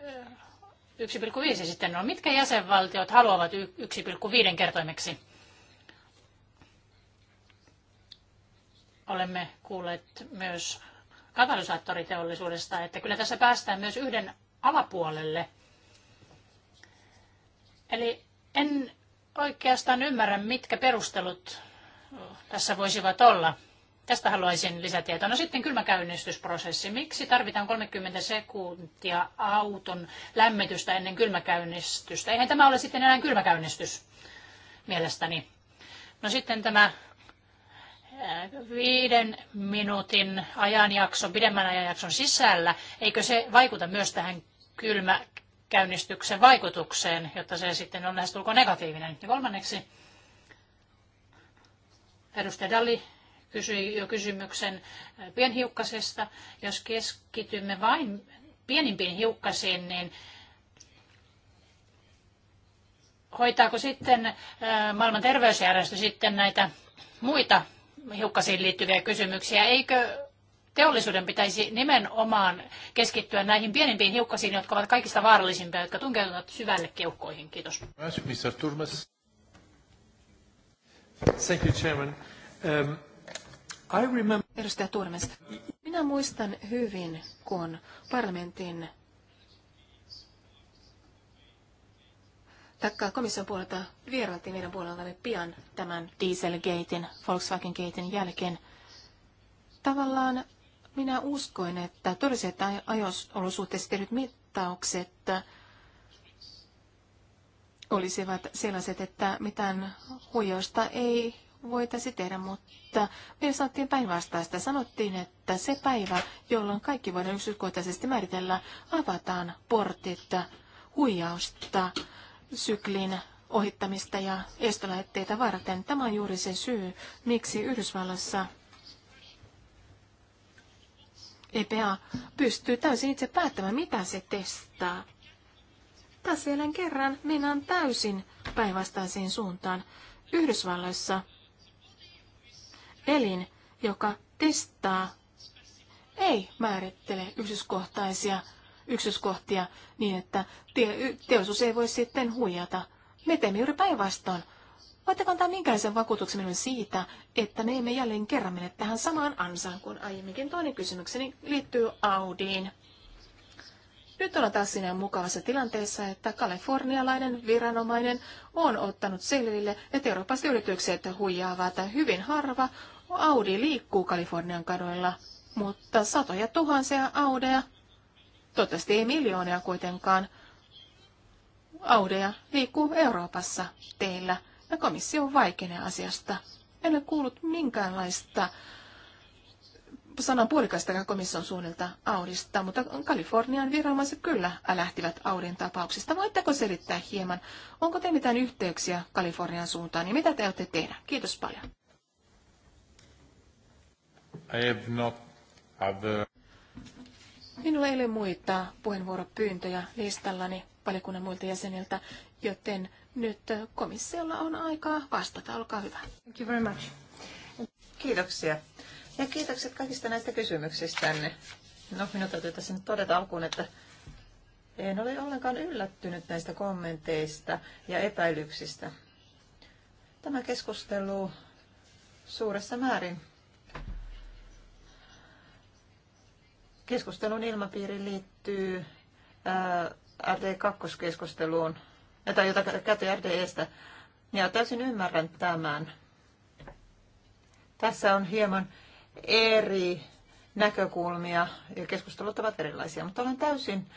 1,5 sitten on? Mitkä jäsenvaltiot haluavat 1,5 kertoimeksi? Olemme kuulleet myös katalysaattoriteollisuudesta, että kyllä tässä päästään myös yhden alapuolelle. Eli en oikeastaan ymmärrä, mitkä perustelut tässä voisivat olla. Tästä haluaisin lisätietoa. No sitten kylmäkäynnistysprosessi. Miksi tarvitaan 30 sekuntia auton lämmitystä ennen kylmäkäynnistystä? Eihän tämä ole sitten enää kylmäkäynnistys mielestäni. No sitten tämä äh, viiden minuutin ajanjakson, pidemmän ajanjakson sisällä, eikö se vaikuta myös tähän kylmäkäynnistyksen vaikutukseen, jotta se sitten on lähestulkoon negatiivinen? Ja kolmanneksi, edustaja Dalli kysyi jo kysymyksen pienhiukkasesta. Jos keskitymme vain pienimpiin hiukkasiin, niin hoitaako sitten maailman terveysjärjestö sitten näitä muita hiukkasiin liittyviä kysymyksiä? Eikö teollisuuden pitäisi nimenomaan keskittyä näihin pienimpiin hiukkasiin, jotka ovat kaikista vaarallisimpia, jotka tunkeutuvat syvälle keuhkoihin? Kiitos. Thank you, Chairman. Um, I remember... Edustaja Turmes, minä muistan hyvin, kun parlamentin taikka komission puolelta vierailtiin meidän puolellamme pian tämän Dieselgatein, Volkswagen-gatein jälkeen. Tavallaan minä uskoin, että todelliset ajosolosuhteessa tehdyt mittaukset olisivat sellaiset, että mitään huijausta ei voitaisiin tehdä, mutta meillä sanottiin päinvastaista. Sanottiin, että se päivä, jolloin kaikki voidaan yksityiskohtaisesti määritellä, avataan portit huijausta, syklin ohittamista ja estolaitteita varten. Tämä on juuri se syy, miksi Yhdysvallassa EPA pystyy täysin itse päättämään, mitä se testaa. Tässä jälleen kerran mennään täysin päinvastaiseen suuntaan. Yhdysvalloissa elin, joka testaa, ei määrittele yksityiskohtaisia yksityiskohtia niin, että te- teollisuus ei voi sitten huijata. Me teemme juuri päinvastoin. Voitteko antaa minkälaisen vakuutuksen minulle siitä, että me emme jälleen kerran mene tähän samaan ansaan kuin aiemminkin? Toinen kysymykseni liittyy Audiin. Nyt ollaan taas siinä mukavassa tilanteessa, että kalifornialainen viranomainen on ottanut selville, että eurooppalaiset yritykset huijaavat hyvin harva Audi liikkuu Kalifornian kadoilla, mutta satoja tuhansia Audeja, toivottavasti ei miljoonia kuitenkaan, Audeja liikkuu Euroopassa teillä, ja komissio vaikenee asiasta. En ole kuullut minkäänlaista sanan puolikasta komission suunnilta Audista, mutta Kalifornian viranomaiset kyllä lähtivät Audin tapauksista. Voitteko selittää hieman, onko te mitään yhteyksiä Kalifornian suuntaan ja mitä te olette tehdä? Kiitos paljon. I have not other... Minulla ei ole muita puheenvuoropyyntöjä listallani valiokunnan muilta jäseniltä, joten nyt komissiolla on aikaa vastata. Olkaa hyvä. Thank you very much. Kiitoksia. Ja kiitokset kaikista näistä kysymyksistänne. No, minun täytyy tässä nyt todeta alkuun, että en ole ollenkaan yllättynyt näistä kommenteista ja epäilyksistä. Tämä keskustelu suuressa määrin keskustelun ilmapiiri liittyy äh, RD2-keskusteluun, äh, tai jota käytiin RDEstä. Ja täysin ymmärrän tämän. Tässä on hieman eri näkökulmia ja keskustelut ovat erilaisia, mutta olen täysin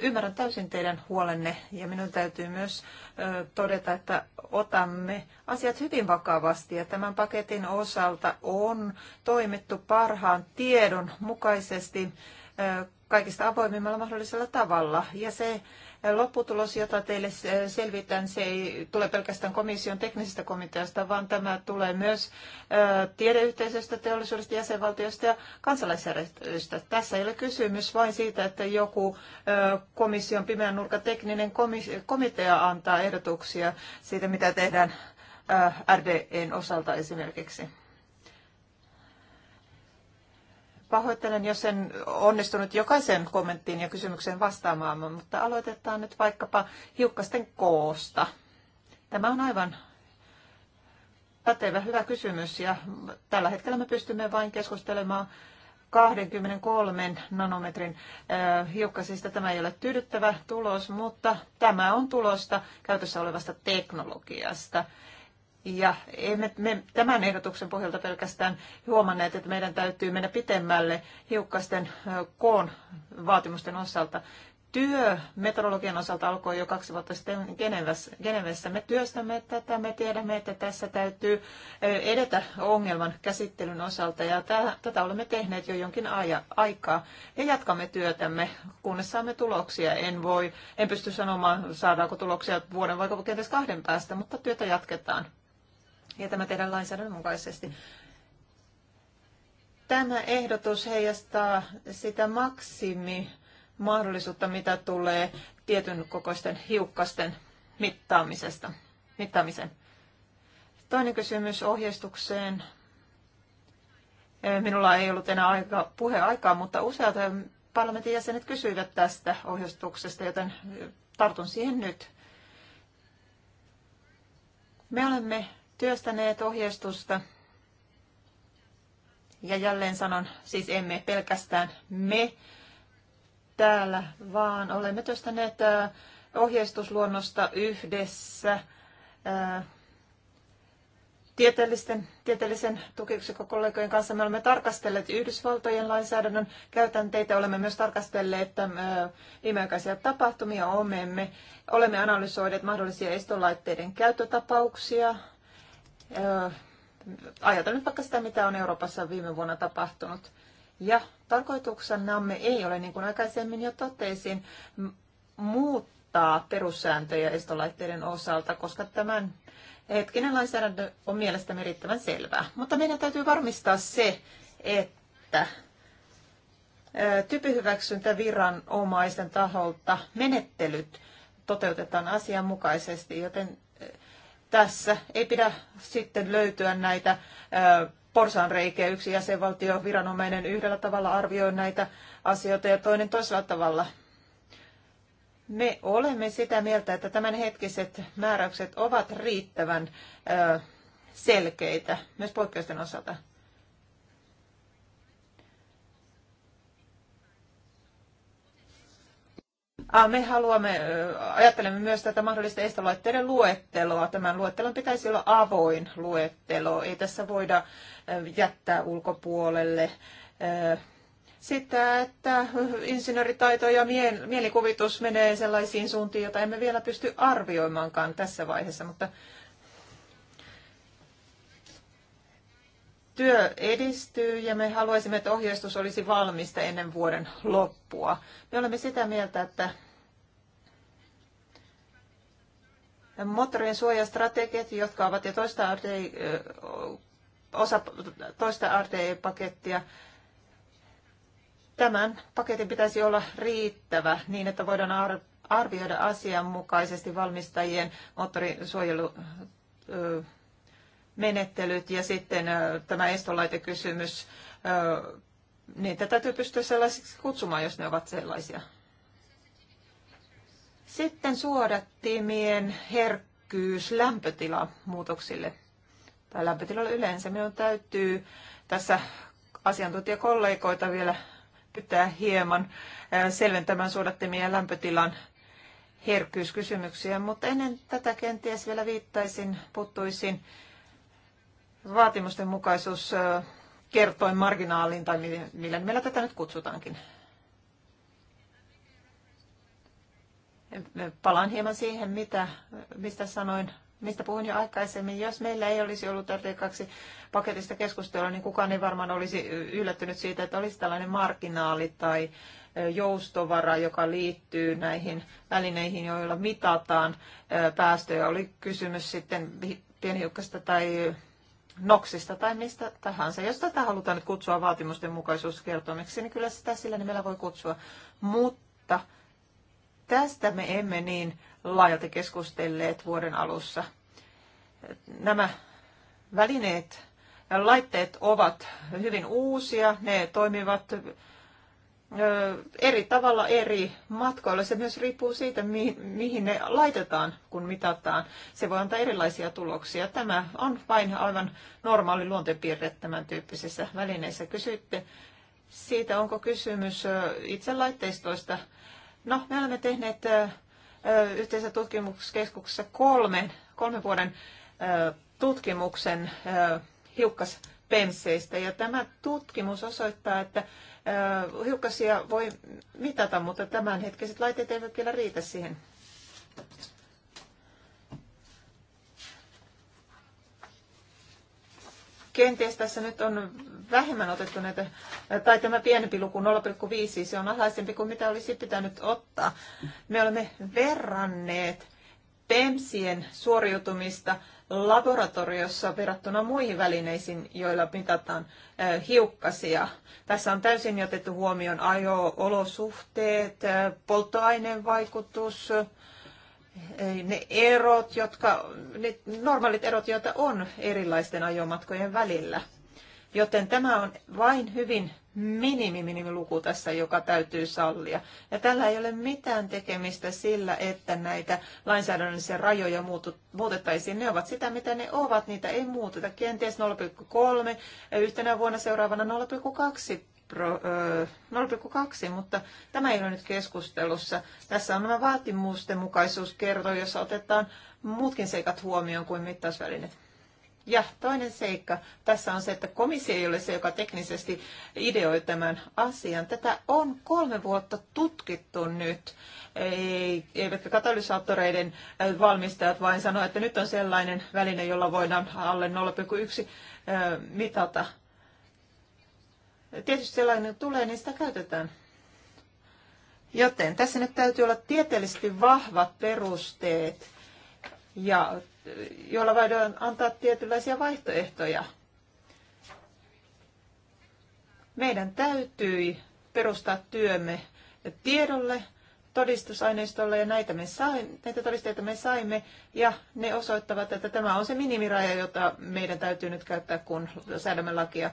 Ymmärrän täysin teidän huolenne ja minun täytyy myös todeta, että otamme asiat hyvin vakavasti ja tämän paketin osalta on toimittu parhaan tiedon mukaisesti kaikista avoimimmalla mahdollisella tavalla. Ja se Lopputulos, jota teille selvitän, se ei tule pelkästään komission teknisestä komiteasta, vaan tämä tulee myös tiedeyhteisöstä, teollisuudesta, jäsenvaltioista ja kansalaisjärjestöistä. Tässä ei ole kysymys vain siitä, että joku komission pimeän nurkan tekninen komitea antaa ehdotuksia siitä, mitä tehdään RDEn osalta esimerkiksi. Pahoittelen, jos en onnistunut jokaisen kommenttiin ja kysymykseen vastaamaan, mutta aloitetaan nyt vaikkapa hiukkasten koosta. Tämä on aivan pätevä, hyvä kysymys ja tällä hetkellä me pystymme vain keskustelemaan 23 nanometrin hiukkasista. Tämä ei ole tyydyttävä tulos, mutta tämä on tulosta käytössä olevasta teknologiasta. Ja emme me tämän ehdotuksen pohjalta pelkästään huomanneet, että meidän täytyy mennä pitemmälle hiukkasten koon vaatimusten osalta. Työ metodologian osalta alkoi jo kaksi vuotta sitten Genevessä. Me työstämme tätä, me tiedämme, että tässä täytyy edetä ongelman käsittelyn osalta ja tätä olemme tehneet jo jonkin aikaa ja jatkamme työtämme, kunnes saamme tuloksia. En voi, en pysty sanomaan, saadaanko tuloksia vuoden vai kenties kahden päästä, mutta työtä jatketaan ja tämä tehdään lainsäädännön mukaisesti. Tämä ehdotus heijastaa sitä maksimi mahdollisuutta, mitä tulee tietyn kokoisten hiukkasten mittaamisesta, mittaamisen. Toinen kysymys ohjeistukseen. Minulla ei ollut enää aika, puheaikaa, mutta useat parlamentin jäsenet kysyivät tästä ohjeistuksesta, joten tartun siihen nyt. Me olemme työstäneet ohjeistusta. Ja jälleen sanon, siis emme pelkästään me täällä, vaan olemme työstäneet ohjeistusluonnosta yhdessä tieteellisten, tieteellisen tukiyksikkökollegojen kanssa. Me olemme tarkastelleet Yhdysvaltojen lainsäädännön käytänteitä, olemme myös tarkastelleet että viimeaikaisia tapahtumia, olemme, olemme analysoineet mahdollisia estolaitteiden käyttötapauksia, ajatellaan nyt vaikka sitä, mitä on Euroopassa viime vuonna tapahtunut. Ja tarkoituksenamme ei ole, niin kuin aikaisemmin jo totesin, muuttaa perussääntöjä estolaitteiden osalta, koska tämän hetkinen lainsäädäntö on mielestäni riittävän selvää. Mutta meidän täytyy varmistaa se, että typihyväksyntäviranomaisten taholta menettelyt toteutetaan asianmukaisesti, joten tässä ei pidä sitten löytyä näitä porsaanreikiä. Yksi jäsenvaltio viranomainen yhdellä tavalla arvioi näitä asioita ja toinen toisella tavalla. Me olemme sitä mieltä, että tämänhetkiset määräykset ovat riittävän selkeitä myös poikkeusten osalta. Ah, me haluamme, ajattelemme myös tätä mahdollista estoluetteiden luetteloa. Tämän luettelon pitäisi olla avoin luettelo. Ei tässä voida jättää ulkopuolelle sitä, että insinööritaito ja mielikuvitus menee sellaisiin suuntiin, joita emme vielä pysty arvioimaankaan tässä vaiheessa, mutta työ edistyy ja me haluaisimme, että ohjeistus olisi valmista ennen vuoden loppua. Me olemme sitä mieltä, että moottorien suojastrategiat, jotka ovat jo toista RD, osa toista RDE-pakettia, tämän paketin pitäisi olla riittävä niin, että voidaan arvioida asianmukaisesti valmistajien suojelu menettelyt ja sitten tämä estolaitekysymys, niin tätä täytyy pystyä sellaisiksi kutsumaan, jos ne ovat sellaisia. Sitten suodattimien herkkyys lämpötila muutoksille tai lämpötilalle yleensä. Minun täytyy tässä asiantuntijakollegoita vielä pitää hieman selventämään suodattimien lämpötilan herkkyyskysymyksiä, mutta ennen tätä kenties vielä viittaisin, puuttuisin vaatimusten mukaisuus kertoin marginaaliin tai millä nimellä tätä nyt kutsutaankin. Palaan hieman siihen, mitä, mistä sanoin mistä puhuin jo aikaisemmin, jos meillä ei olisi ollut RT2 paketista keskustelua, niin kukaan ei varmaan olisi yllättynyt siitä, että olisi tällainen marginaali tai joustovara, joka liittyy näihin välineihin, joilla mitataan päästöjä. Oli kysymys sitten pienhiukkasta tai Noksista tai mistä tahansa. Jos tätä halutaan nyt kutsua vaatimusten mukaisuuskertomiksi, niin kyllä sitä sillä nimellä voi kutsua. Mutta tästä me emme niin laajalti keskustelleet vuoden alussa. Nämä välineet ja laitteet ovat hyvin uusia, ne toimivat eri tavalla eri matkoilla. Se myös riippuu siitä, mihin ne laitetaan, kun mitataan. Se voi antaa erilaisia tuloksia. Tämä on vain aivan normaali luontepiirre tämän tyyppisissä välineissä. Kysytte siitä, onko kysymys itse laitteistoista. No, me olemme tehneet yhteisessä tutkimuskeskuksessa kolmen, kolme vuoden tutkimuksen hiukkaspenseistä. Ja tämä tutkimus osoittaa, että hiukkasia voi mitata, mutta tämänhetkiset laitteet eivät vielä riitä siihen. Kenties tässä nyt on vähemmän otettu näitä, tai tämä pienempi luku 0,5, se on alhaisempi kuin mitä olisi pitänyt ottaa. Me olemme verranneet PEMSien suoriutumista laboratoriossa verrattuna muihin välineisiin, joilla mitataan hiukkasia. Tässä on täysin jätetty huomioon ajo-olosuhteet, polttoaineen vaikutus, ne erot, jotka, ne normaalit erot, joita on erilaisten ajomatkojen välillä. Joten tämä on vain hyvin minimi-minimiluku tässä, joka täytyy sallia. Ja tällä ei ole mitään tekemistä sillä, että näitä lainsäädännöllisiä rajoja muutettaisiin. Ne ovat sitä, mitä ne ovat. Niitä ei muuteta. Kenties 0,3, yhtenä vuonna seuraavana 0,2 0,2, mutta tämä ei ole nyt keskustelussa. Tässä on nämä vaatimusten mukaisuuskerto, jossa otetaan muutkin seikat huomioon kuin mittausvälineet. Ja toinen seikka tässä on se, että komissio ei ole se, joka teknisesti ideoi tämän asian. Tätä on kolme vuotta tutkittu nyt. Ei, eivätkä katalysaattoreiden äh, valmistajat vain sano, että nyt on sellainen väline, jolla voidaan alle 0,1 äh, mitata. Tietysti sellainen tulee, niin sitä käytetään. Joten tässä nyt täytyy olla tieteellisesti vahvat perusteet. Ja joilla voidaan antaa tietynlaisia vaihtoehtoja. Meidän täytyi perustaa työmme tiedolle, todistusaineistolle ja näitä, me sain, näitä todisteita me saimme ja ne osoittavat, että tämä on se minimiraja, jota meidän täytyy nyt käyttää, kun säädämme lakia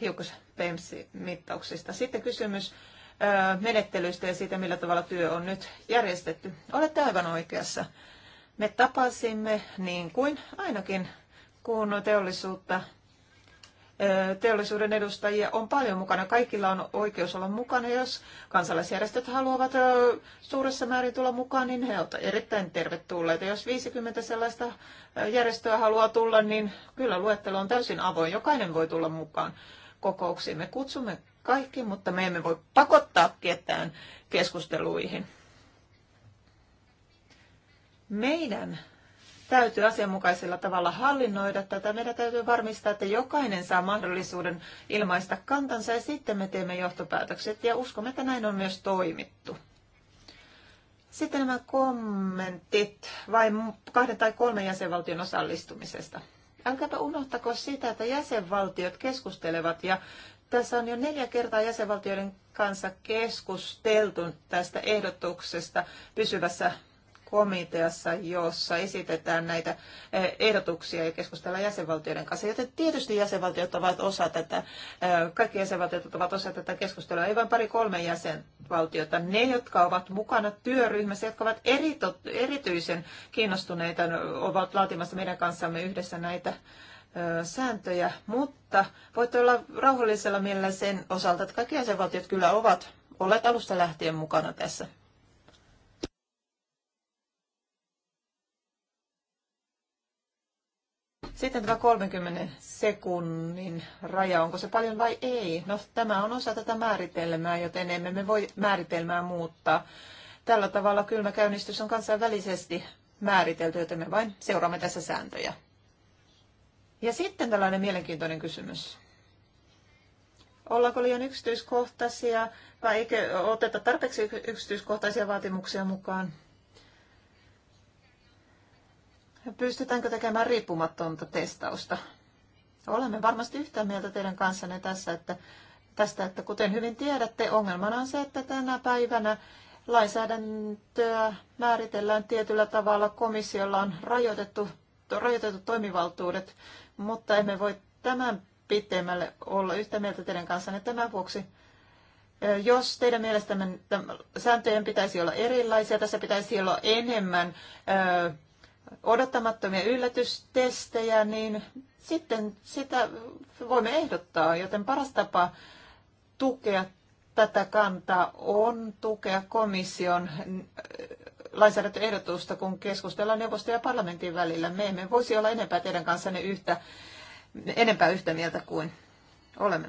hiukkaspemsimittauksista. Sitten kysymys menettelystä ja siitä, millä tavalla työ on nyt järjestetty. Olette aivan oikeassa. Me tapasimme niin kuin ainakin kun teollisuutta teollisuuden edustajia on paljon mukana. Kaikilla on oikeus olla mukana. Jos kansalaisjärjestöt haluavat suuressa määrin tulla mukaan, niin he ovat erittäin tervetulleita. Jos 50 sellaista järjestöä haluaa tulla, niin kyllä luettelo on täysin avoin. Jokainen voi tulla mukaan kokouksiin. Me kutsumme kaikki, mutta me emme voi pakottaa ketään keskusteluihin. Meidän täytyy asianmukaisella tavalla hallinnoida tätä. Meidän täytyy varmistaa, että jokainen saa mahdollisuuden ilmaista kantansa ja sitten me teemme johtopäätökset ja uskomme, että näin on myös toimittu. Sitten nämä kommentit vain kahden tai kolmen jäsenvaltion osallistumisesta. Älkääpä unohtako sitä, että jäsenvaltiot keskustelevat ja tässä on jo neljä kertaa jäsenvaltioiden kanssa keskusteltu tästä ehdotuksesta pysyvässä komiteassa, jossa esitetään näitä eh, ehdotuksia ja keskustellaan jäsenvaltioiden kanssa. Joten tietysti jäsenvaltiot ovat osa tätä, eh, kaikki jäsenvaltiot ovat osa tätä keskustelua, ei vain pari kolme jäsenvaltiota. Ne, jotka ovat mukana työryhmässä, jotka ovat erito, erityisen kiinnostuneita, ovat laatimassa meidän kanssamme yhdessä näitä eh, sääntöjä, mutta voit olla rauhallisella mielellä sen osalta, että kaikki jäsenvaltiot kyllä ovat olleet alusta lähtien mukana tässä Sitten tämä 30 sekunnin raja, onko se paljon vai ei? No tämä on osa tätä määritelmää, joten emme me voi määritelmää muuttaa. Tällä tavalla kylmäkäynnistys on kansainvälisesti määritelty, joten me vain seuraamme tässä sääntöjä. Ja sitten tällainen mielenkiintoinen kysymys. Ollaanko liian yksityiskohtaisia vai eikö oteta tarpeeksi yksityiskohtaisia vaatimuksia mukaan? pystytäänkö tekemään riippumatonta testausta. Olemme varmasti yhtä mieltä teidän kanssanne tässä, että, tästä, että kuten hyvin tiedätte, ongelmana on se, että tänä päivänä lainsäädäntöä määritellään tietyllä tavalla. Komissiolla on rajoitettu, rajoitettu toimivaltuudet, mutta emme voi tämän pitemmälle olla yhtä mieltä teidän kanssanne tämän vuoksi. Jos teidän mielestänne sääntöjen pitäisi olla erilaisia, tässä pitäisi olla enemmän odottamattomia yllätystestejä, niin sitten sitä voimme ehdottaa, joten paras tapa tukea tätä kantaa on tukea komission äh, lainsäädäntöehdotusta, kun keskustellaan neuvoston ja parlamentin välillä. Me emme voisi olla enempää teidän kanssanne yhtä, enempää yhtä mieltä kuin olemme.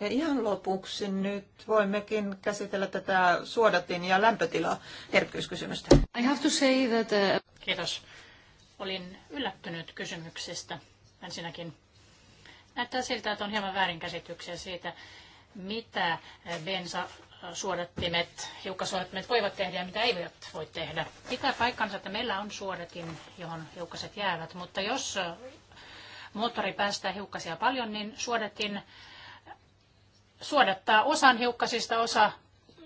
Ja ihan lopuksi nyt voimmekin käsitellä tätä suodatin ja lämpötila herkkyyskysymystä. I have to say that, uh... Kiitos. Olin yllättynyt kysymyksestä ensinnäkin. Näyttää siltä, että on hieman väärinkäsityksiä siitä, mitä eh, bensa suodattimet, hiukkasuodattimet voivat tehdä ja mitä eivät voi tehdä. Pitää paikkansa, että meillä on suodatin, johon hiukkaset jäävät, mutta jos eh, moottori päästää hiukkasia paljon, niin suodatin suodattaa osan hiukkasista, osa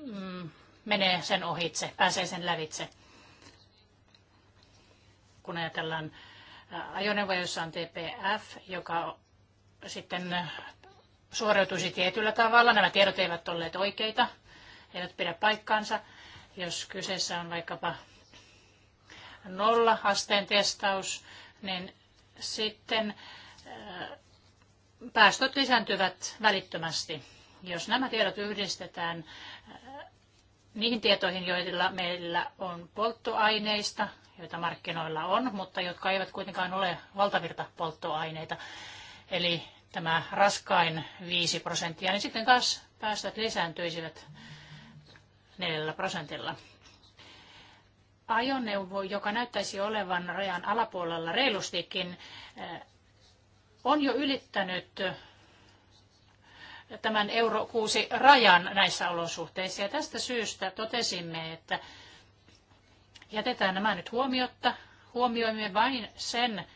mm, menee sen ohitse, pääsee sen lävitse. Kun ajatellaan äh, ajoneuvoja, jossa on TPF, joka sitten suoriutuisi tietyllä tavalla, nämä tiedot eivät olleet oikeita, eivät pidä paikkaansa. Jos kyseessä on vaikkapa nolla asteen testaus, niin sitten äh, päästöt lisääntyvät välittömästi. Jos nämä tiedot yhdistetään äh, niihin tietoihin, joilla meillä on polttoaineista, joita markkinoilla on, mutta jotka eivät kuitenkaan ole valtavirta polttoaineita, eli tämä raskain 5 prosenttia, niin sitten taas päästöt lisääntyisivät 4 prosentilla. Ajoneuvo, joka näyttäisi olevan rajan alapuolella reilustikin, äh, on jo ylittänyt tämän euro 6 rajan näissä olosuhteissa. Ja tästä syystä totesimme, että jätetään nämä nyt huomiotta. Huomioimme vain sen, eh,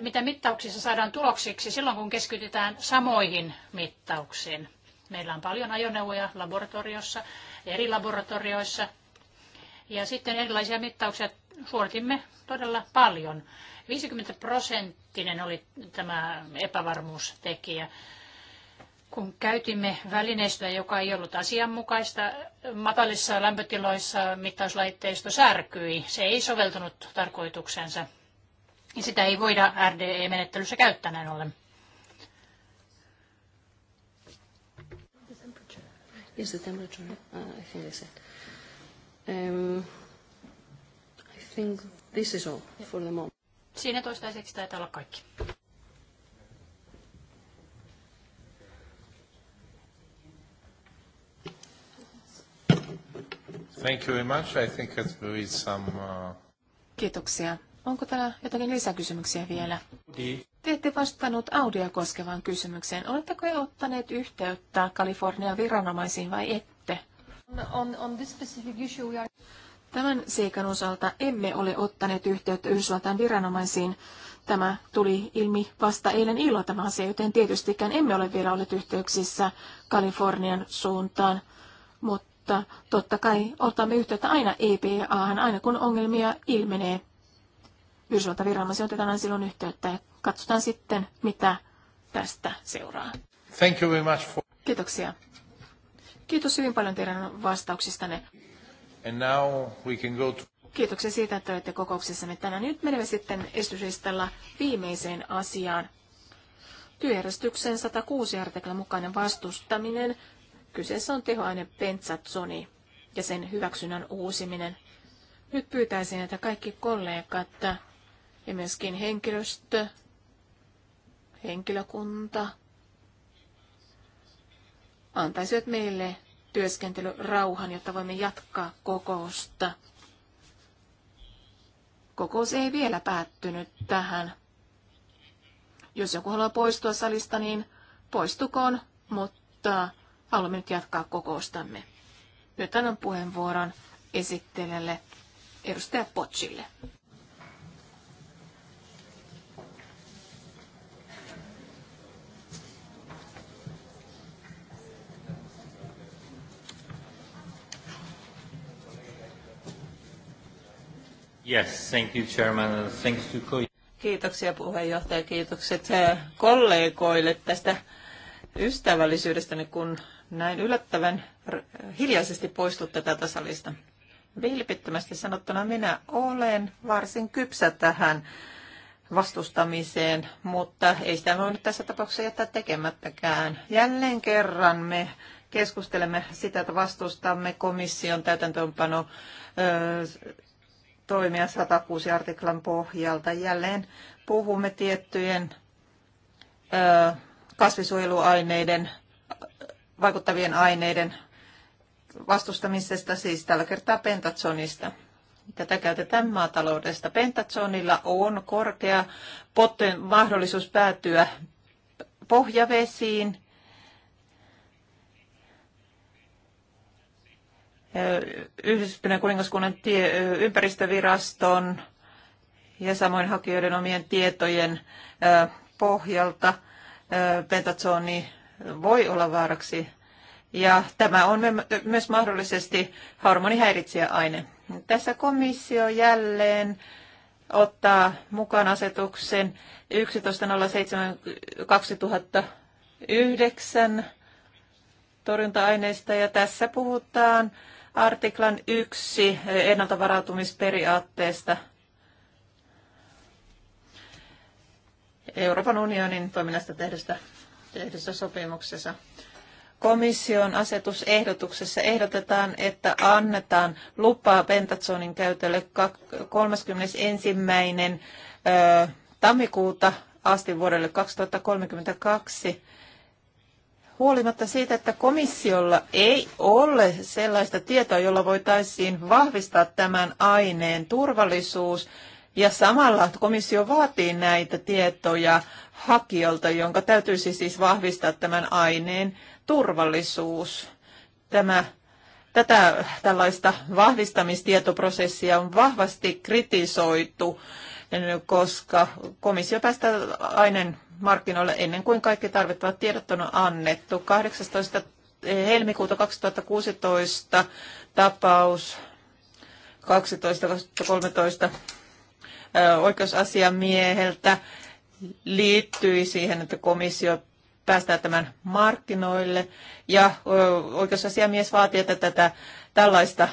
mitä mittauksissa saadaan tuloksiksi silloin, kun keskitytään samoihin mittauksiin. Meillä on paljon ajoneuvoja laboratoriossa, eri laboratorioissa, ja sitten erilaisia mittauksia suoritimme todella paljon. 50 prosenttinen oli tämä epävarmuustekijä. Kun käytimme välineistöä, joka ei ollut asianmukaista, matalissa lämpötiloissa mittauslaitteisto särkyi. Se ei soveltunut tarkoituksensa. Ja sitä ei voida RDE-menettelyssä käyttää näin ollen. Yes, the temperature. Uh, I think they said. Um, think this is all for the moment. Siinä toistaiseksi taitaa olla kaikki. Thank you very much. I think that there is some, uh... Kiitoksia. Onko täällä jotakin lisäkysymyksiä vielä? Te ette vastannut Audia koskevaan kysymykseen. Oletteko jo ottaneet yhteyttä Kalifornian viranomaisiin vai ette? On, on this specific issue we are... Tämän seikan osalta emme ole ottaneet yhteyttä Yhdysvaltain viranomaisiin. Tämä tuli ilmi vasta eilen illalla tämä asia, joten tietystikään emme ole vielä olleet yhteyksissä Kalifornian suuntaan. Mutta totta kai otamme yhteyttä aina EPAhan, aina kun ongelmia ilmenee. Yhdysvaltain viranomaisiin otetaan silloin yhteyttä ja katsotaan sitten, mitä tästä seuraa. Thank you very much for... Kiitoksia. Kiitos hyvin paljon teidän vastauksistanne. And now we can go to... Kiitoksia siitä, että olette kokouksessamme tänään. Nyt menemme sitten esityslistalla viimeiseen asiaan. Työjärjestyksen 106 artiklan mukainen vastustaminen. Kyseessä on tehoaine pentsatsoni ja sen hyväksynnän uusiminen. Nyt pyytäisin, että kaikki kollegat ja myöskin henkilöstö, henkilökunta antaisivat meille työskentelyrauhan, jotta voimme jatkaa kokousta. Kokous ei vielä päättynyt tähän. Jos joku haluaa poistua salista, niin poistukoon, mutta haluamme nyt jatkaa kokoustamme. Nyt annan puheenvuoron esittelijälle edustaja Potsille. Yes, thank you chairman. Thanks to... Kiitoksia puheenjohtaja, kiitokset eh, kollegoille tästä niin kun näin yllättävän hiljaisesti poistutte tätä salista. Vilpittömästi sanottuna minä olen varsin kypsä tähän vastustamiseen, mutta ei sitä voi nyt tässä tapauksessa jättää tekemättäkään. Jälleen kerran me keskustelemme sitä, että vastustamme komission täytäntöönpano toimia 106 artiklan pohjalta. Jälleen puhumme tiettyjen ö, kasvisuojeluaineiden, vaikuttavien aineiden vastustamisesta, siis tällä kertaa pentatsonista. Tätä käytetään maataloudesta. Pentatsonilla on korkea potten mahdollisuus päätyä pohjavesiin Yhdistyneen kuningaskunnan tie, ympäristöviraston ja samoin hakijoiden omien tietojen pohjalta pentatsoni voi olla vaaraksi. Ja tämä on myös mahdollisesti hormonihäiritsijäaine. Tässä komissio jälleen ottaa mukaan asetuksen 11.07.2009 torjunta-aineista ja tässä puhutaan artiklan yksi ennaltavarautumisperiaatteesta Euroopan unionin toiminnasta tehdystä, tehdyssä sopimuksessa. Komission asetusehdotuksessa ehdotetaan, että annetaan lupaa pentatsonin käytölle 31. tammikuuta asti vuodelle 2032 huolimatta siitä, että komissiolla ei ole sellaista tietoa, jolla voitaisiin vahvistaa tämän aineen turvallisuus. Ja samalla komissio vaatii näitä tietoja hakijalta, jonka täytyisi siis vahvistaa tämän aineen turvallisuus. Tämä, tätä tällaista vahvistamistietoprosessia on vahvasti kritisoitu, koska komissio päästää aineen markkinoille ennen kuin kaikki tarvittavat tiedot on annettu. 18. helmikuuta 2016 tapaus 12.13. oikeusasiamieheltä liittyi siihen, että komissio päästää tämän markkinoille. Ja oikeusasiamies vaatii, että tätä tällaista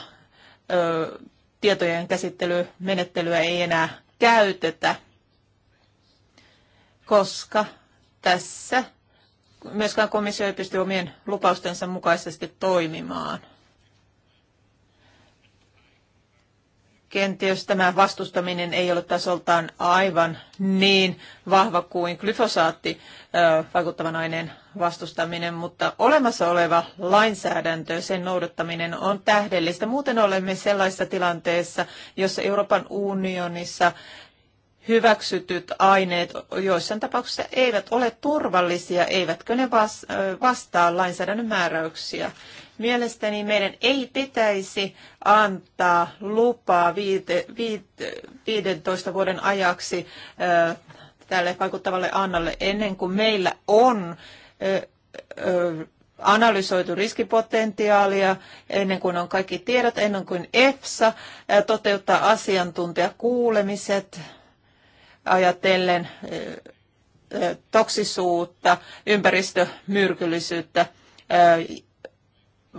tietojen käsittelymenettelyä ei enää käytetä koska tässä myöskään komissio ei pysty omien lupaustensa mukaisesti toimimaan. Kenties tämä vastustaminen ei ole tasoltaan aivan niin vahva kuin glyfosaatti vaikuttavan aineen vastustaminen, mutta olemassa oleva lainsäädäntö, sen noudattaminen on tähdellistä. Muuten olemme sellaisessa tilanteessa, jossa Euroopan unionissa hyväksytyt aineet joissain tapauksissa eivät ole turvallisia, eivätkö ne vastaa lainsäädännön määräyksiä. Mielestäni meidän ei pitäisi antaa lupaa 15 vuoden ajaksi tälle vaikuttavalle annalle ennen kuin meillä on analysoitu riskipotentiaalia ennen kuin on kaikki tiedot, ennen kuin EFSA toteuttaa asiantuntijakuulemiset, ajatellen eh, eh, toksisuutta, ympäristömyrkyllisyyttä, eh,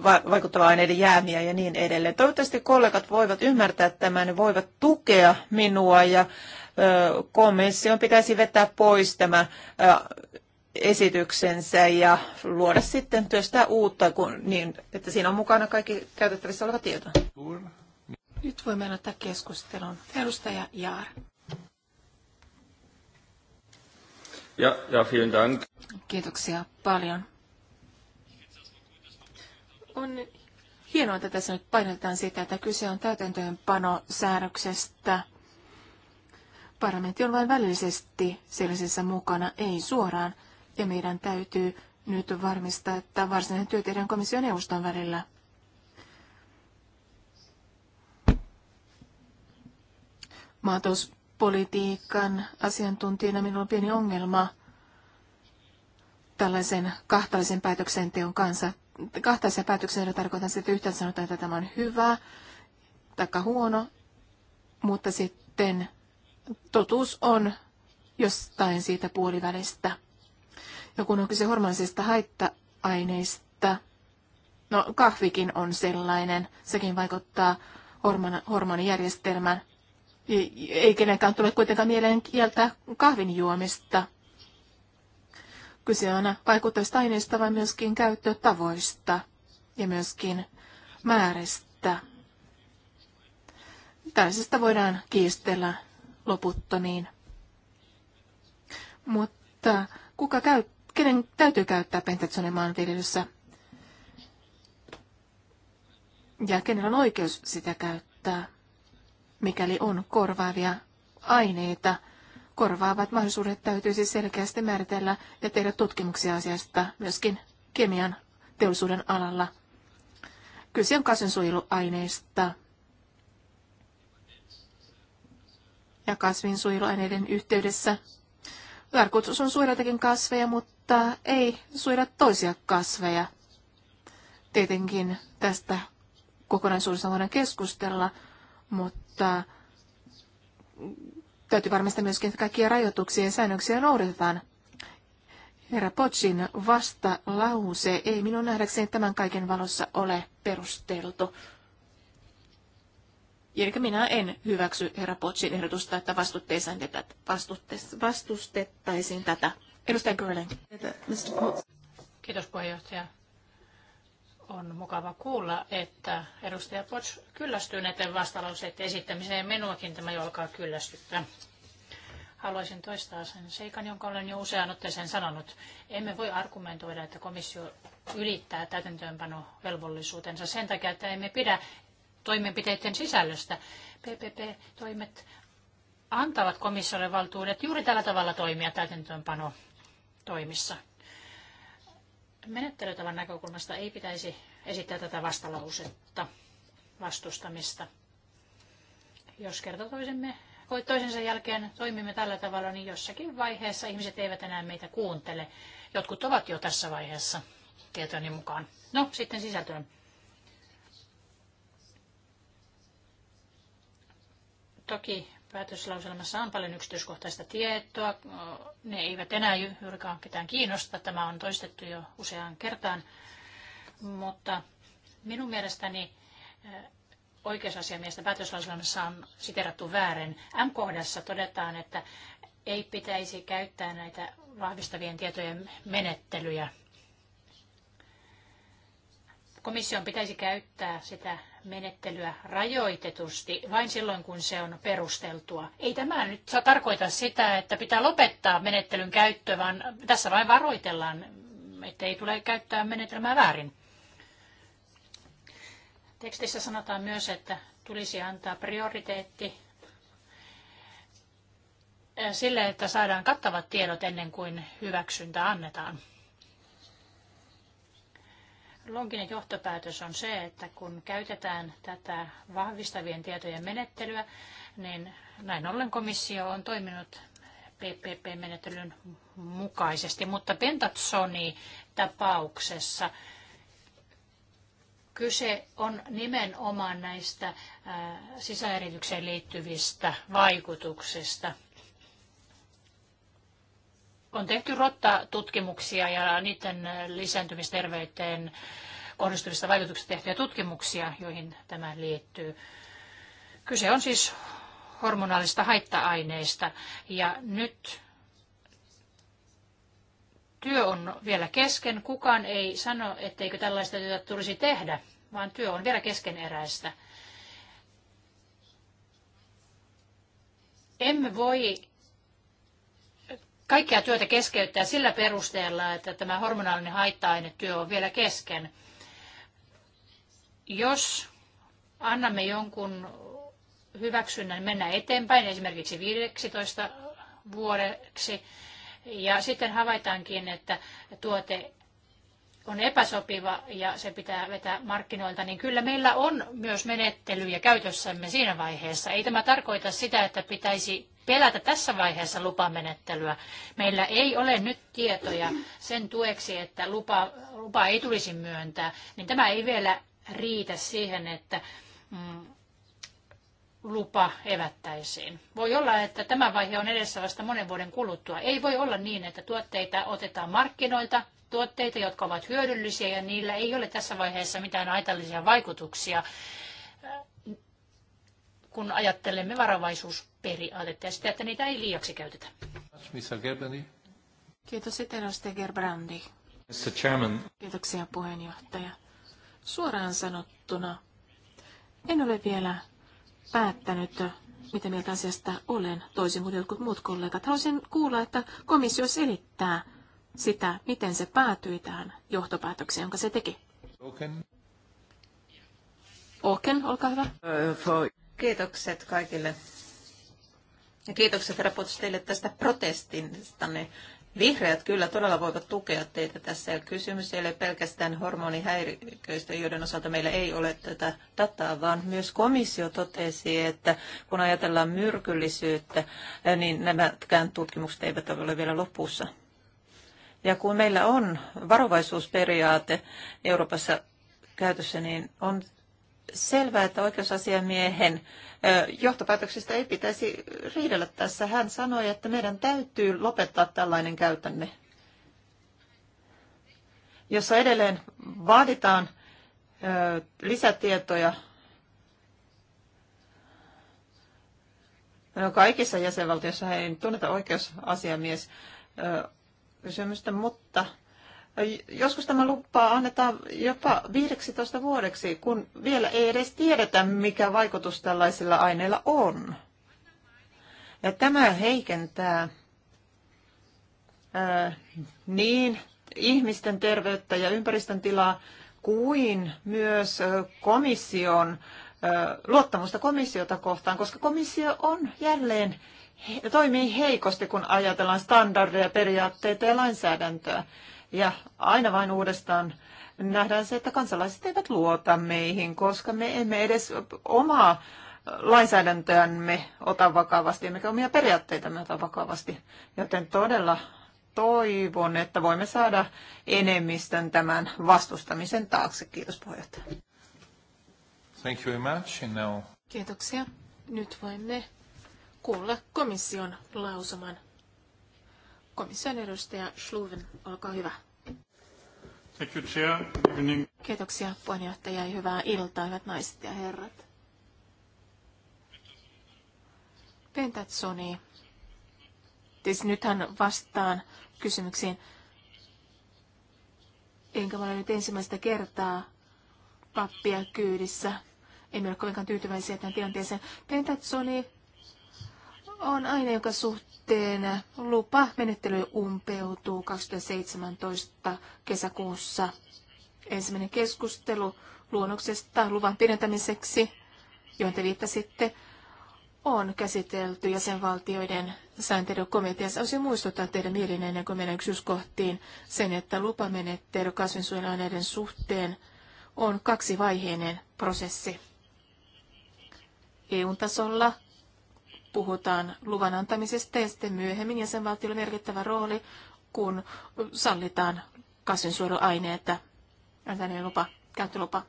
vaikuttavaa aineiden jäämiä ja niin edelleen. Toivottavasti kollegat voivat ymmärtää tämän ja voivat tukea minua ja komission pitäisi vetää pois tämä esityksensä ja luoda sitten työstää uutta, kun, niin, että siinä on mukana kaikki käytettävissä oleva tieto. Nyt voimme aloittaa keskustelun. Edustaja Jaar. Ja, ja vielen Dank. Kiitoksia paljon. On hienoa, että tässä nyt painetaan sitä, että kyse on täytäntöönpanosäädöksestä. Parlamentti on vain välillisesti sellaisessa mukana, ei suoraan, ja meidän täytyy nyt varmistaa, että varsinainen työ komission neuvoston välillä. Maatos politiikan asiantuntijana minulla on pieni ongelma tällaisen kahtaisen päätöksenteon kanssa. Kahtaisen päätöksenteon tarkoitan sitä, että yhtään sanotaan, että tämä on hyvä tai huono, mutta sitten totuus on jostain siitä puolivälistä. Ja kun on kyse hormonisista haitta-aineista, no kahvikin on sellainen, sekin vaikuttaa hormon, hormonijärjestelmään ei kenenkään tule kuitenkaan mieleen kieltää kahvin juomista. Kyse on vaikuttavista aineista, vaan myöskin käyttötavoista ja myöskin määrästä. Tällaisesta voidaan kiistellä loputtomiin. Mutta kuka käy, kenen täytyy käyttää Pentatsonen maanviljelyssä? Ja kenellä on oikeus sitä käyttää? mikäli on korvaavia aineita. Korvaavat mahdollisuudet täytyisi selkeästi määritellä ja tehdä tutkimuksia asiasta myöskin kemian teollisuuden alalla. Kyse on kasvinsuojeluaineista ja kasvinsuojeluaineiden yhteydessä. Tarkoitus on suojeltakin kasveja, mutta ei suojella toisia kasveja. Tietenkin tästä kokonaisuudesta voidaan keskustella, mutta mutta täytyy varmistaa myöskin, että kaikkia rajoituksia ja säännöksiä noudatetaan. Herra Potsin lause ei minun nähdäkseni tämän kaiken valossa ole perusteltu. Eli minä en hyväksy herra Potsin ehdotusta, että vastustettaisiin tätä. Edustaja Gerling. Kiitos puheenjohtaja. On mukava kuulla, että edustaja Pots kyllästyy näiden vastalauseiden esittämiseen. Minuakin tämä jo alkaa kyllästyttää. Haluaisin toistaa sen seikan, jonka olen jo usean otteeseen sanonut. Emme voi argumentoida, että komissio ylittää täytäntöönpanovelvollisuutensa sen takia, että emme pidä toimenpiteiden sisällöstä. PPP-toimet antavat komissiolle valtuudet juuri tällä tavalla toimia täytäntöönpano toimissa. Menettelytavan näkökulmasta ei pitäisi esittää tätä vastalausetta vastustamista. Jos kerta toisemme, toisensa jälkeen toimimme tällä tavalla, niin jossakin vaiheessa ihmiset eivät enää meitä kuuntele. Jotkut ovat jo tässä vaiheessa tietojeni mukaan. No, sitten sisältöön. Toki Päätöslauselmassa on paljon yksityiskohtaista tietoa. Ne eivät enää juurikaan ketään kiinnosta. Tämä on toistettu jo useaan kertaan. Mutta minun mielestäni eh, oikeusasiamiestä päätöslauselmassa on siterattu väärin. M-kohdassa todetaan, että ei pitäisi käyttää näitä vahvistavien tietojen menettelyjä. Komission pitäisi käyttää sitä menettelyä rajoitetusti vain silloin, kun se on perusteltua. Ei tämä nyt saa tarkoita sitä, että pitää lopettaa menettelyn käyttö, vaan tässä vain varoitellaan, ettei tule käyttää menetelmää väärin. Tekstissä sanotaan myös, että tulisi antaa prioriteetti eh, sille, että saadaan kattavat tiedot ennen kuin hyväksyntä annetaan. Loginen johtopäätös on se, että kun käytetään tätä vahvistavien tietojen menettelyä, niin näin ollen komissio on toiminut PPP-menettelyn mukaisesti, mutta Pentatsoni-tapauksessa kyse on nimenomaan näistä sisäeritykseen liittyvistä vaikutuksista. On tehty rottatutkimuksia ja niiden lisääntymisterveyteen kohdistuvista vaikutuksista tehtyjä tutkimuksia, joihin tämä liittyy. Kyse on siis hormonaalista haitta-aineista ja nyt työ on vielä kesken. Kukaan ei sano, etteikö tällaista työtä tulisi tehdä, vaan työ on vielä keskeneräistä. Emme voi kaikkea työtä keskeyttää sillä perusteella, että tämä hormonaalinen haitta-ainetyö on vielä kesken. Jos annamme jonkun hyväksynnän mennä eteenpäin, esimerkiksi 15 vuodeksi, ja sitten havaitaankin, että tuote on epäsopiva ja se pitää vetää markkinoilta, niin kyllä meillä on myös menettelyjä käytössämme siinä vaiheessa. Ei tämä tarkoita sitä, että pitäisi pelätä tässä vaiheessa lupamenettelyä. Meillä ei ole nyt tietoja sen tueksi, että lupa, lupa ei tulisi myöntää, niin tämä ei vielä riitä siihen, että mm, lupa evättäisiin. Voi olla, että tämä vaihe on edessä vasta monen vuoden kuluttua. Ei voi olla niin, että tuotteita otetaan markkinoilta, tuotteita, jotka ovat hyödyllisiä ja niillä ei ole tässä vaiheessa mitään haitallisia vaikutuksia, kun ajattelemme varovaisuusperiaatetta ja sitä, että niitä ei liiaksi käytetä. Kiitos etelästä Gerbrandi. Mr. Chairman. Kiitoksia puheenjohtaja. Suoraan sanottuna, en ole vielä päättänyt, mitä mieltä asiasta olen, toisin kuin jotkut muut kollegat. Haluaisin kuulla, että komissio selittää, sitä, miten se päätyi tähän johtopäätökseen, jonka se teki. Oken, Oken olkaa hyvä. Kiitokset kaikille. Ja kiitokset herra Potts, teille tästä protestistanne. Vihreät kyllä todella voivat tukea teitä tässä. Ja kysymys ei ole pelkästään hormonihäiriköistä, joiden osalta meillä ei ole tätä dataa, vaan myös komissio totesi, että kun ajatellaan myrkyllisyyttä, niin nämäkään tutkimukset eivät ole vielä lopussa. Ja kun meillä on varovaisuusperiaate Euroopassa käytössä, niin on selvää, että oikeusasiamiehen johtopäätöksistä ei pitäisi riidellä tässä. Hän sanoi, että meidän täytyy lopettaa tällainen käytänne, jossa edelleen vaaditaan lisätietoja kaikissa jäsenvaltioissa ei tunneta oikeusasiamies kysymystä, mutta joskus tämä lupa annetaan jopa 15 vuodeksi, kun vielä ei edes tiedetä, mikä vaikutus tällaisilla aineilla on. Ja tämä heikentää ää, niin ihmisten terveyttä ja ympäristön tilaa kuin myös komission luottamusta komissiota kohtaan, koska komissio on jälleen toimii heikosti, kun ajatellaan standardeja, periaatteita ja lainsäädäntöä. Ja aina vain uudestaan nähdään se, että kansalaiset eivät luota meihin, koska me emme edes omaa lainsäädäntöämme ota vakavasti, emmekä omia periaatteitamme ota vakavasti. Joten todella toivon, että voimme saada enemmistön tämän vastustamisen taakse. Kiitos puheenjohtaja. Thank you very much. And now... Kiitoksia. Nyt voimme kuulla komission lausuman. Komission edustaja Schluven, olkaa hyvä. Kiitoksia puheenjohtaja ja hyvää iltaa, hyvät naiset ja herrat. Pentatsoni, siis nythän vastaan kysymyksiin. Enkä ole nyt ensimmäistä kertaa pappia kyydissä. Emme ole kovinkaan tyytyväisiä tähän tilanteeseen. Pentatsoni on aina, joka suhteen lupa menettely umpeutuu 2017 kesäkuussa. Ensimmäinen keskustelu luonnoksesta luvan pidentämiseksi, johon te viittasitte, on käsitelty jäsenvaltioiden sääntelykomiteassa. Olisin muistuttaa teidän mielinen, ennen kuin mennään yksityiskohtiin sen, että lupamenettely kasvinsuojeluaineiden suhteen on kaksivaiheinen prosessi. EU-tasolla puhutaan luvan antamisesta ja sitten myöhemmin jäsenvaltiolla merkittävä rooli, kun sallitaan kasvinsuojeluaineita, antaneen lupa, käyttölupa.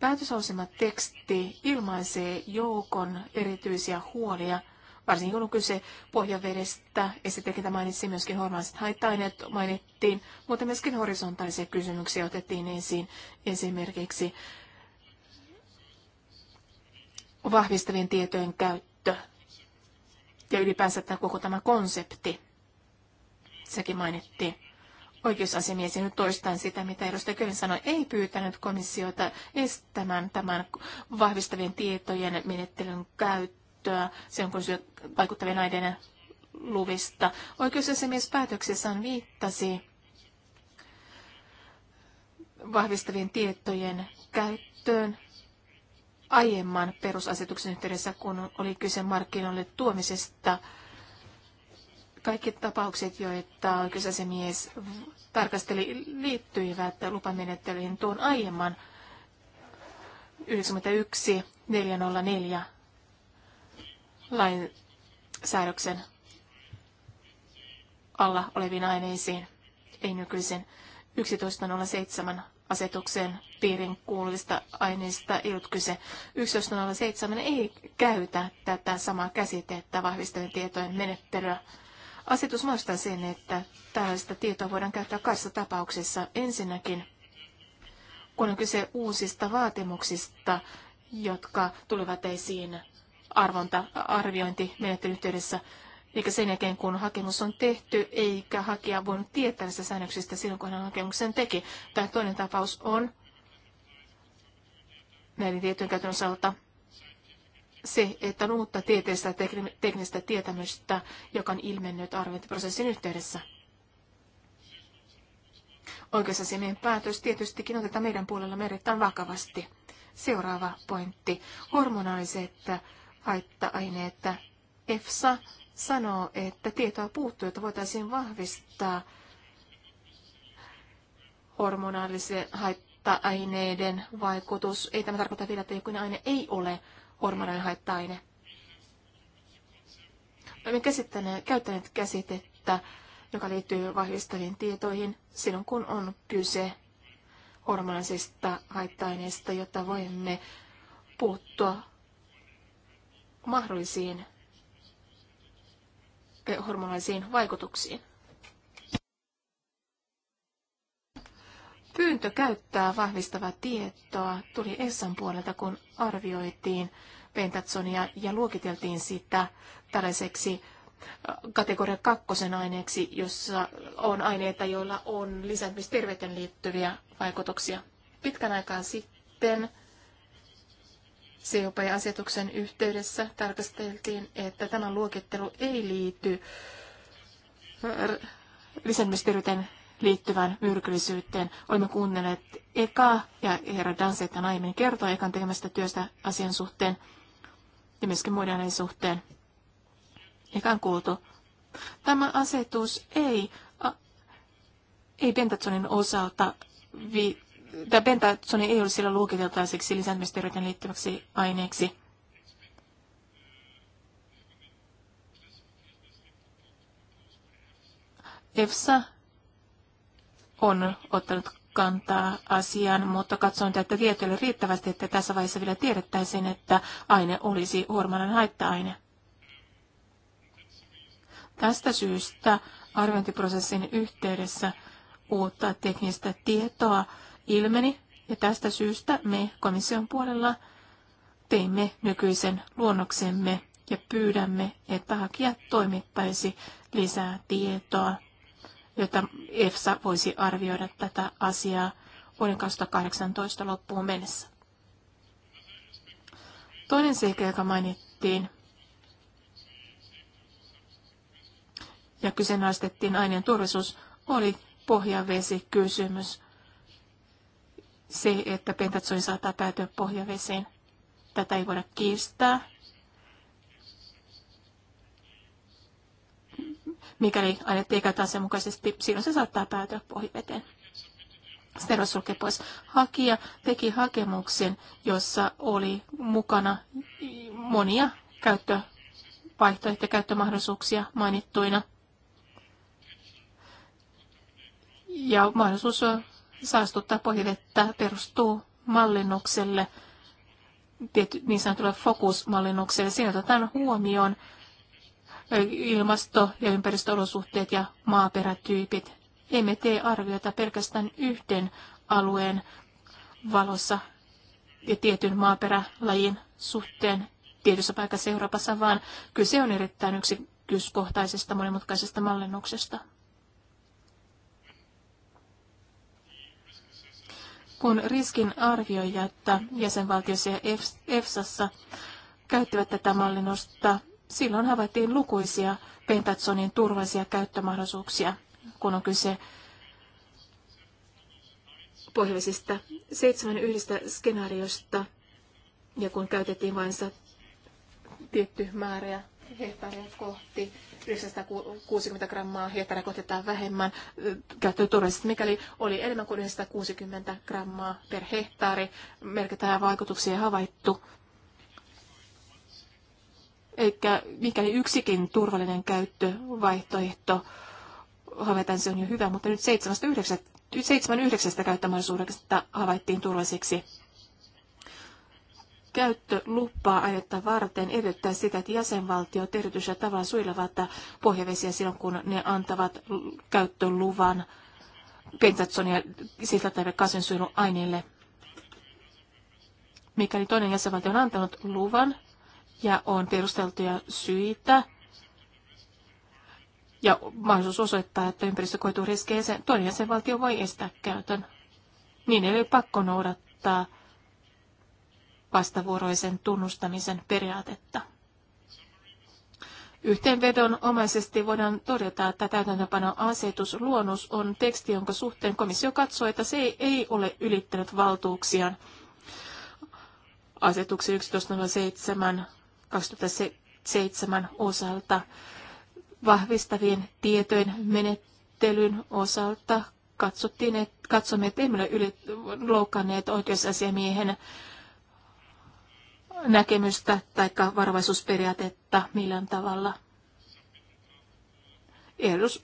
Päätösosema teksti ilmaisee joukon erityisiä huolia, varsinkin kun on kyse pohjavedestä, esitekijä mainitsi myöskin hormonaiset haitta-aineet mainittiin, mutta myöskin horisontaisia kysymyksiä otettiin esiin, esimerkiksi vahvistavien tietojen käyttö ja ylipäänsä tämä koko tämä konsepti, sekin mainittiin. Oikeusasiamies, nyt toistan sitä, mitä edustaja Kölin sanoi, ei pyytänyt komissiota estämään tämän vahvistavien tietojen menettelyn käyttöä, se on kun vaikuttavien aineiden luvista. Oikeusasiamies päätöksessään viittasi vahvistavien tietojen käyttöön aiemman perusasetuksen yhteydessä, kun oli kyse markkinoille tuomisesta. Kaikki tapaukset, joita oikeusasiamies tarkasteli, liittyivät lupamenettelyihin tuon aiemman 91.404 404 lain säädöksen alla oleviin aineisiin, ei nykyisen 11.07 asetuksen piirin kuuluvista aineista ei ollut kyse. 11.07 ei käytä tätä samaa käsitettä vahvistujen tietojen menettelyä. Asetus mahdollistaa sen, että tällaista tietoa voidaan käyttää kahdessa tapauksessa. Ensinnäkin, kun on kyse uusista vaatimuksista, jotka tulevat esiin arvonta, arviointimenettelyn yhteydessä eikä sen jälkeen, kun hakemus on tehty, eikä hakija voinut tietää näistä säännöksistä silloin, kun hän hakemuksen teki. Tämä toinen tapaus on näiden tietojen käytön osalta se, että on uutta tieteellistä ja teknistä tietämystä, joka on ilmennyt arviointiprosessin yhteydessä. Oikeusasiamiehen päätös tietystikin otetaan meidän puolella erittäin vakavasti. Seuraava pointti. Hormonaaliset haitta-aineet. EFSA sanoo, että tietoa puuttuu, että voitaisiin vahvistaa hormonaalisen haitta-aineiden vaikutus. Ei tämä tarkoita vielä, että jokin aine ei ole hormonaalinen haitta-aine. Olemme käyttäneet käsitettä, joka liittyy vahvistaviin tietoihin silloin, kun on kyse hormonaalisista haitta-aineista, jotta voimme puuttua mahdollisiin Eh, hormonaalisiin vaikutuksiin. Pyyntö käyttää vahvistavaa tietoa tuli Essan puolelta, kun arvioitiin pentatsonia ja luokiteltiin sitä tällaiseksi eh, kategoria kakkosen aineeksi, jossa on aineita, joilla on lisääntymisterveyteen liittyviä vaikutuksia. Pitkän aikaa sitten COP-asetuksen yhteydessä tarkasteltiin, että tämä luokittelu ei liity lisääntymisterveyteen liittyvään myrkyllisyyteen. Olemme kuunnelleet Eka ja herra että aiemmin kertoi Ekan tekemästä työstä asian suhteen ja myöskin muiden näiden suhteen. Ekan kuultu. Tämä asetus ei, a, ei Pentatsonin osalta vi, tämä pentatsoni ei ole silloin luokiteltaiseksi lisääntymisterveyteen liittyväksi aineeksi. EFSA on ottanut kantaa asiaan, mutta katsoin tätä tietoille riittävästi, että tässä vaiheessa vielä tiedettäisiin, että aine olisi hormonan haitta-aine. Tästä syystä arviointiprosessin yhteydessä uutta teknistä tietoa ilmeni ja tästä syystä me komission puolella teimme nykyisen luonnoksemme ja pyydämme, että hakija toimittaisi lisää tietoa, jotta EFSA voisi arvioida tätä asiaa vuoden 2018 loppuun mennessä. Toinen seikka, joka mainittiin ja kyseenalaistettiin aineen turvallisuus, oli pohjavesikysymys. Se, että pentatsoni saattaa päätyä pohjaveseen. tätä ei voida kiistää. Mikäli ainetta ei käytä asianmukaisesti, silloin se saattaa päätyä pohjaveteen. Stero sulkee pois. Hakija teki hakemuksen, jossa oli mukana monia käyttövaihtoehtoja, käyttömahdollisuuksia mainittuina. Ja mahdollisuus saastuttaa perustuu mallinnukselle, tiety, niin sanotulle fokusmallinnukselle. Siinä otetaan huomioon ilmasto- ja ympäristöolosuhteet ja maaperätyypit. Emme tee arviota pelkästään yhden alueen valossa ja tietyn maaperälajin suhteen tietyssä paikassa Euroopassa, vaan kyse on erittäin yksityiskohtaisesta monimutkaisesta mallinnuksesta. kun riskin arvioijat jäsenvaltiossa ja EFSassa käyttivät tätä mallinnosta, silloin havaittiin lukuisia Pentatsonin turvallisia käyttömahdollisuuksia, kun on kyse pohjoisista seitsemän yhdestä skenaariosta, ja kun käytettiin vain tietty määrä hehtaaria kohti, 960 grammaa hehtaaria kohti tai vähemmän käyttöturvallisesti. Mikäli oli enemmän kuin 960 grammaa per hehtaari, merkitään vaikutuksia havaittu. Eikä mikäli yksikin turvallinen käyttövaihtoehto havaitaan, se on jo hyvä, mutta nyt 7.9. käyttömahdollisuudesta havaittiin turvalliseksi Käyttölupaa aiotta varten edellyttää sitä, että jäsenvaltiot erityisellä tavalla suojelevat pohjavesiä silloin, kun ne antavat käyttöluvan pentatsonia sisältäville kasvinsuojeluaineille. Mikäli toinen jäsenvaltio on antanut luvan ja on perusteltuja syitä, ja mahdollisuus osoittaa, että ympäristö koituu riskeeseen, toinen jäsenvaltio voi estää käytön. Niin ei ole pakko noudattaa vastavuoroisen tunnustamisen periaatetta. Yhteenvedonomaisesti voidaan todeta, että asetusluonnos on teksti, jonka suhteen komissio katsoo, että se ei ole ylittänyt valtuuksiaan asetuksen 11.07.2007 osalta vahvistavien tietojen menettelyn osalta katsottiin, että katsomme, että emme ole yli, oikeusasiamiehen näkemystä tai varovaisuusperiaatetta millään tavalla.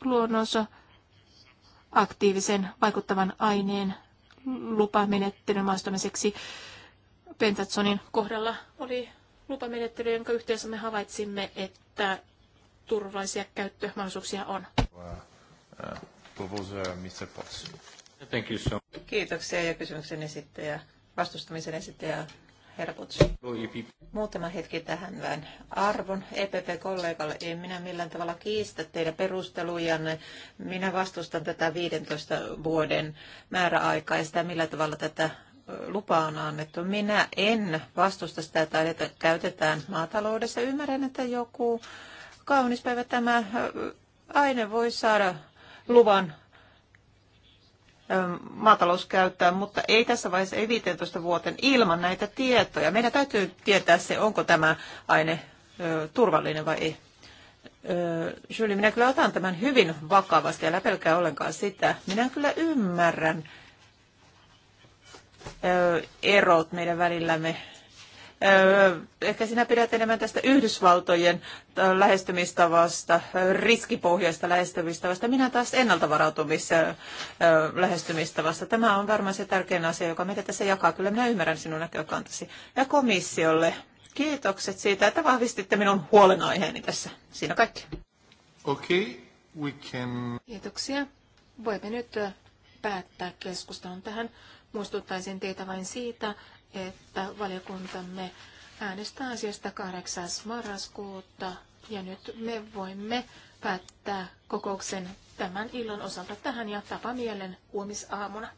luonnonsa aktiivisen vaikuttavan aineen lupamenettelyn maastamiseksi Pentatsonin kohdalla oli lupamenettely, jonka yhteydessä me havaitsimme, että turvallisia käyttömahdollisuuksia on. Kiitoksia ja kysymyksen esittäjä, vastustamisen esittäjä herra Butch. Muutama hetki tähän vähän. Arvon EPP-kollegalle en minä millään tavalla kiistä teidän perustelujanne. Minä vastustan tätä 15 vuoden määräaikaa ja sitä, millä tavalla tätä lupa on annettu. Minä en vastusta sitä, että käytetään maataloudessa. Ymmärrän, että joku kaunis päivä tämä aine voi saada luvan maatalous käyttää, mutta ei tässä vaiheessa, ei 15 vuoteen ilman näitä tietoja. Meidän täytyy tietää se, onko tämä aine turvallinen vai ei. Julie, minä kyllä otan tämän hyvin vakavasti, älä pelkää ollenkaan sitä. Minä kyllä ymmärrän erot meidän välillämme Ehkä sinä pidät enemmän tästä Yhdysvaltojen lähestymistavasta, riskipohjaista lähestymistavasta. Minä taas ennalta lähestymistavasta. Tämä on varmaan se tärkein asia, joka meitä tässä jakaa. Kyllä minä ymmärrän sinun näkökantasi. Ja komissiolle kiitokset siitä, että vahvistitte minun huolenaiheeni tässä. Siinä kaikki. okay, we can... Kiitoksia. Voimme nyt päättää keskustelun tähän. Muistuttaisin teitä vain siitä, että valiokuntamme äänestää asiasta 8. marraskuuta ja nyt me voimme päättää kokouksen tämän illan osalta tähän ja tapa mielen huomisaamuna.